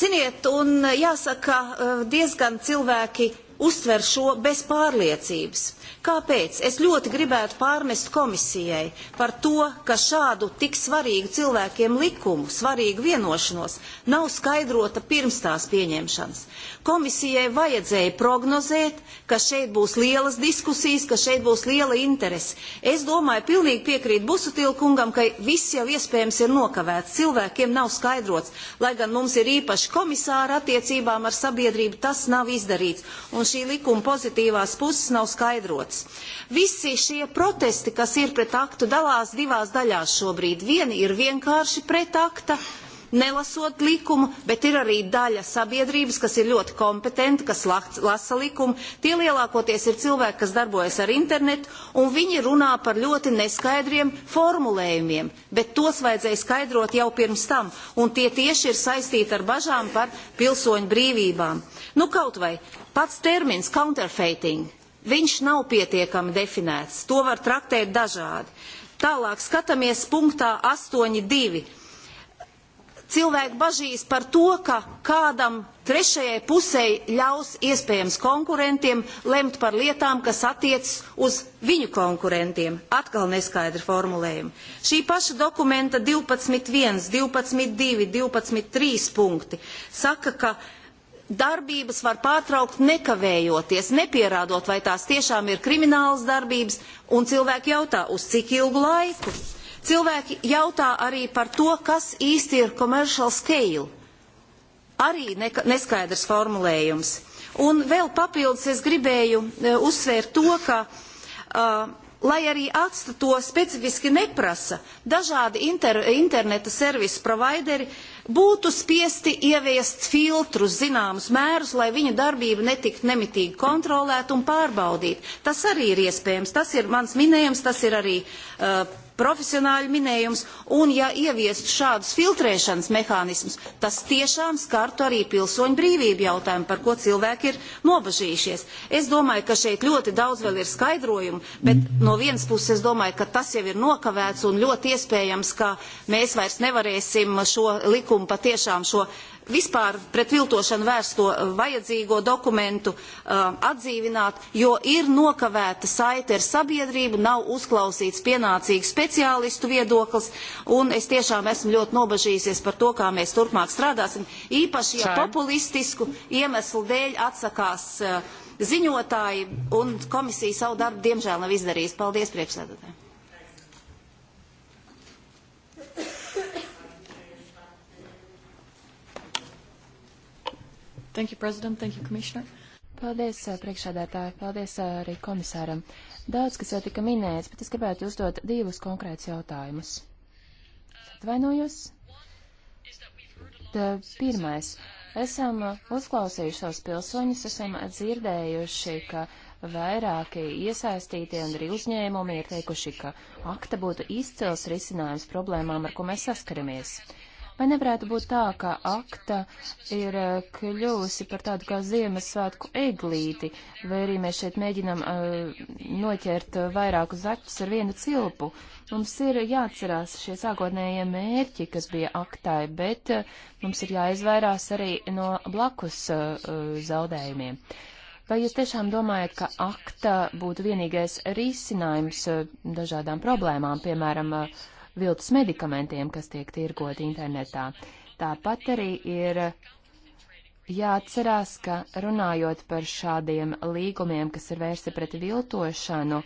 Ziniet, un jāsaka, uh, diezgan cilvēki uztver šo bez pārliecības. Kāpēc? Es ļoti gribētu pārmest komisijai par to, ka šādu tik svarīgu cilvēkiem likumu, svarīgu vienošanos nav skaidrota pirms tās pieņemšanas. Komisijai vajadzēja prognozēt, ka šeit būs lielas diskusijas, ka šeit būs liela interese. Es domāju, pilnīgi piekrīt Busutilkungam, ka viss jau iespējams ir nokavēts, cilvēkiem nav skaidrots, lai gan mums ir īpaši komisāra attiecībām ar sabiedrību, tas nav izdarīts. Un šī likuma pozitīvās puses nav skaidrots. Visi šie protesti, kas ir pret aktu, dalās divās daļās šobrīd. Vieni ir vienkārši pret akta, nelasot likumu, bet ir arī daļa sabiedrības, kas ir ļoti kompetenti, kas lasa likumu. Tie lielākoties ir cilvēki, kas darbojas ar internetu, un viņi runā par ļoti neskaidriem formulējumiem, bet tos vajadzēja skaidrot jau pirms tam, un tie tieši ir saistīti ar bažām par pilsoņu brīvībām. Nu, kaut vai pats termins counterfeiting, viņš nav pietiekami definēts, to var traktēt dažādi. Tālāk skatāmies punktā 8.2. Cilvēki bažīs par to, ka kādam trešajai pusēji ļaus iespējams konkurentiem lemt par lietām, kas attiecas uz viņu konkurentiem. Atkal neskaidri formulējumi. Šī paša dokumenta 12.1, 12.2, 12.3 punkti saka, ka darbības var pārtraukt nekavējoties, nepierādot, vai tās tiešām ir kriminālas darbības, un cilvēki jautā, uz cik ilgu laiku. Cilvēki jautā arī par to, kas īsti ir commercial scale. Arī ne, neskaidrs formulējums. Un vēl papildus es gribēju e, uzsvērt to, ka, uh, lai arī atsta to specifiski neprasa, dažādi inter, interneta servisu provideri uh, būtu spiesti ieviest filtrus, zināmus mērus, lai viņa darbība netiktu nemitīgi kontrolēta un pārbaudīta. Tas arī ir iespējams, tas ir mans minējums, tas ir arī uh, profesionāļu minējums, un ja ieviest šādus filtrēšanas mehānismus, tas tiešām skartu arī pilsoņu brīvību jautājumu, par ko cilvēki ir nobažījušies. Es domāju, ka šeit ļoti daudz vēl ir skaidrojumu, bet no vienas puses es domāju, ka tas jau ir nokavēts un ļoti iespējams, ka mēs vairs nevarēsim šo likumu patiešām šo vispār pret viltošanu vērsto eh, vajadzīgo dokumentu uh, atdzīvināt, jo ir nokavēta saite ar sabiedrību, nav uzklausīts pienācīgs speciālistu viedoklis, un es tiešām esmu ļoti nobažījusies par to, kā mēs turpmāk strādāsim, īpaši, ja populistisku iemeslu dēļ atsakās uh, ziņotāji, un komisija savu darbu diemžēl nav izdarījusi. Paldies, priekšsēdētāji! Thank you, President. Thank you, Commissioner. Paldies, uh, priekšādātāji. Paldies uh, arī komisāram. Daudz, kas jau tika minēts, bet es gribētu uzdot divus konkrētus jautājumus. Atvainojos. Tā, uh, pirmais. Esam uzklausījuši savus pilsoņus, esam dzirdējuši, ka vairāki iesaistītie un arī uzņēmumi ir teikuši, ka akta būtu izcils risinājums problēmām, ar ko mēs saskaramies. Uh, Vai nevarētu būt tā, ka akta ir eh, kļuvusi par tādu kā Ziemassvētku eglīti, vai arī mēs šeit mēģinam uh, noķert eh, vairākus zaķus ar vienu cilpu? Mums ir jāatcerās šie sākotnējie mērķi, kas bija aktai, bet uh, mums ir jāizvairās arī no blakus uh, zaudējumiem. Vai jūs tiešām domājat, ka akta būtu vienīgais risinājums dažādām problēmām, piemēram, viltus medikamentiem, kas tiek tirgoti internetā. Tāpat arī ir jāatcerās, ka runājot par šādiem līgumiem, kas ir vērsti pret viltošanu,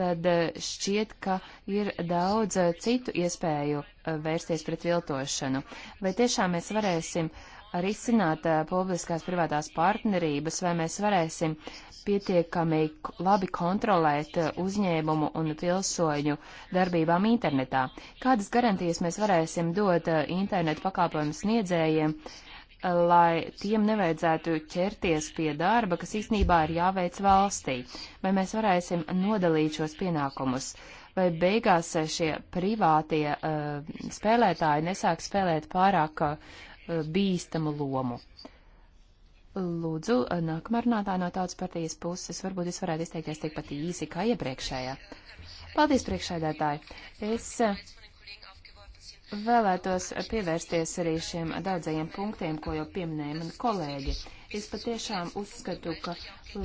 tad eh, šķiet, ka ir daudz eh, citu iespēju eh, vērsties pret viltošanu. Vai tiešām mēs varēsim uh, risināt eh, publiskās privātās partnerības, vai mēs varēsim pietiekami labi kontrolēt eh, uzņēmumu un pilsoņu darbībām internetā. Kādas garantijas mēs varēsim dot eh, internetu pakāpojumu sniedzējiem, lai tiem nevajadzētu ķerties pie darba, kas īstenībā ir jāveic valstī? Vai mēs varēsim nodalīt šos pienākumus? Vai beigās šie privātie uh, spēlētāji nesāk spēlēt pārāk uh, Uh, bīstamu lomu. Lūdzu, uh, nākamā runātāja no tautas partijas puses, varbūt jūs varētu izteikties tikpat īsi kā iepriekšējā. Paldies, priekšēdētāji! Es uh, vēlētos pievērsties arī šiem daudzajiem punktiem, ko jau pieminēja mani kolēģi. Es patiešām uzskatu, ka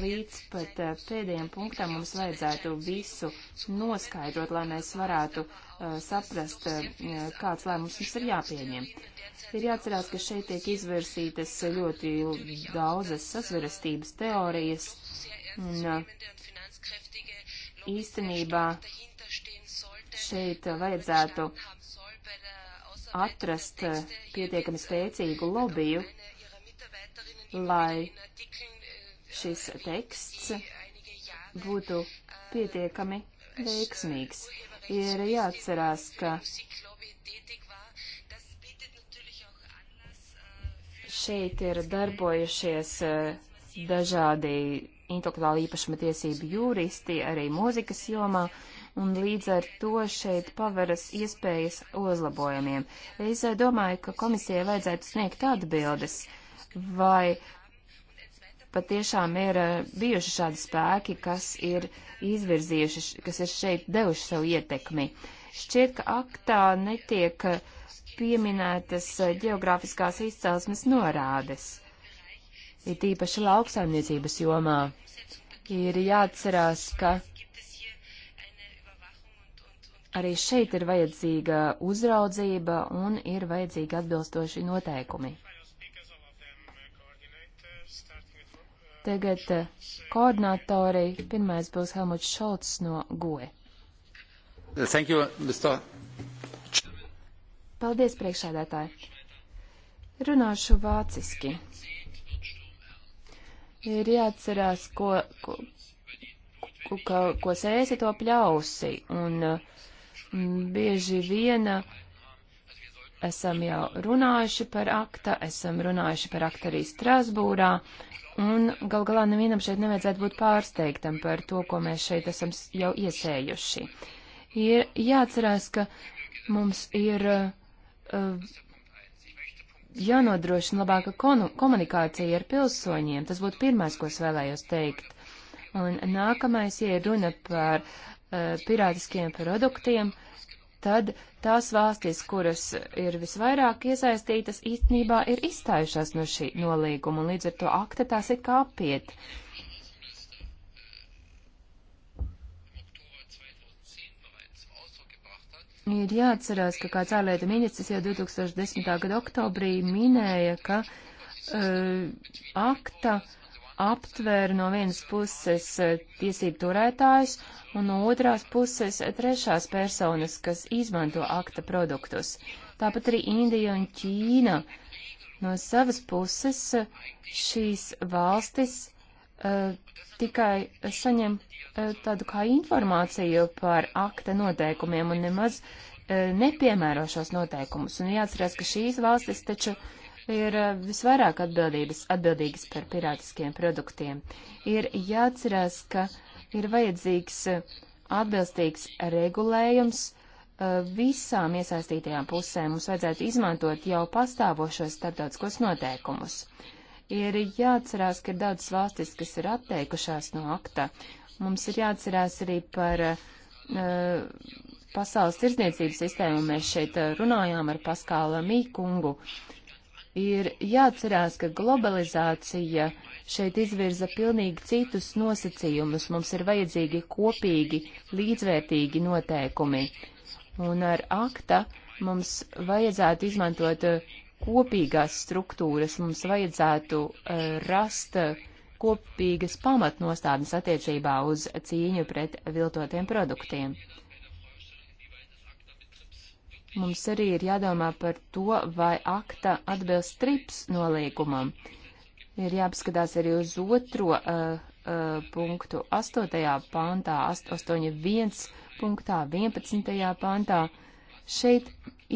līdz pat eh, pēdējiem punktam mums vajadzētu visu noskaidrot, lai mēs varētu uh, saprast, uh, kāds lēmums mums ir jāpieņem. Ir jāatcerās, ka šeit tiek izvirsītas ļoti daudzas sasverestības teorijas, un uh, īstenībā šeit vajadzētu uh, atrast eh, pietiekami spēcīgu lobiju, lai šis teksts būtu pietiekami veiksmīgs. Ir jāatcerās, ka šeit ir darbojušies eh, dažādi intelektuāla īpašuma tiesību juristi arī mūzikas jomā, uh, un līdz ar to šeit paveras iespējas uzlabojumiem. Es eh, domāju, ka komisijai vajadzētu sniegt atbildes, vai patiešām ir eh, bijuši šādi spēki, kas ir izvirzījuši, kas ir šeit devuši savu ietekmi. Šķiet, ka aktā netiek eh, pieminētas geogrāfiskās izcelsmes norādes, ir tīpaši lauksaimniecības jomā. Ir jāatcerās, ka Arī šeit ir vajadzīga uzraudzība un ir vajadzīgi atbilstoši noteikumi. Tagad eh, koordinātori. Pirmais būs Helmuts Šolts no GOE. Thank you, Mr. Paldies, priekšēdētāji. Runāšu vāciski. Ir jāatcerās, ko, ko, ko, ko sēsi to pļausi, un uh, Mm, bieži viena esam jau runājuši par akta, esam runājuši par akta arī Strasbūrā, un gal galā nevienam šeit nevajadzētu būt pārsteigtam par to, ko mēs šeit esam jau iesējuši. Ir jāatcerās, ka mums ir uh, jānodrošina labāka komunikācija ar pilsoņiem. Tas būtu pirmais, ko es vēlējos teikt. Un nākamais, ja runa par Eh, pirātiskiem produktiem, tad tās valstis, kuras ir visvairāk iesaistītas, īstenībā ir izstājušās no šī nolīguma, un līdz ar to akta tās ir kā apiet. Ir jāatcerās, ka kāds ārlietu ministrs jau 2010. gada oktobrī minēja, ka uh, akta uh, aptver no vienas puses eh, tiesību turētājs un no otrās puses eh, trešās personas, kas izmanto akta produktus. Tāpat arī Indija un Ķīna no savas puses eh, šīs valstis uh, tikai saņem uh, tādu kā informāciju par akta noteikumiem un nemaz uh, nepiemēro šos noteikumus. Un jāatcerās, ka šīs valstis taču uh, ir eh, visvairāk atbildības, atbildīgas par pirātiskiem produktiem. Ir jāatcerās, ka ir vajadzīgs eh, atbilstīgs regulējums eh, visām iesaistītajām pusēm. Mums vajadzētu izmantot jau pastāvošos starptautiskos noteikumus. Ir jāatcerās, ka ir daudz valstis, kas ir atteikušās no akta. Mums ir jāatcerās arī par uh, pasaules tirdzniecības sistēmu. Mēs šeit runājām ar Paskālu Mīkungu. Uh, ir jāatcerās, ka globalizācija šeit izvirza pilnīgi citus nosacījumus. Mums ir vajadzīgi kopīgi, līdzvērtīgi noteikumi. Un ar akta mums vajadzētu izmantot eh, kopīgās struktūras, mums vajadzētu uh, rast eh, kopīgas pamatnostādnes attiecībā uz cīņu pret viltotiem produktiem. Uh, Mums arī ir jādomā par to, vai akta atbilst trips nolīgumam. Ir jāpaskatās arī uz otro uh, uh, punktu 8. pantā, 8.1. punktā, 11. pantā. Šeit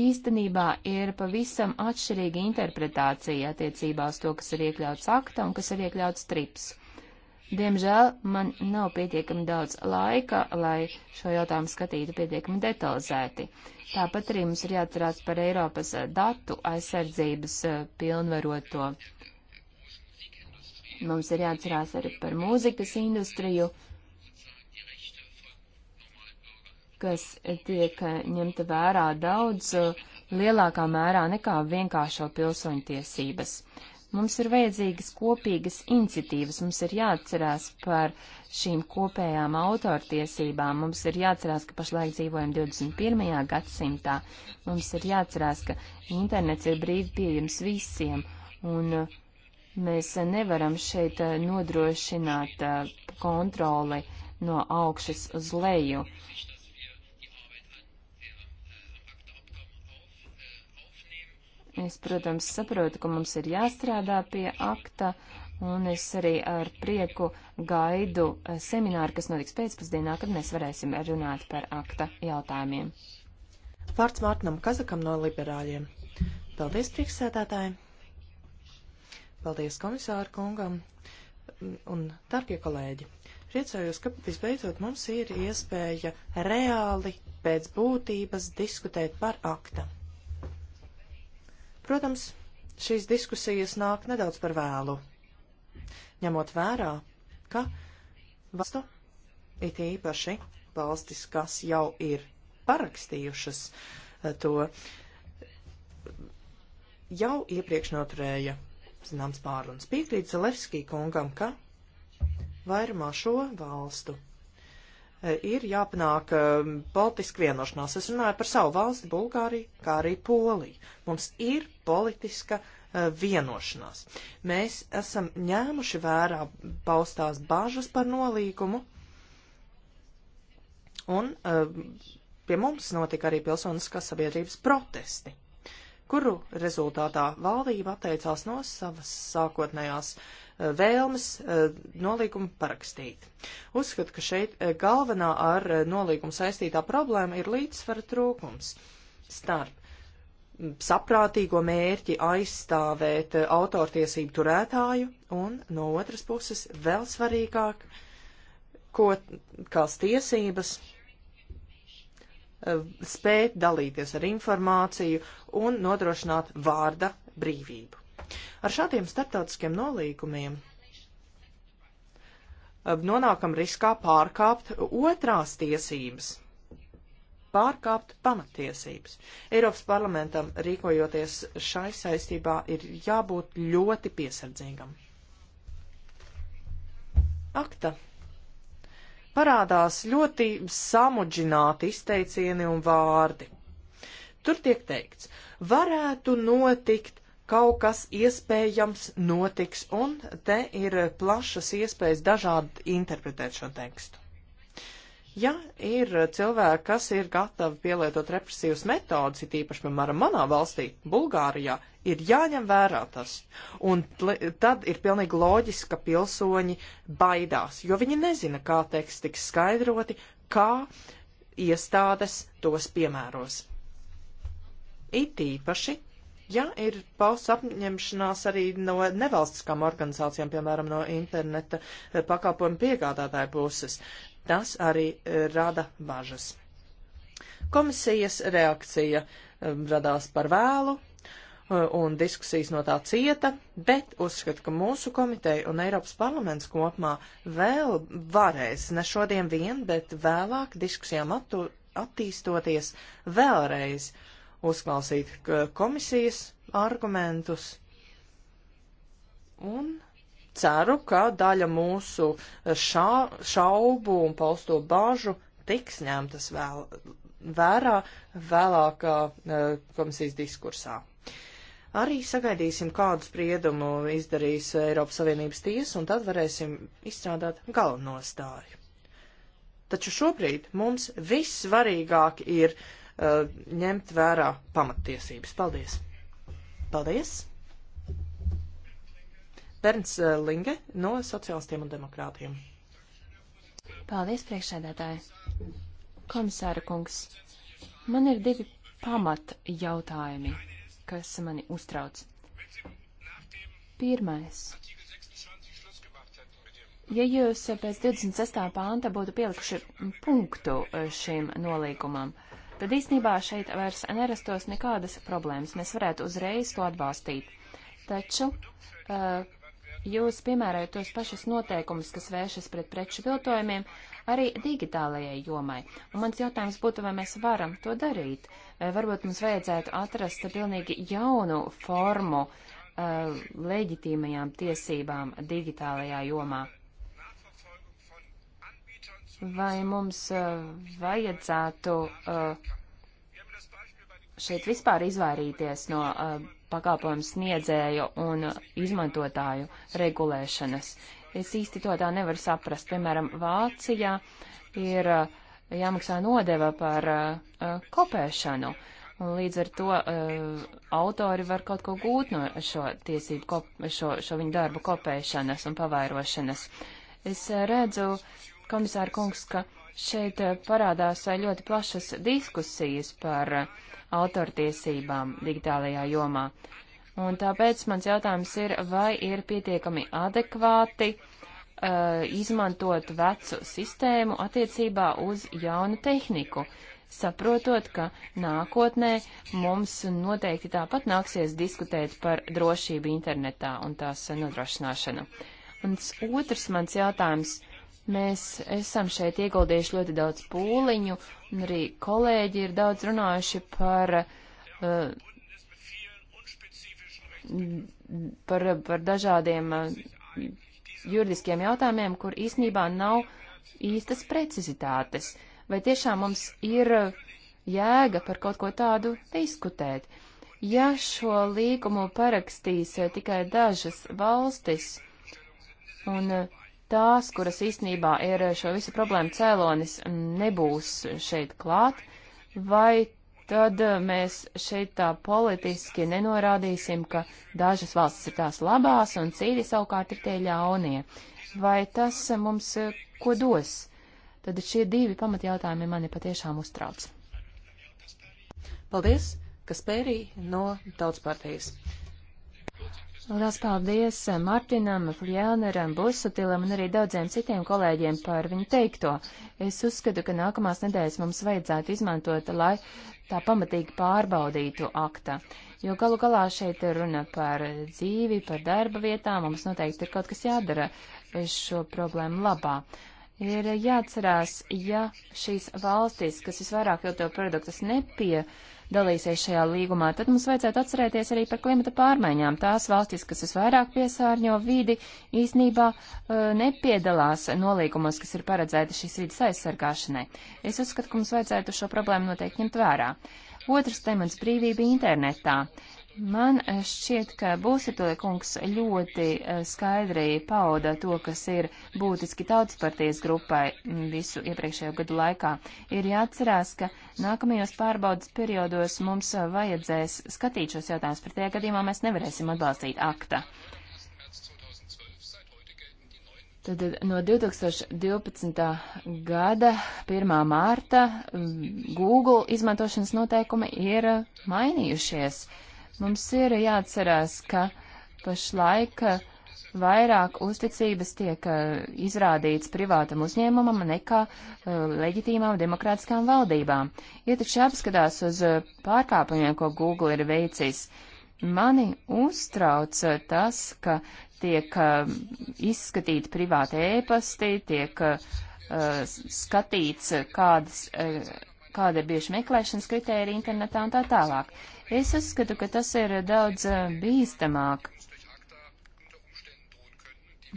īstenībā ir pavisam atšķirīga interpretācija attiecībā uz to, kas ir iekļauts akta un kas ir iekļauts trips. Uh, Diemžēl man nav pietiekami daudz laika, lai šo jautājumu skatītu pietiekami detalizēti. Tāpat arī mums ir jāatcerās par Eiropas datu aizsardzības eh, pilnvaroto. Mums ir jāatcerās arī par mūzikas industriju, kas tiek eh, ņemta vērā daudz eh, lielākā mērā nekā vienkāršo pilsoņu tiesības. Mums ir vajadzīgas kopīgas iniciatīvas, mums ir jāatcerās par šīm kopējām autortiesībām, mums ir jāatcerās, ka pašlaik dzīvojam 21. gadsimtā, mums ir jāatcerās, ka internets ir brīvi pieejams visiem, un uh, mēs nevaram šeit uh, nodrošināt uh, kontroli no augšas uz leju. Es, protams, saprotu, ka mums ir jāstrādā pie akta, un es arī ar prieku gaidu eh, semināru, kas notiks pēcpusdienā, kad mēs varēsim runāt par akta jautājumiem. Vārds Mārtiņam Kazakam no liberāļiem. Paldies, priekšsēdētāji! Paldies komisāru kungam un darbie kolēģi! Priecājos, ka visbeidzot mums ir iespēja reāli pēc būtības diskutēt par akta. Protams, šīs diskusijas nāk nedaudz par vēlu, ņemot vērā, ka valstu, it īpaši valstis, kas jau ir parakstījušas eh, to, jau iepriekš noturēja zināms pārunas. Piekrīt Zelevskī kungam, ka vairumā šo valstu E, ir jāpanāk um, e, politiska vienošanās. Es runāju par savu valsti, Bulgāriju, kā arī Poliju. Mums ir politiska uh, vienošanās. Mēs esam ņēmuši vērā paustās bažas par nolīgumu, un uh, pie mums notika arī pilsoniskās sabiedrības protesti kuru rezultātā valdība atteicās no savas sākotnējās eh, vēlmes eh, nolīgumu parakstīt. Uzskatu, ka šeit eh, galvenā ar nolīgumu saistītā problēma ir līdzsvara trūkums starp saprātīgo mērķi aizstāvēt autortiesību turētāju un no otras puses vēl svarīgāk, ko, kās tiesības Eh, spēt dalīties ar informāciju un nodrošināt vārda brīvību. Ar šādiem starptautiskiem nolīgumiem eh, nonākam riskā pārkāpt otrās tiesības, pārkāpt pamatiesības. Eiropas parlamentam rīkojoties šai saistībā ir jābūt ļoti piesardzīgam. Akta parādās ļoti samudžināti izteicieni un vārdi. Tur tiek teikts, varētu notikt, kaut kas iespējams notiks, un te ir plašas iespējas dažādi interpretēt šo tekstu. Ja ir cilvēki, kas ir gatavi pielietot represīvas metodas, it īpaši, piemēram, manā valstī, Bulgārijā, ir jāņem vērā tas. Un tad ir pilnīgi loģiski, ka pilsoņi baidās, jo viņi nezina, kā teksts tiks skaidroti, kā iestādes tos piemēros. It īpaši, ja ir pausts apņemšanās arī no nevalstiskām organizācijām, piemēram, no interneta pakalpojumu piegādātāju puses, tas arī e, rada bažas. Komisijas reakcija e, radās par vēlu, Uh, un diskusijas no tā cieta, bet uzskatu, ka mūsu komiteja un Eiropas parlaments kopumā vēl varēs, ne šodien vien, bet vēlāk diskusijām attu, attīstoties, vēlreiz uzklausīt komisijas argumentus. Un ceru, ka daļa mūsu šā, šaubu un pausto bāžu tiks ņemtas vēl, vērā vēlākā uh, komisijas diskursā. Arī sagaidīsim, kādu spriedumu izdarīs Eiropas Savienības tiesa, un tad varēsim izstrādāt galveno stāju. Taču šobrīd mums vissvarīgāk ir uh, ņemt vērā pamatiesības. Paldies! Paldies! Bernts uh, Linge no Sociālistiem un Demokrātiem. Paldies, priekšsēdētāji! Komisāra kungs, man ir divi pamata jautājumi kas mani uztrauc. Pirmais. Ja jūs pēc 26. pānta būtu pielikuši punktu eh, šim nolīgumam, tad īstenībā šeit vairs nerastos nekādas problēmas. Mēs varētu uzreiz to atbalstīt. Taču uh, jūs piemērojat tos pašus noteikumus, kas vēršas pret preču viltojumiem, arī digitālajai jomai. Un mans jautājums būtu, vai mēs varam to darīt. Varbūt mums vajadzētu atrast pilnīgi jaunu formu uh, leģitīmajām tiesībām digitālajā jomā. Vai mums uh, vajadzētu uh, šeit vispār izvairīties no uh, pakalpojumu sniedzēju un izmantotāju regulēšanas? es īsti to tā nevaru saprast. Piemēram, Vācijā ir eh, jāmaksā nodeva par eh, eh, kopēšanu. Un līdz ar to uh, autori var kaut ko gūt no šo tiesību, kop, šo, šo viņu darbu kopēšanas un pavairošanas. Es redzu, komisāra kungs, ka šeit parādās ļoti plašas diskusijas par autortiesībām digitālajā jomā. Uh, Un tāpēc mans jautājums ir, vai ir pietiekami adekvāti uh, izmantot vecu sistēmu attiecībā uz jaunu tehniku, saprotot, ka nākotnē mums noteikti tāpat nāksies diskutēt par drošību internetā un tās nodrošināšanu. Un otrs mans jautājums. Mēs esam šeit ieguldījuši ļoti daudz pūliņu, un arī kolēģi ir daudz runājuši par uh, par, par dažādiem eh, juridiskiem jautājumiem, kur īsnībā nav īstas precizitātes. Vai tiešām mums ir eh, jēga par kaut ko tādu diskutēt? Ja šo līgumu parakstīs eh, tikai dažas valstis un tās, kuras īsnībā ir šo visu problēmu cēlonis, mm, nebūs šeit klāt, vai tad eh, mēs šeit tā politiski nenorādīsim, ka dažas valstis ir tās labās un citi savukārt ir tie ļaunie. Vai tas eh, mums eh, ko dos? Tad šie divi pamatjautājumi mani patiešām uztrauc. Paldies, Kaspērī no Tautas partijas. Lielas paldies Martinam, Fljāneram, Busutilam un arī daudziem citiem kolēģiem par viņu teikto. Es uzskatu, ka nākamās nedēļas mums vajadzētu izmantot, lai tā pamatīgi pārbaudītu akta. Jo galu galā šeit ir runa par dzīvi, par darba vietām, mums noteikti ir kaut kas jādara šo problēmu labā. Ir jāatcerās, ja šīs valstis, kas visvairāk jau to produktus nepie, uh, dalīsies šajā līgumā, tad mums vajadzētu atcerēties arī par klimata pārmaiņām. Tās valstis, kas visvairāk piesārņo vidi, īsnībā uh, nepiedalās nolīgumos, kas ir paredzēti šīs vidas aizsargāšanai. Es uzskatu, ka mums vajadzētu šo problēmu noteikti ņemt vērā. Otrs temats - brīvība internetā. Man eh, šķiet, ka Būsitoja kungs ļoti eh, skaidri pauda to, kas ir būtiski tautspartijas grupai mm, visu iepriekšējo gadu laikā. Ir jāatcerās, ka nākamajos pārbaudas periodos mums eh, vajadzēs skatīt šos jautājumus, pretējā gadījumā mēs nevarēsim atbalstīt akta. Tad no 2012. gada 1. mārta mm, Google izmantošanas noteikumi ir mainījušies. Uh, Mums ir jāatcerās, ka pašlaik vairāk uzticības tiek eh, izrādīts privātam uzņēmumam nekā eh, leģitīmām demokrātiskām valdībām. Ja taču apskatās uz eh, pārkāpumiem, ko Google ir veicis, mani uztrauc tas, ka tiek izskatīti privāti ēpasti, tiek skatīts, kādas, kāda ir bieži meklēšanas kritērija internetā un tā tālāk. Es uzskatu, ka tas ir daudz eh, bīstamāk.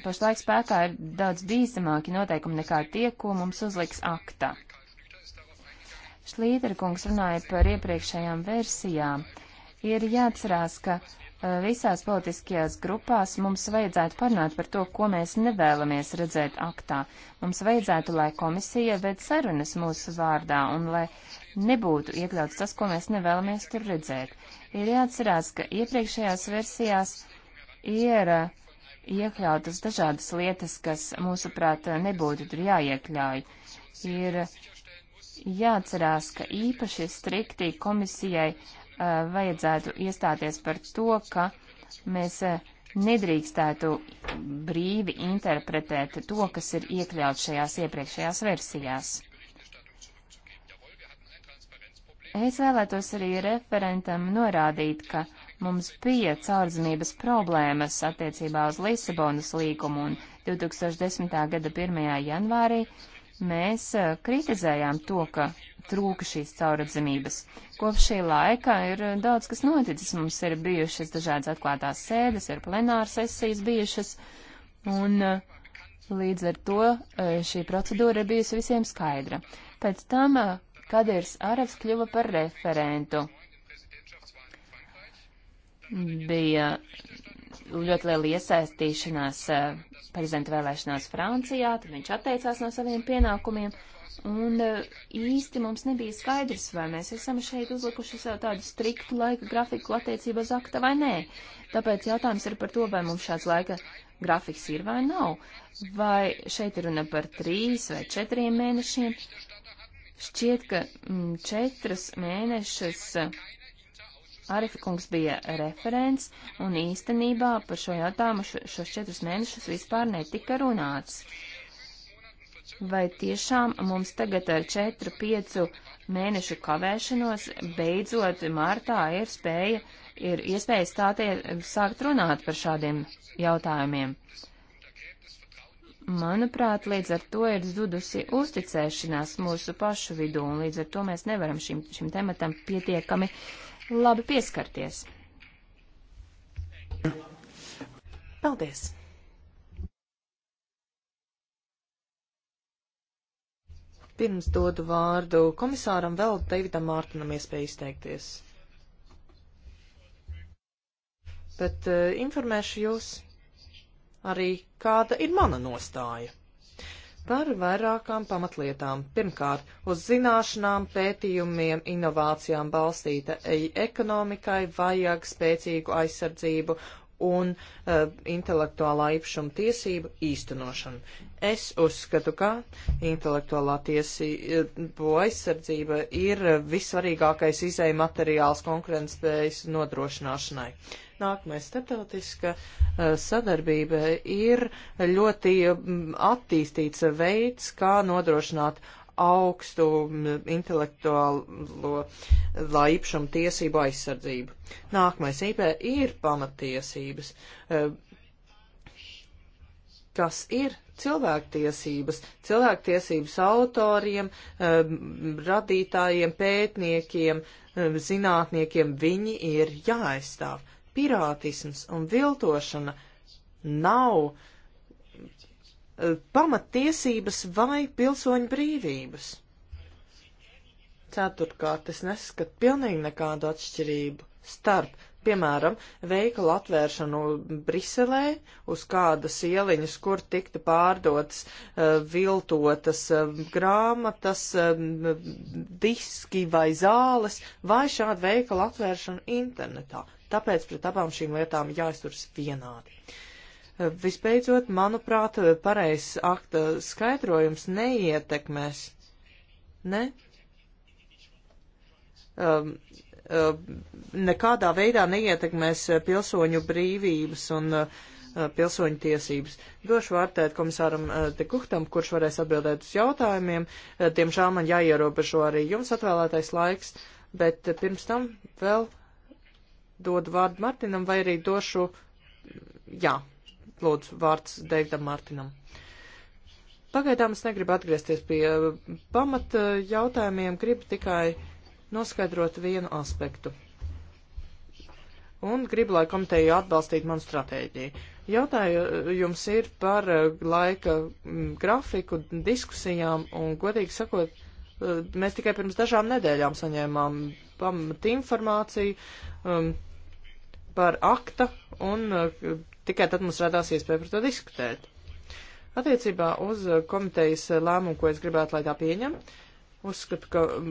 Pašlaik spēkā ir daudz bīstamāki noteikumi nekā tie, ko mums uzliks aktā. Šlīderkungs runāja par iepriekšējām versijām. Ir jāatcerās, ka visās politiskajās grupās mums vajadzētu parunāt par to, ko mēs nevēlamies redzēt aktā. Mums vajadzētu, lai komisija ved sarunas mūsu vārdā un lai nebūtu iekļauts tas, ko mēs nevēlamies tur redzēt. Ir jāatcerās, ka iepriekšējās versijās ir uh, iekļautas dažādas lietas, kas, mūsuprāt, uh, nebūtu tur jāiekļauj. Ir jāatcerās, ka īpaši striktī komisijai uh, Uh, vajadzētu iestāties par to, ka mēs uh, nedrīkstētu brīvi interpretēt to, kas ir iekļauts šajās iepriekšējās versijās. Es vēlētos arī referentam norādīt, ka mums bija caurzemības problēmas attiecībā uz Lisabonas līgumu un 2010. gada 1. janvārī mēs uh, kritizējām to, ka trūka šīs cauradzamības. Kopš šī laika ir daudz kas noticis. Mums ir bijušas dažādas atklātās sēdes, ir plenāra sesijas bijušas, un uh, līdz ar to uh, šī procedūra ir bijusi visiem skaidra. Pēc tam uh, Kadirs Arabs kļuva par referentu. Bija ļoti liela iesaistīšanās prezidenta vēlēšanās Francijā, tad viņš atteicās no saviem pienākumiem, Un eh, īsti mums nebija skaidrs, vai mēs esam šeit uzlikuši sev tādu striktu laika grafiku attiecībā uz akta vai nē. Tāpēc jautājums ir par to, vai mums šāds laika grafiks ir vai nav. Vai šeit ir runa par trīs vai četriem mēnešiem. Šķiet, ka m, mm, četras mēnešas eh, Arifikungs bija referents, un īstenībā par šo jautājumu šos četrus mēnešus vispār netika runāts. Uh, vai tiešām mums tagad ar 4-5 mēnešu kavēšanos beidzot martā ir spēja, ir iespēja stāties, sākt runāt par šādiem jautājumiem. Manuprāt, līdz ar to ir zudusi uzticēšanās mūsu pašu vidū, un līdz ar to mēs nevaram šim, šim tematam pietiekami labi pieskarties. Paldies! Pirms dodu vārdu komisāram vēl Davidam Mārtinam iespēju izteikties. Bet uh, informēšu jūs arī, kāda ir mana nostāja. Par vairākām pamatlietām. Pirmkārt, uz zināšanām, pētījumiem, inovācijām balstīta e, ekonomikai vajag spēcīgu aizsardzību un uh, intelektuālā īpašuma tiesību īstenošanu. Es uzskatu, ka intelektuālā tiesību eh, aizsardzība ir eh, vissvarīgākais izēja materiāls konkurencespējas nodrošināšanai. Nākamais starptautiska uh, sadarbība ir ļoti mm, attīstīts veids, kā nodrošināt augstu intelektuālo laipšumu tiesību aizsardzību. Nākamais IP ir pamatiesības, e, kas ir cilvēktiesības, cilvēktiesības autoriem, e, radītājiem, pētniekiem, e, zinātniekiem, viņi ir jāaizstāv. Pirātisms un viltošana nav uh, pamattiesības vai pilsoņu brīvības. Ceturtkārt, es neskatu pilnīgi nekādu atšķirību starp, piemēram, veikalu atvēršanu Briselē uz kādas ieliņas, kur tiktu pārdotas uh, viltotas uh, grāmatas, uh, diski vai zāles, vai šādu veikalu atvēršanu internetā. Tāpēc pret abām šīm lietām jāizturas vienādi. Uh, Vispēcot, manuprāt, pareizs akta skaidrojums neietekmēs ne? Um, um, nekādā veidā neietekmēs pilsoņu brīvības un uh, pilsoņu tiesības. Došu vārtēt komisāram uh, Dekuhtam, kurš varēs atbildēt uz jautājumiem. Uh, Tiemžēl man jāierobežo arī jums atvēlētais laiks, bet uh, pirms tam vēl dodu vārdu Martinam vai arī došu. Jā, Lūdzu, vārds Deigdam Mārtinam. Pagaidām es negribu atgriezties pie eh, pamat eh, jautājumiem, gribu tikai noskaidrot vienu aspektu. Un gribu, lai komiteja atbalstītu manu stratēģiju. Jautājums ir par eh, laika mm, grafiku, diskusijām un, godīgi sakot, mēs tikai pirms dažām nedēļām saņēmām pamat informāciju um, par akta un uh, Tikai tad mums radās iespēja par to diskutēt. Attiecībā uz komitejas lēmumu, ko es gribētu, lai tā pieņem, uzskatu, ka mm,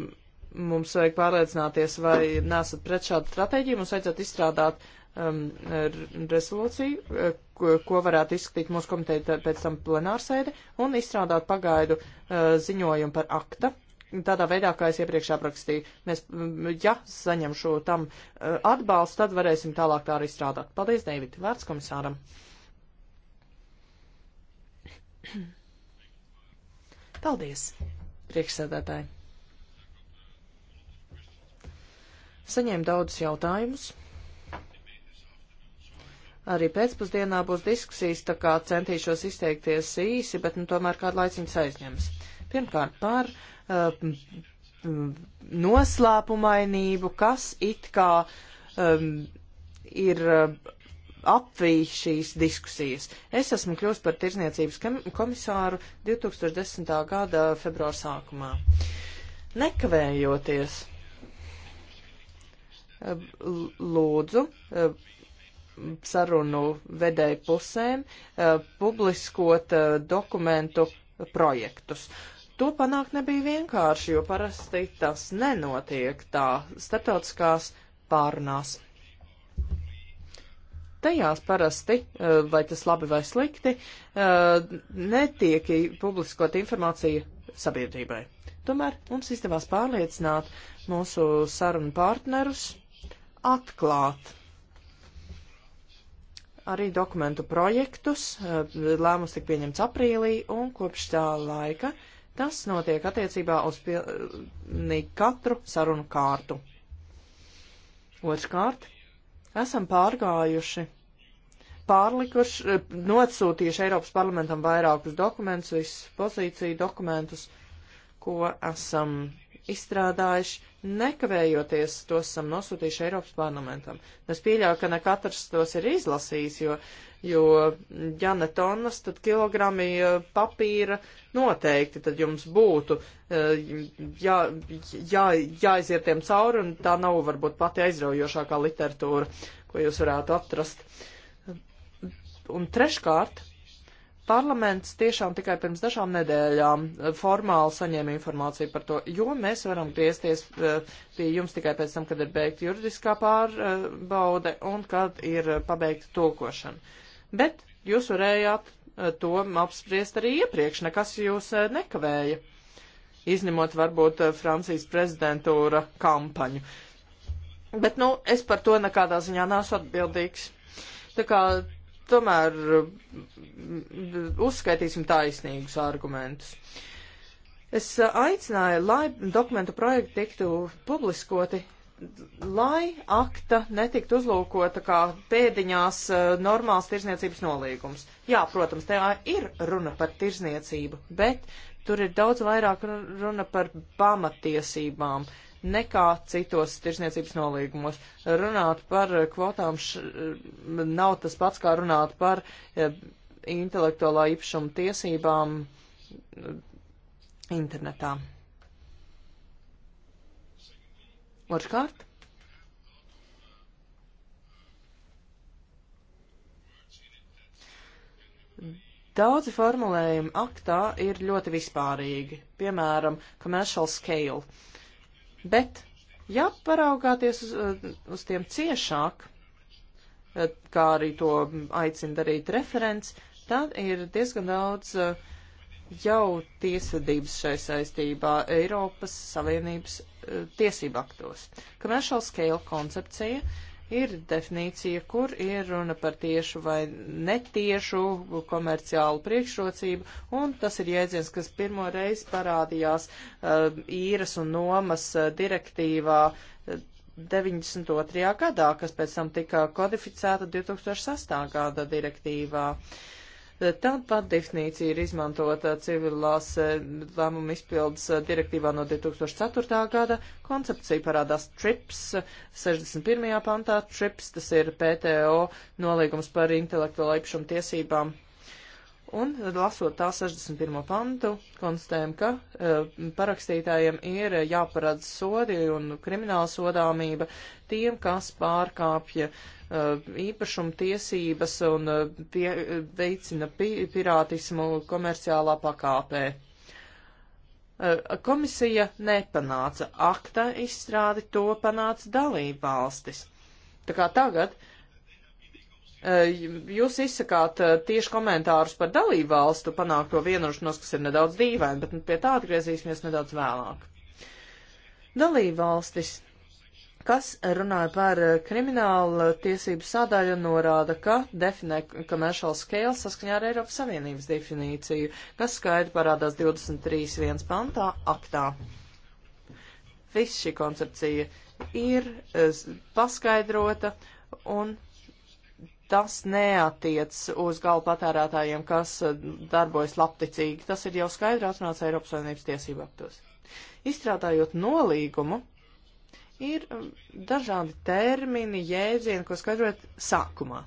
mums vajag pārliecināties, vai nesat pret šādu stratēģiju. Mums vajadzētu izstrādāt um, rezolūciju, eh, ko, ko varētu izskatīt mūsu komiteja pēc tam plenārsēde, un izstrādāt pagaidu uh, ziņojumu par akta tādā veidā, kā es iepriekš aprakstīju. Mēs, mm, ja saņemšu tam eh, atbalstu, tad varēsim tālāk tā arī strādāt. Paldies, Deivid. Vērts komisāram. Paldies, priekšsēdētāji. Saņēmu daudzus jautājumus. Arī pēcpusdienā būs diskusijas, tā kā centīšos izteikties īsi, bet nu, tomēr kādu laiciņu aizņems. Uh, Pirmkārt, par uh, noslēpumainību, kas it kā um, ir uh, apvīj šīs diskusijas. Es esmu kļūst par tirzniecības komisāru 2010. gada februāra sākumā. Nekavējoties, uh, lūdzu uh, sarunu vedēju pusēm publiskot dokumentu projektus. Uh, to panākt nebija vienkārši, jo parasti tas nenotiek tā starptautiskās pārunās. Tajās parasti, eh, vai tas labi vai slikti, eh, netiek publiskot informācija sabiedrībai. Tomēr mums izdevās pārliecināt mūsu sarunu partnerus atklāt arī dokumentu projektus. Eh, lēmums tika pieņemts aprīlī, un kopš tā laika uh, Tas notiek attiecībā uz pilnīgi katru sarunu kārtu. Otrkārt, esam pārgājuši, pārlikuši, eh, notsūtījuši Eiropas parlamentam vairākus dokumentus, visus pozīciju dokumentus, ko esam izstrādājuši, nekavējoties tos esam nosūtījuši Eiropas parlamentam. Es pieļauju, ka ne katrs tos ir izlasījis, jo jo, ja ne tonnas, tad kilogrami eh, papīra noteikti, tad jums būtu eh, jā, jā, jāiziet tiem cauri, un tā nav varbūt pati aizraujošākā literatūra, ko jūs varētu atrast. Un treškārt, parlaments tiešām tikai pirms dažām nedēļām eh, formāli saņēma informāciju par to, jo mēs varam griezties pie jums tikai pēc tam, kad ir beigta juridiskā pārbaude un kad ir pabeigta tulkošana bet jūs varējāt eh, to apspriest arī iepriekš, nekas jūs eh, nekavēja, izņemot varbūt eh, Francijas prezidentūra kampaņu. Bet, nu, es par to nekādā ziņā nesu atbildīgs. Tā kā tomēr mm, uzskaitīsim taisnīgus argumentus. Es aicināju, lai dokumentu projekti tiktu publiskoti lai akta netiktu uzlūkota kā pēdiņās eh, normāls tirzniecības nolīgums. Jā, protams, tajā ir runa par tirzniecību, bet tur ir daudz vairāk runa par pamatiesībām nekā citos tirsniecības nolīgumos. Runāt par kvotām š, nav tas pats, kā runāt par ja, eh, intelektuālā īpašuma tiesībām eh, internetā. Otrkārt, Daudzi formulējumi aktā ir ļoti vispārīgi, piemēram, commercial scale, bet, ja paraugāties uz, eh, uz tiem ciešāk, eh, kā arī to aicina darīt referents, tad ir diezgan daudz uh, jau tiesvedības šai saistībā Eiropas Savienības uh, tiesību aktos. Commercial scale koncepcija ir definīcija, kur ir runa par tiešu vai netiešu komerciālu priekšrocību, un tas ir jēdziens, kas pirmo reizi parādījās uh, eh, īras un nomas uh, direktīvā. Uh, 92. gadā, kas pēc tam tika kodificēta 2008. gada direktīvā. Uh, Tāda pat definīcija ir izmantota civilās eh, lēmuma izpildes eh, direktīvā no 2004. gada. Koncepcija parādās TRIPS 61. Eh, pantā. TRIPS tas ir PTO nolīgums par intelektuālo īpašumu tiesībām Un, lasot tā 61. pantu, konstatējam, ka uh, parakstītājiem ir jāparāda sodi un krimināla sodāmība tiem, kas pārkāpja uh, eh, īpašuma tiesības un uh, pie, veicina pi, pirātismu komerciālā pakāpē. Komisija nepanāca akta izstrādi, to panāca dalība valstis. Tā kā tagad uh, Eh, jūs izsakāt eh, tieši komentārus par dalību valstu panākto vienošanos, kas ir nedaudz dīvaini, bet nu, pie tā atgriezīsimies nedaudz vēlāk. Dalību valstis, kas runāja par eh, kriminālu tiesību sadaļu, norāda, ka definē commercial scale saskaņā ar Eiropas Savienības definīciju, kas skaidri parādās 23.1 pantā aktā. Viss šī koncepcija ir paskaidrota un tas neatiec uz galu patērētājiem, kas eh, darbojas labticīgi. Tas ir jau skaidri atrunāts Eiropas Savienības tiesību aktos. Izstrādājot nolīgumu, ir eh, dažādi termini, jēdzieni, ko skaidrot sākumā.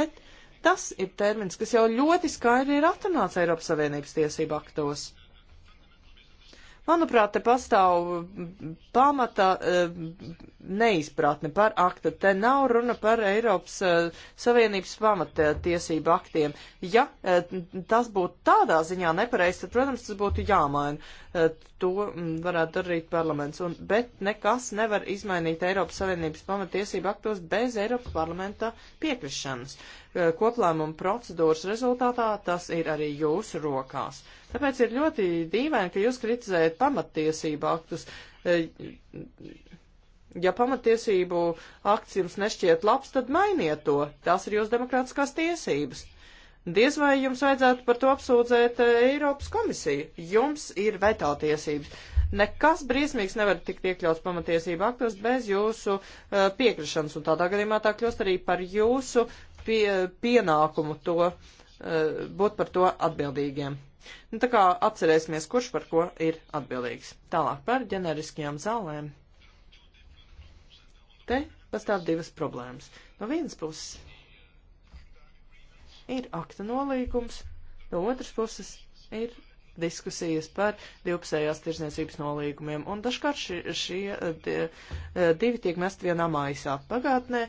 Bet tas ir termins, kas jau ļoti skaidri ir atrunāts Eiropas Savienības tiesību aktos. Manuprāt, te pastāv pamata e, neizpratne par aktu. Te nav runa par Eiropas e, Savienības pamatiesību aktiem. Ja e, tas būtu tādā ziņā nepareizs, tad, protams, tas būtu jāmaina. To varētu darīt parlaments. Un, bet nekas nevar izmainīt Eiropas Savienības pamatiesību aktos bez Eiropas parlamenta piekrišanas. Koplēmuma procedūras rezultātā tas ir arī jūsu rokās. Uh, Tāpēc ir ļoti dīvaini, ka jūs kritizējat pamatiesību aktus. E, ja pamatiesību akts jums nešķiet labs, tad mainiet to. Tās ir jūsu demokrātiskās tiesības. Diez vai jums vajadzētu par to apsūdzēt e, Eiropas komisiju. Jums ir veto tiesības. Nekas briesmīgs nevar tikt iekļauts pamatiesību aktos bez jūsu uh, piekrišanas, un tādā gadījumā tā kļūst arī par jūsu pie, pienākumu to, uh, būt par to atbildīgiem. Nu, tā kā atcerēsimies, kurš par ko ir atbildīgs. Tālāk par ģeneriskajām zālēm. Te pastāv divas problēmas. No vienas puses ir akta nolīgums, no otras puses ir diskusijas par divpusējās tirsniecības nolīgumiem, un dažkārt šie, šie eh, divi tiek mest vienā mājasā. Pagātnē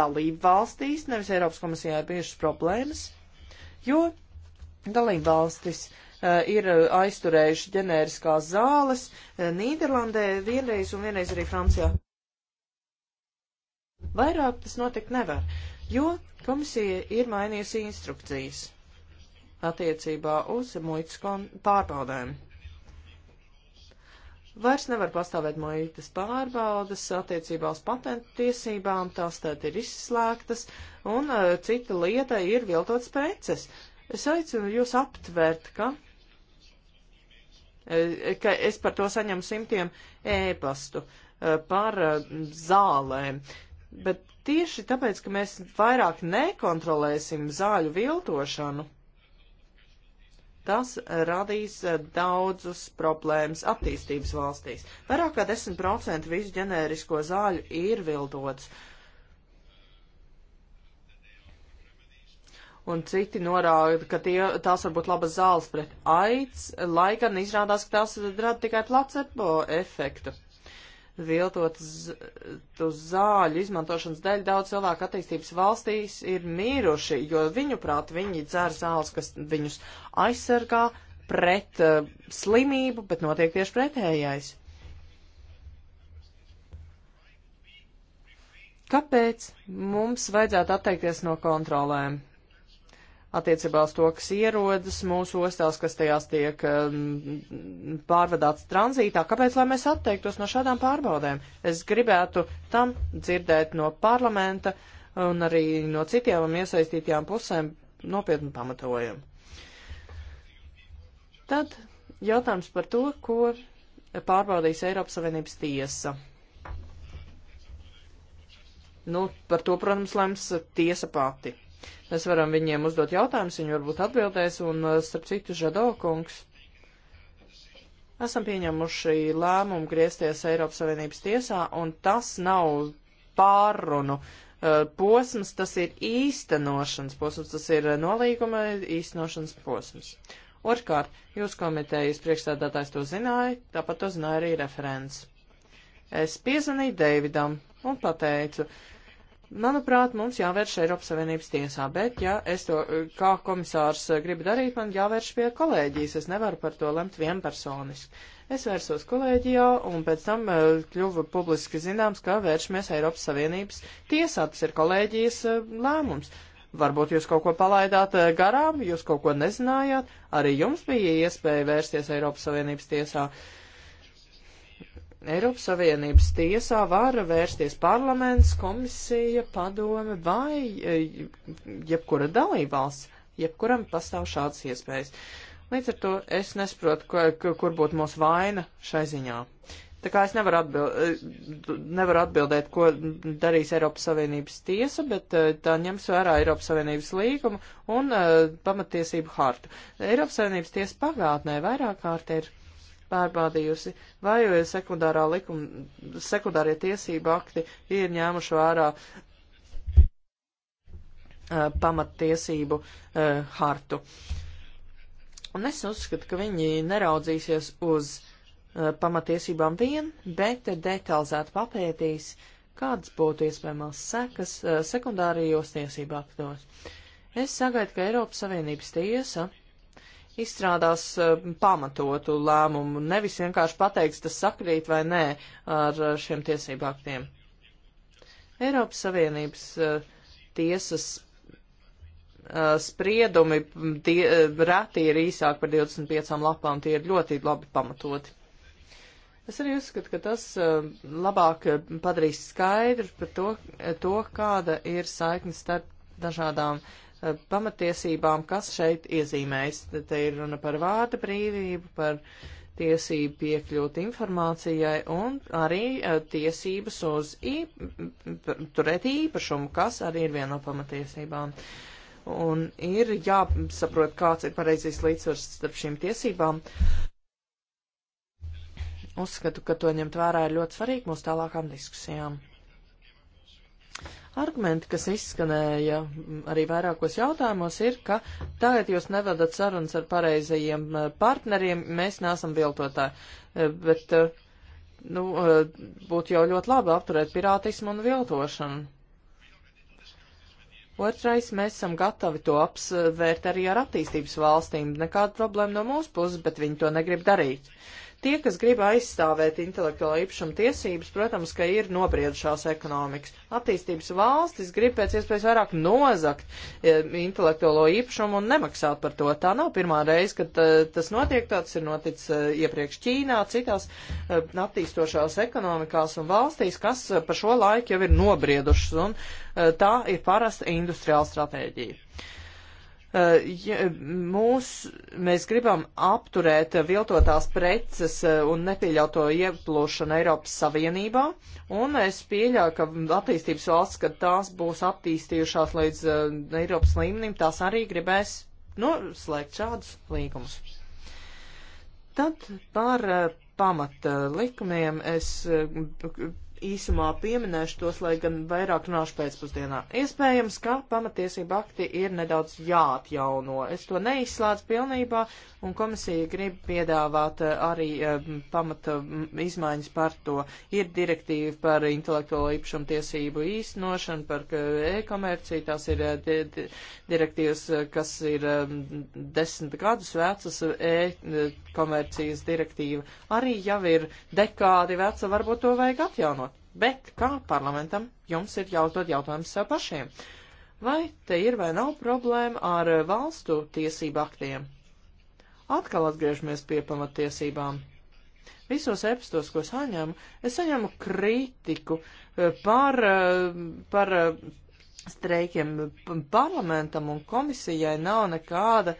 dalību valstīs, nevis Eiropas komisijā, ir bijušas problēmas, jo dalībvalstis eh, ir eh, aizturējuši ģenēriskās zāles eh, Nīderlandē vienreiz un vienreiz arī Francijā. Vairāk tas notikt nevar, jo komisija ir mainījusi instrukcijas attiecībā uz muitas pārbaudēm. Vairs nevar pastāvēt muitas pārbaudas attiecībā uz patentu tiesībām, tās tad ir izslēgtas, un uh, cita lieta ir viltotas preces. Es aicinu jūs aptvert, ka, e, ka es par to saņemu simtiem ēpastu e, par e, zālēm. Bet tieši tāpēc, ka mēs vairāk nekontrolēsim zāļu viltošanu, tas radīs daudzus problēmas attīstības valstīs. Vairāk kā 10% visu ģenērisko zāļu ir viltots. Uh, un citi norāda, ka tie, tās var būt labas zāles pret aids, lai gan izrādās, ka tās rada tikai placebo efektu. Viltot zāļu izmantošanas dēļ daudz cilvēku attīstības valstīs ir miruši, jo viņuprāt viņi dzēr zāles, kas viņus aizsargā pret uh, slimību, bet notiek tieši pretējais. Kāpēc mums vajadzētu atteikties no kontrolēm? attiecībā uz to, kas ierodas mūsu ostās, kas tajās tiek um, pārvadāts tranzītā. Kāpēc, lai mēs atteiktos no šādām pārbaudēm? Es gribētu tam dzirdēt no parlamenta un arī no citiem iesaistītajām pusēm nopietnu pamatojumu. Tad jautājums par to, ko pārbaudīs Eiropas Savienības tiesa. Nu, par to, protams, lems tiesa pati. Mēs varam viņiem uzdot jautājumus, viņi varbūt atbildēs, un uh, starp citu Žadokungs. Esam pieņemuši lēmumu griezties Eiropas Savienības tiesā, un tas nav pārrunu uh, posms, tas ir īstenošanas posms, tas ir uh, nolīguma īstenošanas posms. Otrkārt, jūs komitejas priekšstādātājs to zināja, tāpat to zināja arī referents. Es piezvanīju Deividam un pateicu, uh, Manuprāt, mums jāvērš Eiropas Savienības tiesā, bet, ja es to eh, kā komisārs eh, gribu darīt, man jāvērš pie kolēģijas. Es nevaru par to lemt vienpersoniski. Es vērsos kolēģijā un pēc tam eh, kļuva publiski zināms, ka vēršamies Eiropas Savienības tiesā. Tas ir kolēģijas lēmums. Varbūt jūs kaut ko palaidāt garām, jūs kaut ko nezinājāt. Arī jums bija iespēja vērsties Eiropas Savienības tiesā. Uh, Eiropas Savienības tiesā var vērsties parlaments, komisija, padome vai e, jebkura dalībvalsts, jebkuram pastāv šādas iespējas. Līdz ar to es nesaprotu, kur, kur būtu mūsu vaina šai ziņā. Tā kā es nevaru, atbild, e, nevaru atbildēt, ko darīs Eiropas Savienības tiesa, bet e, tā ņems vērā Eiropas Savienības līgumu un uh, pamatiesību hartu. Eiropas Savienības tiesa pagātnē vairāk kārt ir pārbaudījusi, vai sekundārā likuma, sekundārie tiesība akti ir ņēmuši vērā uh, pamattiesību uh, hartu. Un es uzskatu, ka viņi neraudzīsies uz uh, pamatiesībām vien, bet detalizēti papētīs, kādas būtu iespējamās sekas sekundārajos tiesību aktos. Es sagaidu, ka Eiropas Savienības tiesa izstrādās eh, pamatotu lēmumu, nevis vienkārši pateiks, tas sakrīt vai nē ar eh, šiem tiesību aktiem. Eiropas Savienības eh, tiesas spriedumi tie, reti ir īsāk par 25 lapām, tie ir ļoti labi pamatoti. Es arī uzskatu, ka tas labāk padarīs skaidru par to, to kāda ir saikne starp dažādām uh, Eh, pamatiesībām, kas šeit iezīmējas. Te ir runa par vārda brīvību, par tiesību piekļūt informācijai un arī eh, tiesības uz turēt īpašumu, kas arī ir viena no pamatiesībām. Un ir jāsaprot, kāds ir pareizais līdzsvars starp šīm tiesībām. Uzskatu, ka to ņemt vērā ir ļoti svarīgi mūsu tālākām diskusijām. Argumenti, kas izskanēja mm, arī vairākos jautājumos, ir, ka tagad jūs nevedat sarunas ar pareizajiem mm, partneriem, mēs neesam viltotāji. E, bet, e, nu, e, būtu jau ļoti labi apturēt pirātismu un viltošanu. Otrais, mēs esam gatavi to apsvērt arī ar attīstības valstīm. Nekāda problēma no mūsu puses, bet viņi to negrib darīt. Uh, Tie, kas grib aizstāvēt intelektuālo īpašumu tiesības, protams, ka ir nobriedušās ekonomikas. Attīstības valstis grib pēc iespējas vairāk nozakt e, intelektuālo īpašumu un nemaksāt par to. Tā nav pirmā reize, kad e, tas notiek, tāds ir noticis e, iepriekš Ķīnā, citās attīstošās ekonomikās un valstīs, kas par šo laiku jau ir nobriedušas, un tā ir parasta industriāla stratēģija. Eh, ja mūs, mēs gribam apturēt viltotās preces eh, un nepieļauto ieplūšanu Eiropas Savienībā, un es pieļauju, ka attīstības valsts, kad tās būs attīstījušās līdz eh, Eiropas līmenim, tās arī gribēs noslēgt nu, šādus līgumus. Tad par pamata likumiem es īsumā pieminēšu tos, lai gan vairāk runāšu pēcpusdienā. Iespējams, ka pamatiesība akti ir nedaudz jāatjauno. Es to neizslēdzu pilnībā, un komisija grib piedāvāt eh, arī eh, pamata mm, izmaiņas par to. Ir direktīva par intelektuālo īpašumu tiesību īstenošanu, par eh, e-komerciju, tās ir direktīvas, kas ir desmit gadus vecas, e-komercijas e-, direktīva arī jau ir dekādi veca, varbūt to vajag atjaunot īstenot. Bet kā parlamentam jums ir jāuzdod jautājums sev pašiem? Vai te ir vai nav problēma ar valstu tiesību aktiem? Atkal atgriežamies pie pamatiesībām. Visos epistos, ko saņemu, es saņemu kritiku eh, par, eh, par eh, streikiem. Parlamentam un komisijai nav nekāda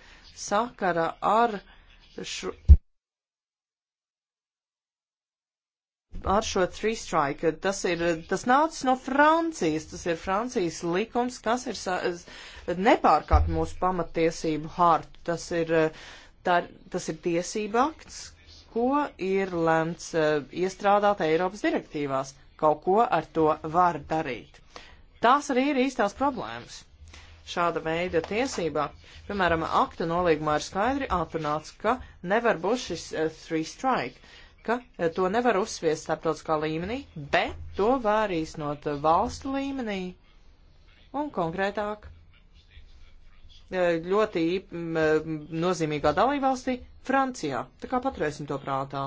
sakara ar šo, ar šo three strike. Tas, ir, tas nācis no Francijas, tas ir Francijas likums, kas ir nepārkāpt mūsu pamatiesību hārtu. Tas ir, tā, tas ir tiesība akts, ko ir lemts uh, iestrādāt Eiropas direktīvās. Kaut ko ar to var darīt. Tās arī ir īstās problēmas. Šāda veida tiesībā, piemēram, akta nolīgumā ir skaidri atrunāts, ka nevar būt šis uh, three strike. Uh, ka e, to nevar uzsviest starptautiskā līmenī, bet to var īstenot valstu līmenī un konkrētāk e, ļoti e, nozīmīgā dalībvalstī - Francijā. Tā kā paturēsim to prātā.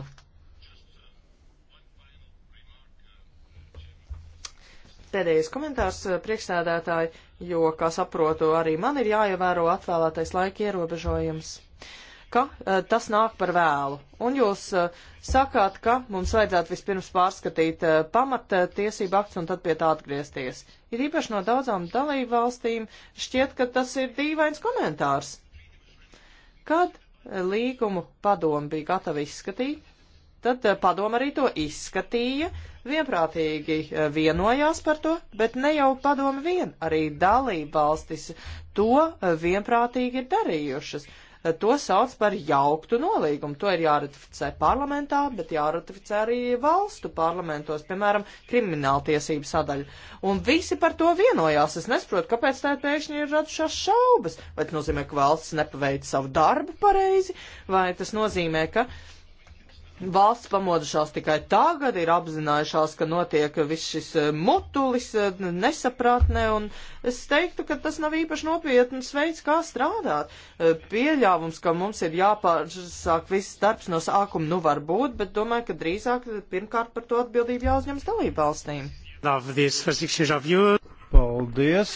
Pēdējais komentārs priekšsēdētāji, jo, kā saprotu, arī man ir jāievēro atvēlētais laika ierobežojums. Uh, ka uh, tas nāk par vēlu. Un jūs uh, sakāt, ka mums vajadzētu vispirms pārskatīt uh, eh, pamata tiesību akts un tad pie tā atgriezties. Ir īpaši no daudzām dalību valstīm šķiet, ka tas ir dīvains komentārs. Kad līgumu padomu bija gatavi izskatīt, tad padomu arī to izskatīja, vienprātīgi vienojās par to, bet ne jau padomu vien, arī dalību valstis to vienprātīgi ir darījušas to sauc par jauktu nolīgumu. To ir jāratificē parlamentā, bet jāratificē arī valstu parlamentos, piemēram, krimināltiesību sadaļa. Un visi par to vienojās. Es nesaprotu, kāpēc tā pēkšņi ir radušās šaubas. Vai tas nozīmē, ka valsts nepaveic savu darbu pareizi, vai tas nozīmē, ka. Uh, Valsts pamodušās tikai tagad ir apzinājušās, ka notiek viss šis eh, mutulis, eh, nesaprātne, un es teiktu, ka tas nav īpaši nopietns veids, kā strādāt. Eh, pieļāvums, ka mums ir jāpārsāk viss darbs no sākuma, nu var būt, bet domāju, ka drīzāk pirmkārt par to atbildību jāuzņems dalību valstīm. Paldies!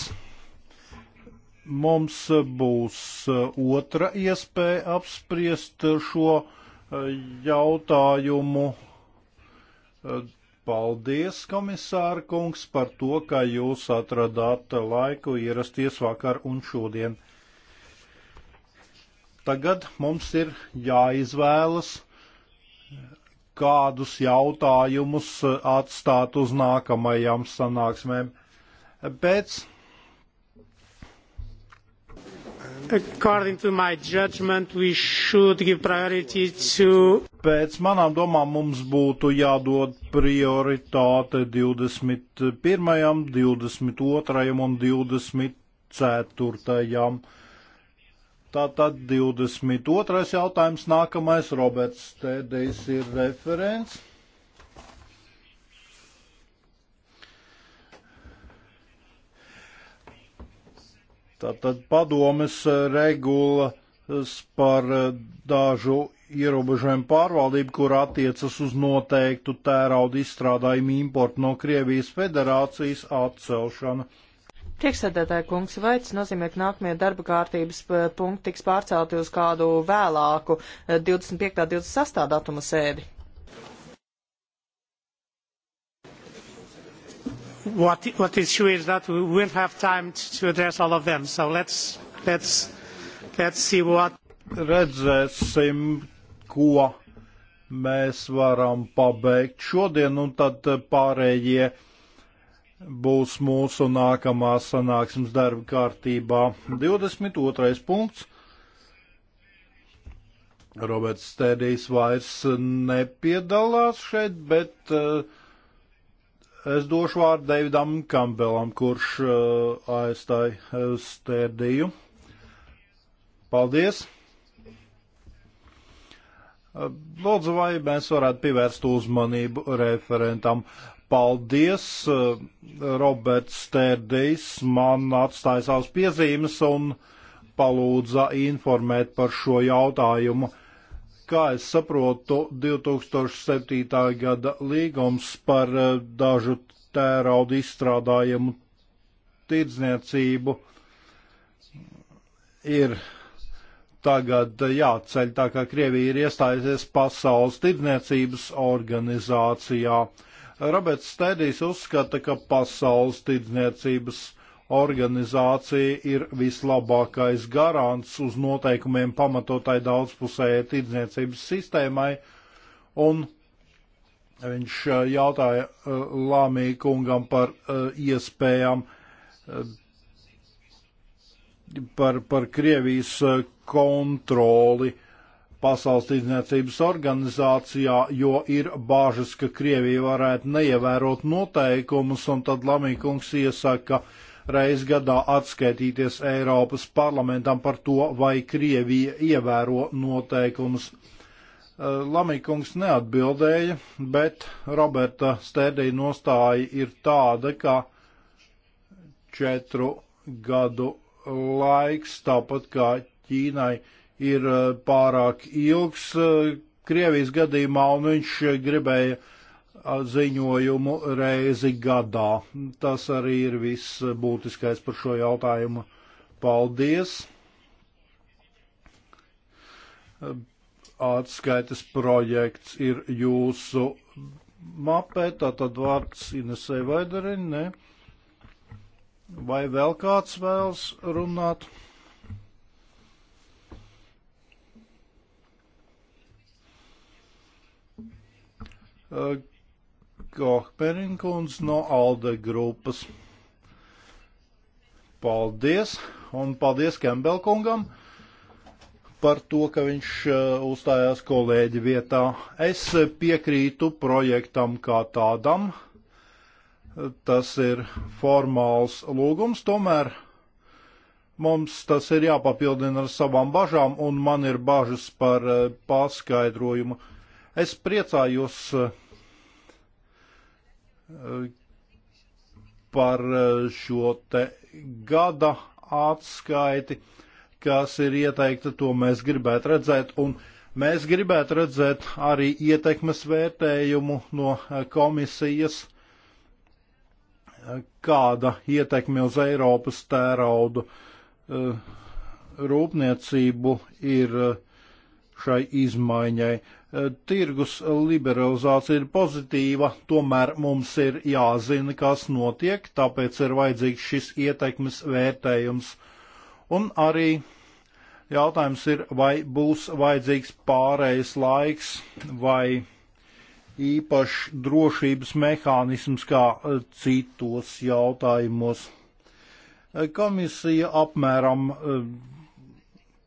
Mums būs otra iespēja apspriest šo jautājumu. Paldies, komisāra kungs, par to, ka jūs atradāt laiku ierasties vakar un šodien. Tagad mums ir jāizvēlas, kādus jautājumus atstāt uz nākamajām sanāksmēm. Pēc According to my judgment, we should give priority to. Pēc manām domām mums būtu jādod prioritāte 21., 22. un 24. Tātad 22. jautājums nākamais. Roberts Tēdejs ir referents. Tātad padomes regulas par dažu ierobežojumu pārvaldību, kur attiecas uz noteiktu tērauda izstrādājumu importu no Krievijas federācijas atcelšana. Priekšsēdētāja kungs, vai tas nozīmē, ka nākamie darba kārtības eh, punkti tiks pārcelti uz kādu vēlāku eh, 25. 26. datumu sēdi? what, what is sure is that we won't have time to address all of them. So let's, let's, let's see what. Redzēsim, ko mēs varam pabeigt šodien, un tad pārējie būs mūsu nākamā sanāksmes darba kārtībā. 22. punkts. Roberts Stēdijs vairs nepiedalās šeit, bet uh, Es došu vārdu Davidam Kampelam, kurš uh, aizstāja uh, stērdīju. Paldies! Uh, lūdzu, vai mēs varētu pievērst uzmanību referentam? Paldies, uh, Roberts Stērdijs man atstāja savas piezīmes un palūdza informēt par šo jautājumu. Uh, Kā es saprotu, 2007. gada līgums par eh, dažu tērauda izstrādājumu tirdzniecību ir tagad jāceļ, tā kā Krievija ir iestājusies Pasaules tirdzniecības organizācijā. Roberts Stēdijs uzskata, ka Pasaules tirdzniecības organizācijā organizācija ir vislabākais garants uz noteikumiem pamatotai daudzpusējai tirdzniecības sistēmai. Un viņš uh, jautāja uh, Lāmī kungam par uh, iespējām par, par Krievijas kontroli Pasaules tirdzniecības organizācijā, jo ir bāžas, ka Krievija varētu neievērot noteikumus, un tad Lamīkungs iesaka uh, reiz gadā atskaitīties Eiropas parlamentam par to, vai Krievija ievēro noteikumus. Eh, Lamikungs neatbildēja, bet Roberta Stērdī nostāja ir tāda, ka četru gadu laiks, tāpat kā Ķīnai, ir eh, pārāk ilgs eh, Krievijas gadījumā, un viņš gribēja ziņojumu reizi gadā. Tas arī ir viss būtiskais par šo jautājumu. Paldies! Atskaites projekts ir jūsu mapē, tātad vārds Inesei Vaidarinē. Vai vēl kāds vēlas runāt? Kohmerinkunds no Alde grupas. Paldies, un paldies Kembelkungam par to, ka viņš uh, uzstājās kolēģi vietā. Es piekrītu projektam kā tādam. Tas ir formāls lūgums, tomēr mums tas ir jāpapildina ar savām bažām, un man ir bažas par uh, paskaidrojumu. Es priecājos, uh, par eh, šo te gada atskaiti, kas ir ieteikta, to mēs gribētu redzēt, un mēs gribētu redzēt arī ietekmes vērtējumu no eh, komisijas, eh, kāda ietekme uz Eiropas tēraudu rūpniecību ir šai izmaiņai. Eh, tirgus liberalizācija ir pozitīva, tomēr mums ir jāzina, kas notiek, tāpēc ir vajadzīgs šis ietekmes vērtējums. Un arī jautājums ir, vai būs vajadzīgs pārējais laiks vai īpašs drošības mehānisms kā eh, citos jautājumos. Eh, komisija apmēram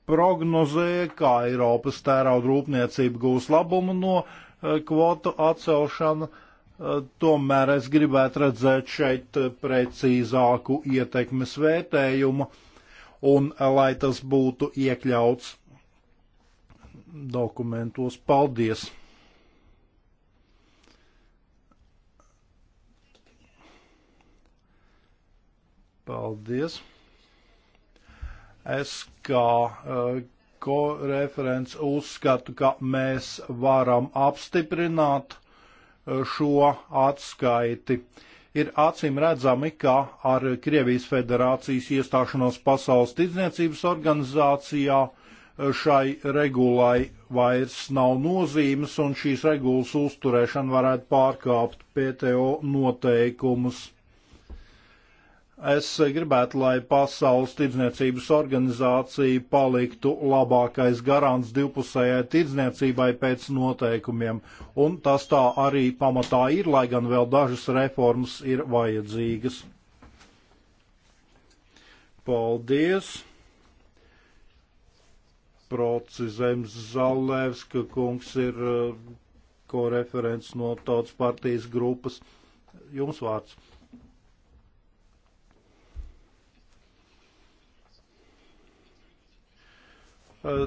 prognozēja, kā Eiropas tērauda rūpniecība gūs labumu no eh, kvotu atcelšana. Eh, tomēr es gribētu redzēt šeit eh, precīzāku ietekmes vērtējumu un lai tas būtu iekļauts dokumentos. Paldies! Paldies! Es kā eh, ko referents uzskatu, ka mēs varam apstiprināt eh, šo atskaiti. Ir acīm redzami, ka ar Krievijas federācijas iestāšanos Pasaules tirdzniecības organizācijā eh, šai regulai vairs nav nozīmes un šīs regulas uzturēšana varētu pārkāpt PTO noteikumus. Es gribētu, lai Pasaules tirdzniecības organizācija paliktu labākais garants divpusējai tirdzniecībai pēc noteikumiem, un tas tā arī pamatā ir, lai gan vēl dažas reformas ir vajadzīgas. Paldies! Procizems Zalēvska kungs ir eh, ko referents no tautas partijas grupas. Jums vārds. Eh,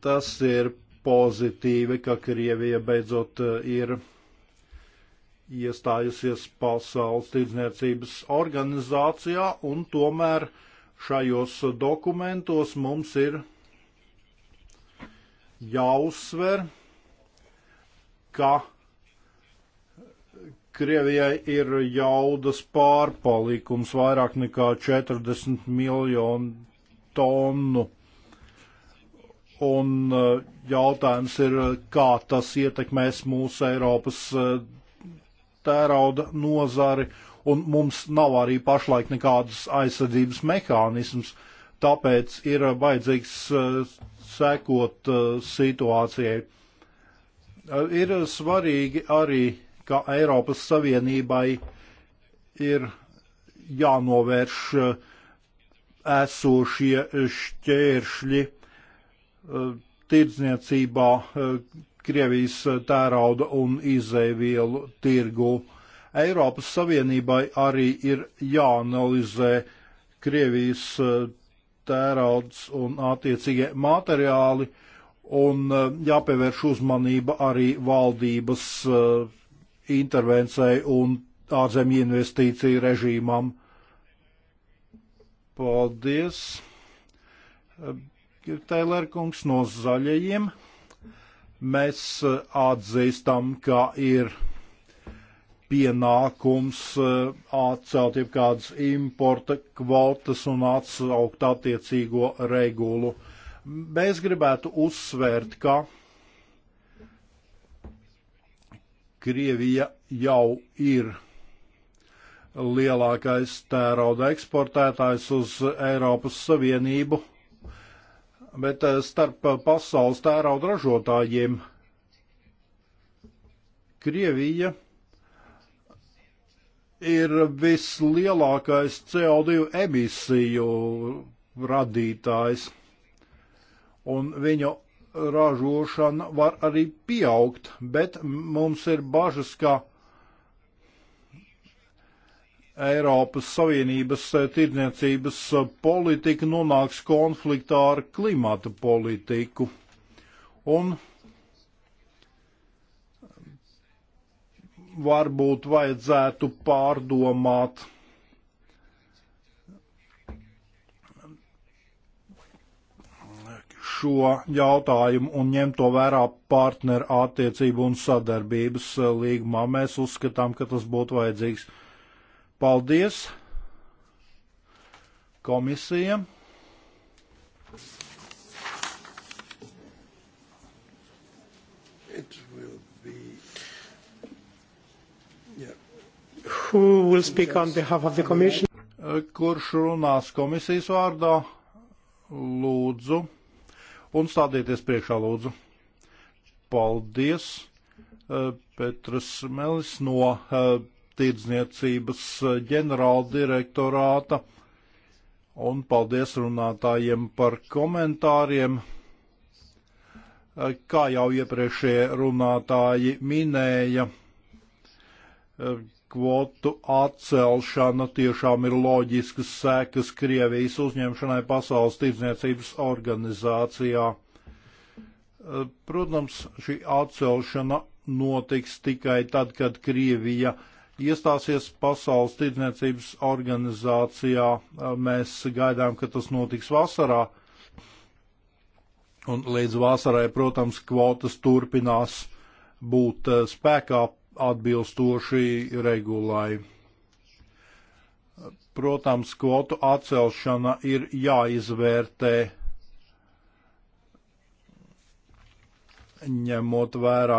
tas ir pozitīvi, ka Krievija beidzot eh, ir iestājusies Pasaules tirdzniecības organizācijā, un tomēr šajos dokumentos mums ir jāuzsver, ka Krievijai ir jaudas pārpalikums vairāk nekā 40 miljonu tonu Un eh, jautājums ir, kā tas ietekmēs mūsu Eiropas eh, tērauda nozari, un mums nav arī pašlaik nekādas aizsardzības mehānisms, tāpēc ir vajadzīgs eh, sekot situācijai. Ir svarīgi arī, ka Eiropas Savienībai ir jānovērš esošie šķēršļi tirdzniecībā eh, Krievijas tērauda un izēvielu tirgu. Eiropas Savienībai arī ir jāanalizē Krievijas eh, tērauds un attiecīgie materiāli un eh, jāpievērš uzmanība arī valdības intervencei un ārzemju investīciju režīmam. Paldies! Kirtēlērkungs no zaļajiem. Mēs eh, atzīstam, ka ir pienākums eh, atcelt jebkādas importa kvotas un atsaukt attiecīgo regulu. Mēs gribētu uzsvērt, ka Krievija jau ir lielākais tērauda eksportētājs uz Eiropas Savienību bet eh, starp eh, pasaules tērauda ražotājiem Krievija ir vislielākais CO2 emisiju radītājs, un viņu ražošana var arī pieaugt, bet mums ir bažas, ka Eiropas Savienības eh, tirdzniecības eh, politika nonāks konfliktā ar klimata politiku. Un varbūt vajadzētu pārdomāt eh, šo jautājumu un ņemt to vērā partneru attiecību un sadarbības līgumā. Mēs uzskatām, ka tas būtu vajadzīgs. Paldies komisija. It will be yeah. Who will speak on behalf of the commission? Kurš runās komisijas vārdā? Lūdzu. Un stādieties priekšā, lūdzu. Paldies. Eh, Petrs Melis no eh, tirdzniecības eh, ģenerāldirektorāta. Un paldies runātājiem par komentāriem. Eh, kā jau iepriekšējie runātāji minēja, eh, kvotu atcelšana tiešām ir loģiskas sekas Krievijas uzņemšanai Pasaules tirdzniecības organizācijā. Protams, šī atcelšana notiks tikai tad, kad Krievija uh, iestāsies Pasaules tirdzniecības organizācijā. Mēs gaidām, ka tas notiks vasarā. Un līdz vasarai, protams, kvotas turpinās būt spēkā atbilstoši regulai. Protams, kvotu atcelšana ir jāizvērtē ņemot vērā,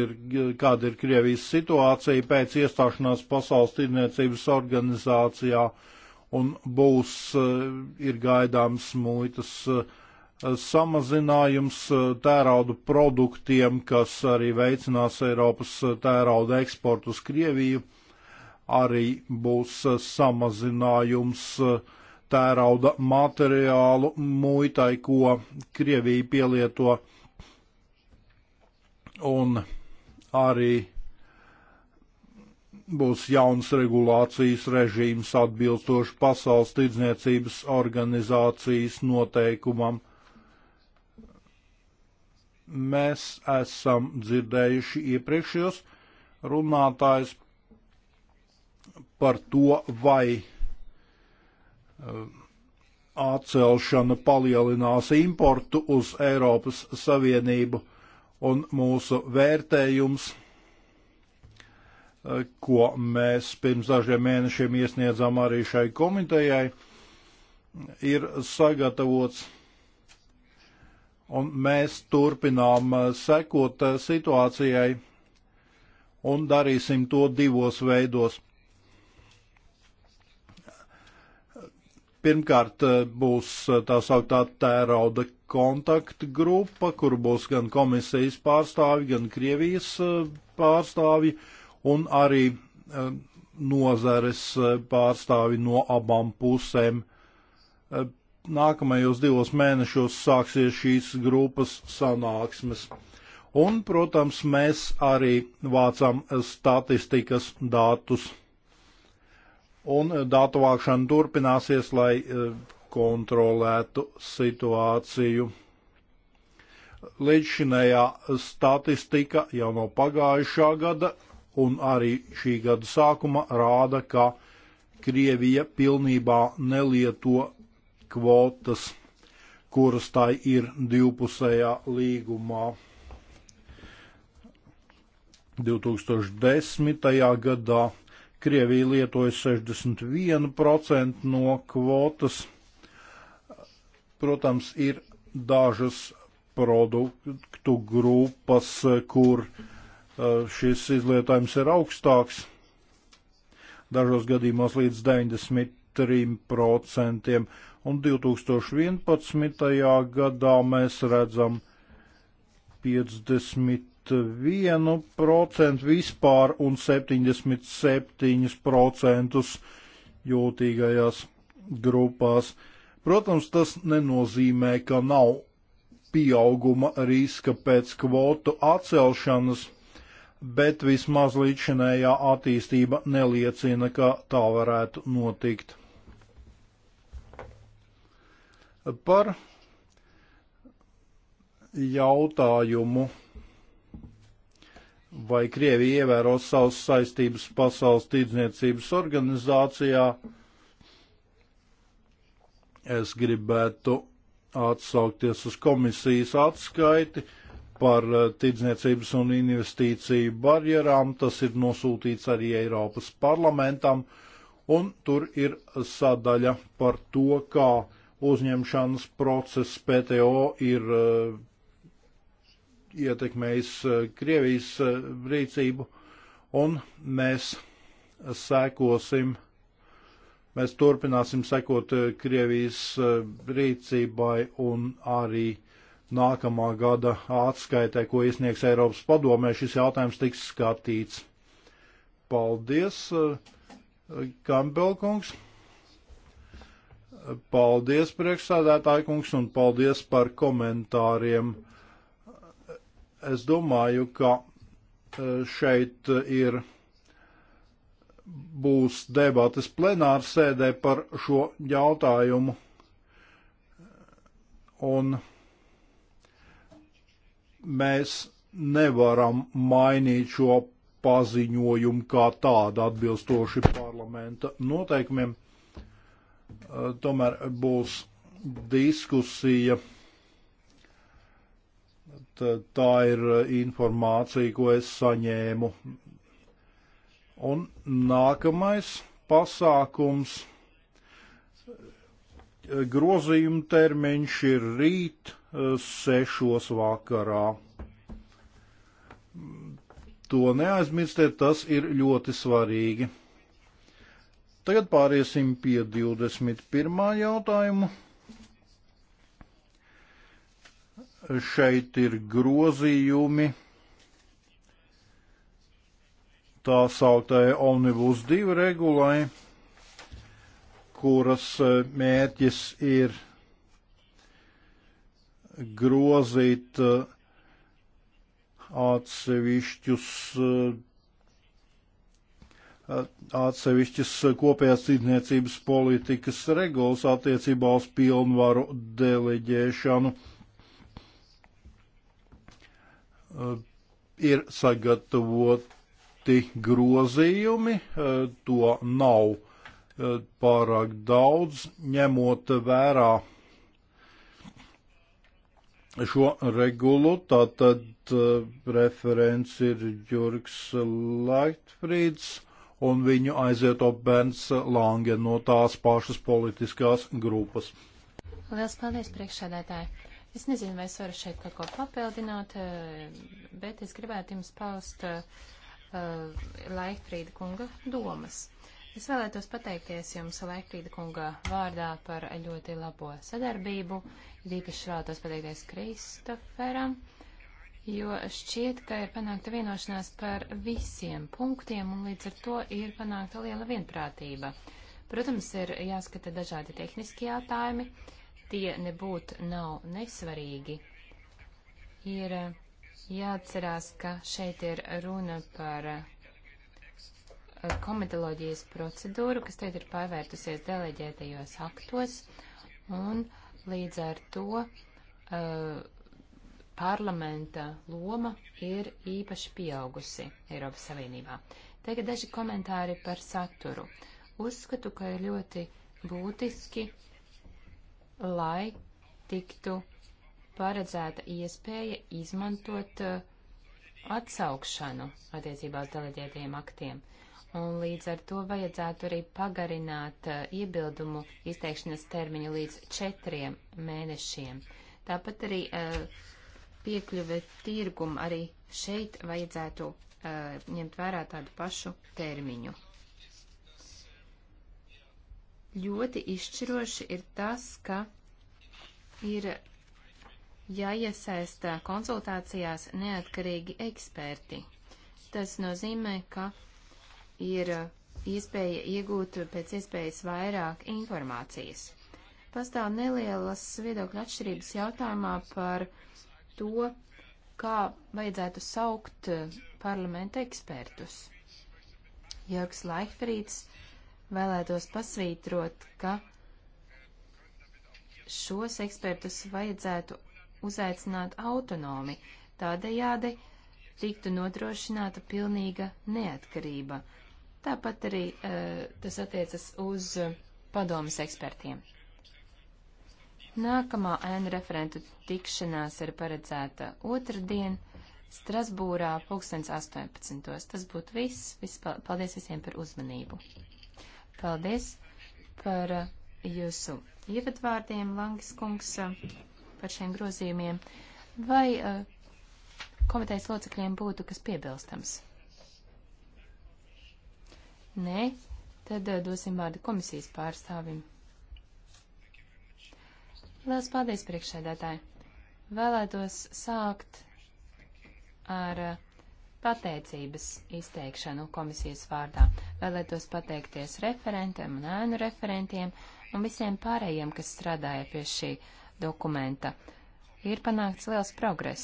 ir, kāda ir Krievijas situācija pēc iestāšanās Pasaules tirniecības organizācijā un būs, eh, ir gaidāms muitas eh, samazinājums eh, tēraudu produktiem, kas arī veicinās Eiropas tērauda eksportu uz Krieviju. Arī būs samazinājums tērauda materiālu muitai, ko Krievija pielieto un arī būs jauns regulācijas režīms atbilstoši Pasaules tirdzniecības organizācijas noteikumam. Mēs esam dzirdējuši iepriekšējos runātājs par to, vai uh, atcelšana palielinās importu uz Eiropas Savienību un mūsu vērtējums, eh, ko mēs pirms dažiem mēnešiem iesniedzām arī šai komitejai, ir sagatavots. Un mēs turpinām eh, sekot eh, situācijai un darīsim to divos veidos. Pirmkārt būs tā sauktā tērauda kontaktu grupa, kur būs gan komisijas pārstāvi, gan Krievijas e, pārstāvi un arī e, nozares e, pārstāvi no abām pusēm. Nākamajos divos mēnešos sāksies šīs grupas sanāksmes. Un, protams, mēs arī vācam statistikas datus. Un datu vākšana turpināsies, lai kontrolētu situāciju. Līdzšinējā statistika jau no pagājušā gada un arī šī gada sākuma rāda, ka Krievija pilnībā nelieto kvotas, kuras tai ir divpusējā līgumā. 2010. gadā Krievija lietoja 61% no kvotas, Protams, ir dažas produktu grupas, kur uh, šis izlietojums ir augstāks, dažos gadījumos līdz 93%, un 2011. gadā mēs redzam 51% vispār un 77% jūtīgajās grupās. Protams, tas nenozīmē, ka nav pieauguma riska pēc kvotu atcelšanas, bet vismaz līdzinējā attīstība neliecina, ka tā varētu notikt. Par jautājumu, vai Krievija ievēros savas saistības Pasaules tirdzniecības organizācijā, uh, Es gribētu atsaukties uz komisijas atskaiti par uh, tirdzniecības un investīciju barjerām. Tas ir nosūtīts arī Eiropas parlamentam, un tur ir sadaļa par to, kā uzņemšanas process PTO ir uh, ietekmējis uh, Krievijas rīcību, un mēs sēkosim Mēs turpināsim sekot eh, Krievijas eh, rīcībai un arī nākamā gada atskaitē, ko iesniegs Eiropas padomē, šis jautājums tiks skatīts. Paldies, Kambelkungs! Eh, paldies, priekšsādētāji kungs, un paldies par komentāriem. Es domāju, ka šeit ir būs debates plenāra sēdē par šo jautājumu. Un mēs nevaram mainīt šo paziņojumu kā tādu atbilstoši parlamenta noteikumiem. Eh, tomēr būs diskusija. Tā ir informācija, ko es saņēmu Un nākamais pasākums grozījuma termiņš ir rīt eh, sešos vakarā. To neaizmirstiet, tas ir ļoti svarīgi. Tagad pāriesim pie 21. jautājumu. Šeit ir grozījumi tā sauktājai Omnibus 2 regulai, kuras e, mērķis ir grozīt e, atsevišķus e, atsevišķas kopējās cīdniecības politikas regulas attiecībā uz pilnvaru deleģēšanu. Ir sagatavot iesniegti grozījumi, eh, to nav eh, pārāk daudz, ņemot vērā šo regulu, tātad eh, referents ir Jurgs Leitfrīds un viņu aizieto Bens Lange no tās pašas politiskās grupas. Lielas paldies, priekšsēdētāji! Es nezinu, vai es varu šeit kaut ko papildināt, bet es gribētu jums paust uh, Uh, Laikfrīda kunga domas. Es vēlētos pateikties jums Laikfrīda kunga vārdā par ļoti labo sadarbību. Īpaši vēlētos pateikties Kristoferam, jo šķiet, ka ir panākta vienošanās par visiem punktiem un līdz ar to ir panākta liela vienprātība. Protams, ir jāskata dažādi tehniski jautājumi. Tie nebūtu nav nesvarīgi. Ir uh, Jāatcerās, ka šeit ir runa par eh, komitoloģijas procedūru, kas tagad ir pavērtusies deleģētajos aktos, un līdz ar to uh, parlamenta loma ir īpaši pieaugusi Eiropas Savienībā. Tagad daži komentāri par saturu. Uzskatu, ka ir ļoti būtiski, lai tiktu paredzēta iespēja izmantot eh, atsaukšanu attiecībā uz deleģētajiem aktiem. Un līdz ar to vajadzētu arī pagarināt eh, iebildumu izteikšanas termiņu līdz četriem mēnešiem. Tāpat arī eh, piekļuve tirgum arī šeit vajadzētu ņemt vērā tādu pašu termiņu. Ļoti izšķiroši ir tas, ka ir jāiesaista konsultācijās neatkarīgi eksperti. Tas nozīmē, ka ir iespēja iegūt pēc iespējas vairāk informācijas. Pastāv nelielas viedokļu atšķirības jautājumā par to, kā vajadzētu saukt parlamenta ekspertus. Jörgs Laihfrīds vēlētos pasvītrot, ka šos ekspertus vajadzētu uzaicināt autonomi, tādējādi tiktu nodrošināta pilnīga neatkarība. Tāpat arī e, tas attiecas uz padomas ekspertiem. Nākamā ēnu referentu tikšanās ir paredzēta otrdien Strasbūrā 2018. Tas būtu viss. viss. Paldies visiem par uzmanību. Paldies par e, jūsu ievadvārdiem, Langis kungs par šiem grozījumiem, vai uh, komitejas locekļiem būtu kas piebilstams? Nē, tad uh, dosim vārdu komisijas pārstāvim. Lielas paldies, priekšsēdētāji! Vēlētos sākt ar uh, pateicības izteikšanu komisijas vārdā. Vēlētos pateikties referentiem un ēnu referentiem un visiem pārējiem, kas strādāja pie šī dokumenta, ir panākts liels progress.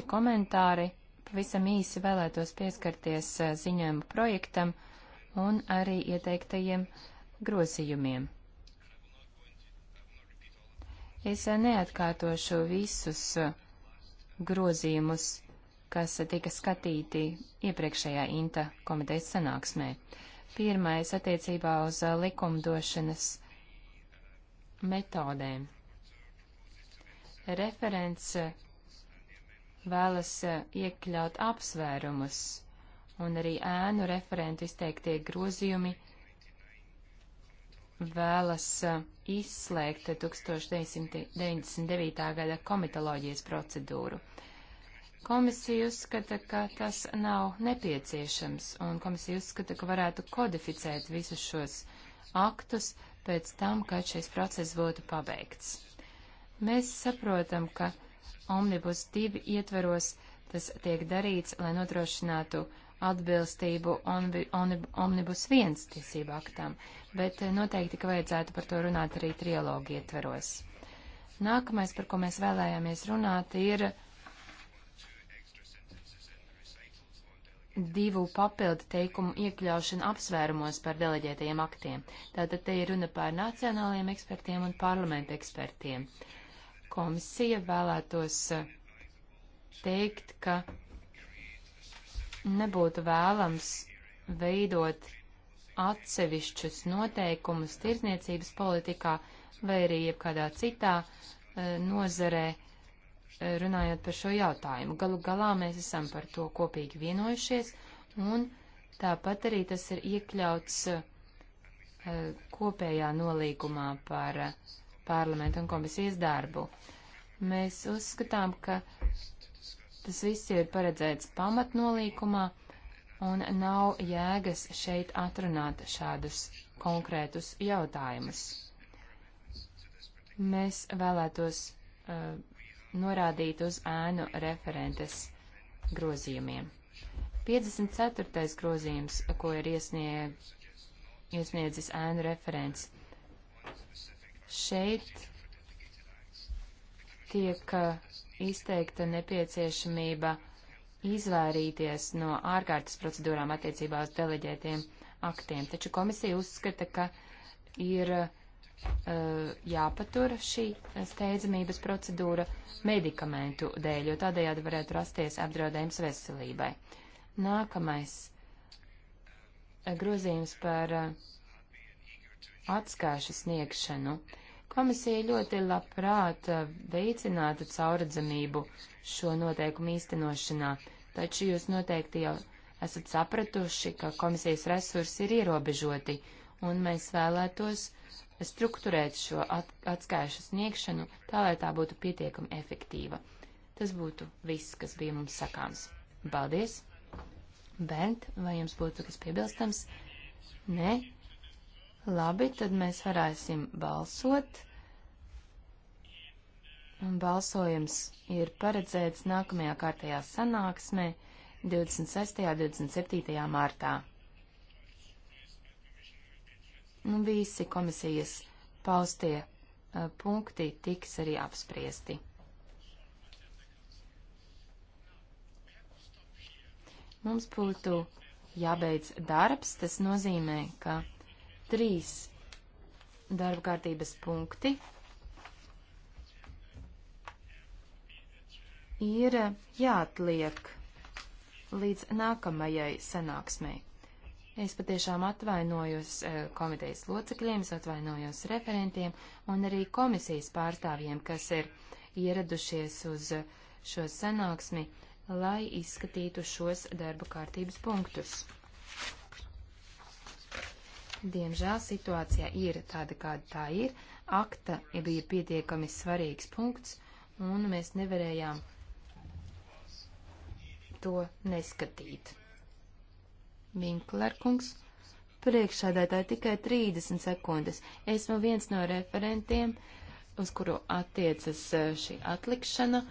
Ir komentāri, pavisam īsi vēlētos pieskarties eh, ziņojumu projektam un arī ieteiktajiem grozījumiem. Es eh, neatkārtošu visus eh, grozījumus, kas tika skatīti iepriekšējā INTA komitejas sanāksmē. Pirmais attiecībā uz likumdošanas metodēm referents eh, vēlas eh, iekļaut apsvērumus, un arī ēnu referentu izteiktie grozījumi vēlas eh, izslēgt 1999. gada komitoloģijas procedūru. Komisija uzskata, ka tas nav nepieciešams, un komisija uzskata, ka varētu kodificēt visus šos aktus pēc tam, kad šis process būtu pabeigts. Mēs saprotam, ka Omnibus 2 ietveros tas tiek darīts, lai nodrošinātu atbilstību Omnibus 1 tiesību aktām, bet eh, noteikti, ka vajadzētu par to runāt arī trialogu ietveros. Nākamais, par ko mēs vēlējāmies runāt, ir divu papildu teikumu iekļaušana apsvērumos par deleģētajiem aktiem. Tātad te ir runa par nacionālajiem ekspertiem un parlamentu ekspertiem. Uh, komisija vēlētos eh, teikt, ka nebūtu vēlams veidot atsevišķus noteikumus tirzniecības politikā vai arī jebkādā citā eh, nozarē, eh, runājot par šo jautājumu. Galu galā mēs esam par to kopīgi vienojušies, un tāpat arī tas ir iekļauts kopējā nolīgumā par uh, parlamentu un komisijas darbu. Mēs uzskatām, ka tas viss ir paredzēts pamatnolīkumā un nav jēgas šeit atrunāt šādus konkrētus jautājumus. Mēs vēlētos uh, norādīt uz ēnu referentes grozījumiem. 54. grozījums, ko ir iesnieg, iesniedzis ēnu referents, Šeit tiek uh, izteikta nepieciešamība izvairīties no ārkārtas procedūrām attiecībā uz deleģētiem aktiem. Taču komisija uzskata, ka ir uh, jāpatur šī steidzamības procedūra medikamentu dēļ, jo tādējādi varētu rasties apdraudējums veselībai. Nākamais uh, grozījums par uh, atskāšu sniegšanu. Komisija ļoti labprāt eh, veicinātu cauradzamību šo noteikumu īstenošanā, taču jūs noteikti jau esat sapratuši, ka komisijas resursi ir ierobežoti, un mēs vēlētos strukturēt šo at atskaišu sniegšanu tā, lai tā būtu pietiekami efektīva. Tas būtu viss, kas bija mums sakāms. Paldies! Bent, vai jums būtu kas piebilstams? Nē, Labi, tad mēs varēsim balsot. Un balsojums ir paredzēts nākamajā kārtajā sanāksmē 26. un 27. martā. Un nu, visi komisijas paustie punkti tiks arī apspriesti. Mums būtu jābeidz darbs, tas nozīmē, ka trīs darba kārtības punkti ir jāatliek līdz nākamajai sanāksmei. Es patiešām atvainojos eh, komitejas locekļiem, es atvainojos referentiem un arī komisijas pārstāvjiem, kas ir ieradušies uz šo sanāksmi, lai izskatītu šos darba kārtības punktus. Diemžēl situācija ir tāda, kāda tā ir. Akta bija pietiekami svarīgs punkts, un mēs nevarējām to neskatīt. Vinklerkungs, priekšādētāji tikai 30 sekundes. Esmu viens no referentiem, uz kuru attiecas eh, šī atlikšana.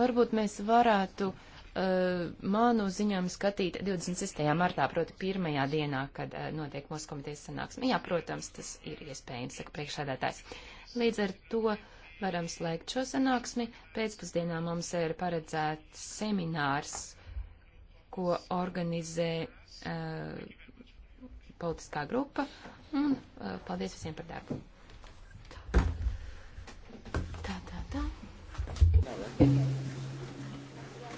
Varbūt mēs varētu uh, Eh, manu ziņojumu skatīt 26. martā, proti pirmajā dienā, kad eh, notiek mūsu komitejas sanāksme. Jā, protams, tas ir iespējams, saka priekšādātājs. Līdz ar to varam slēgt šo sanāksmi. Pēcpusdienā mums ir paredzēts seminārs, ko organizē uh, politiskā grupa. Un uh, paldies visiem par darbu. Tā, tā, tā. tā, tā.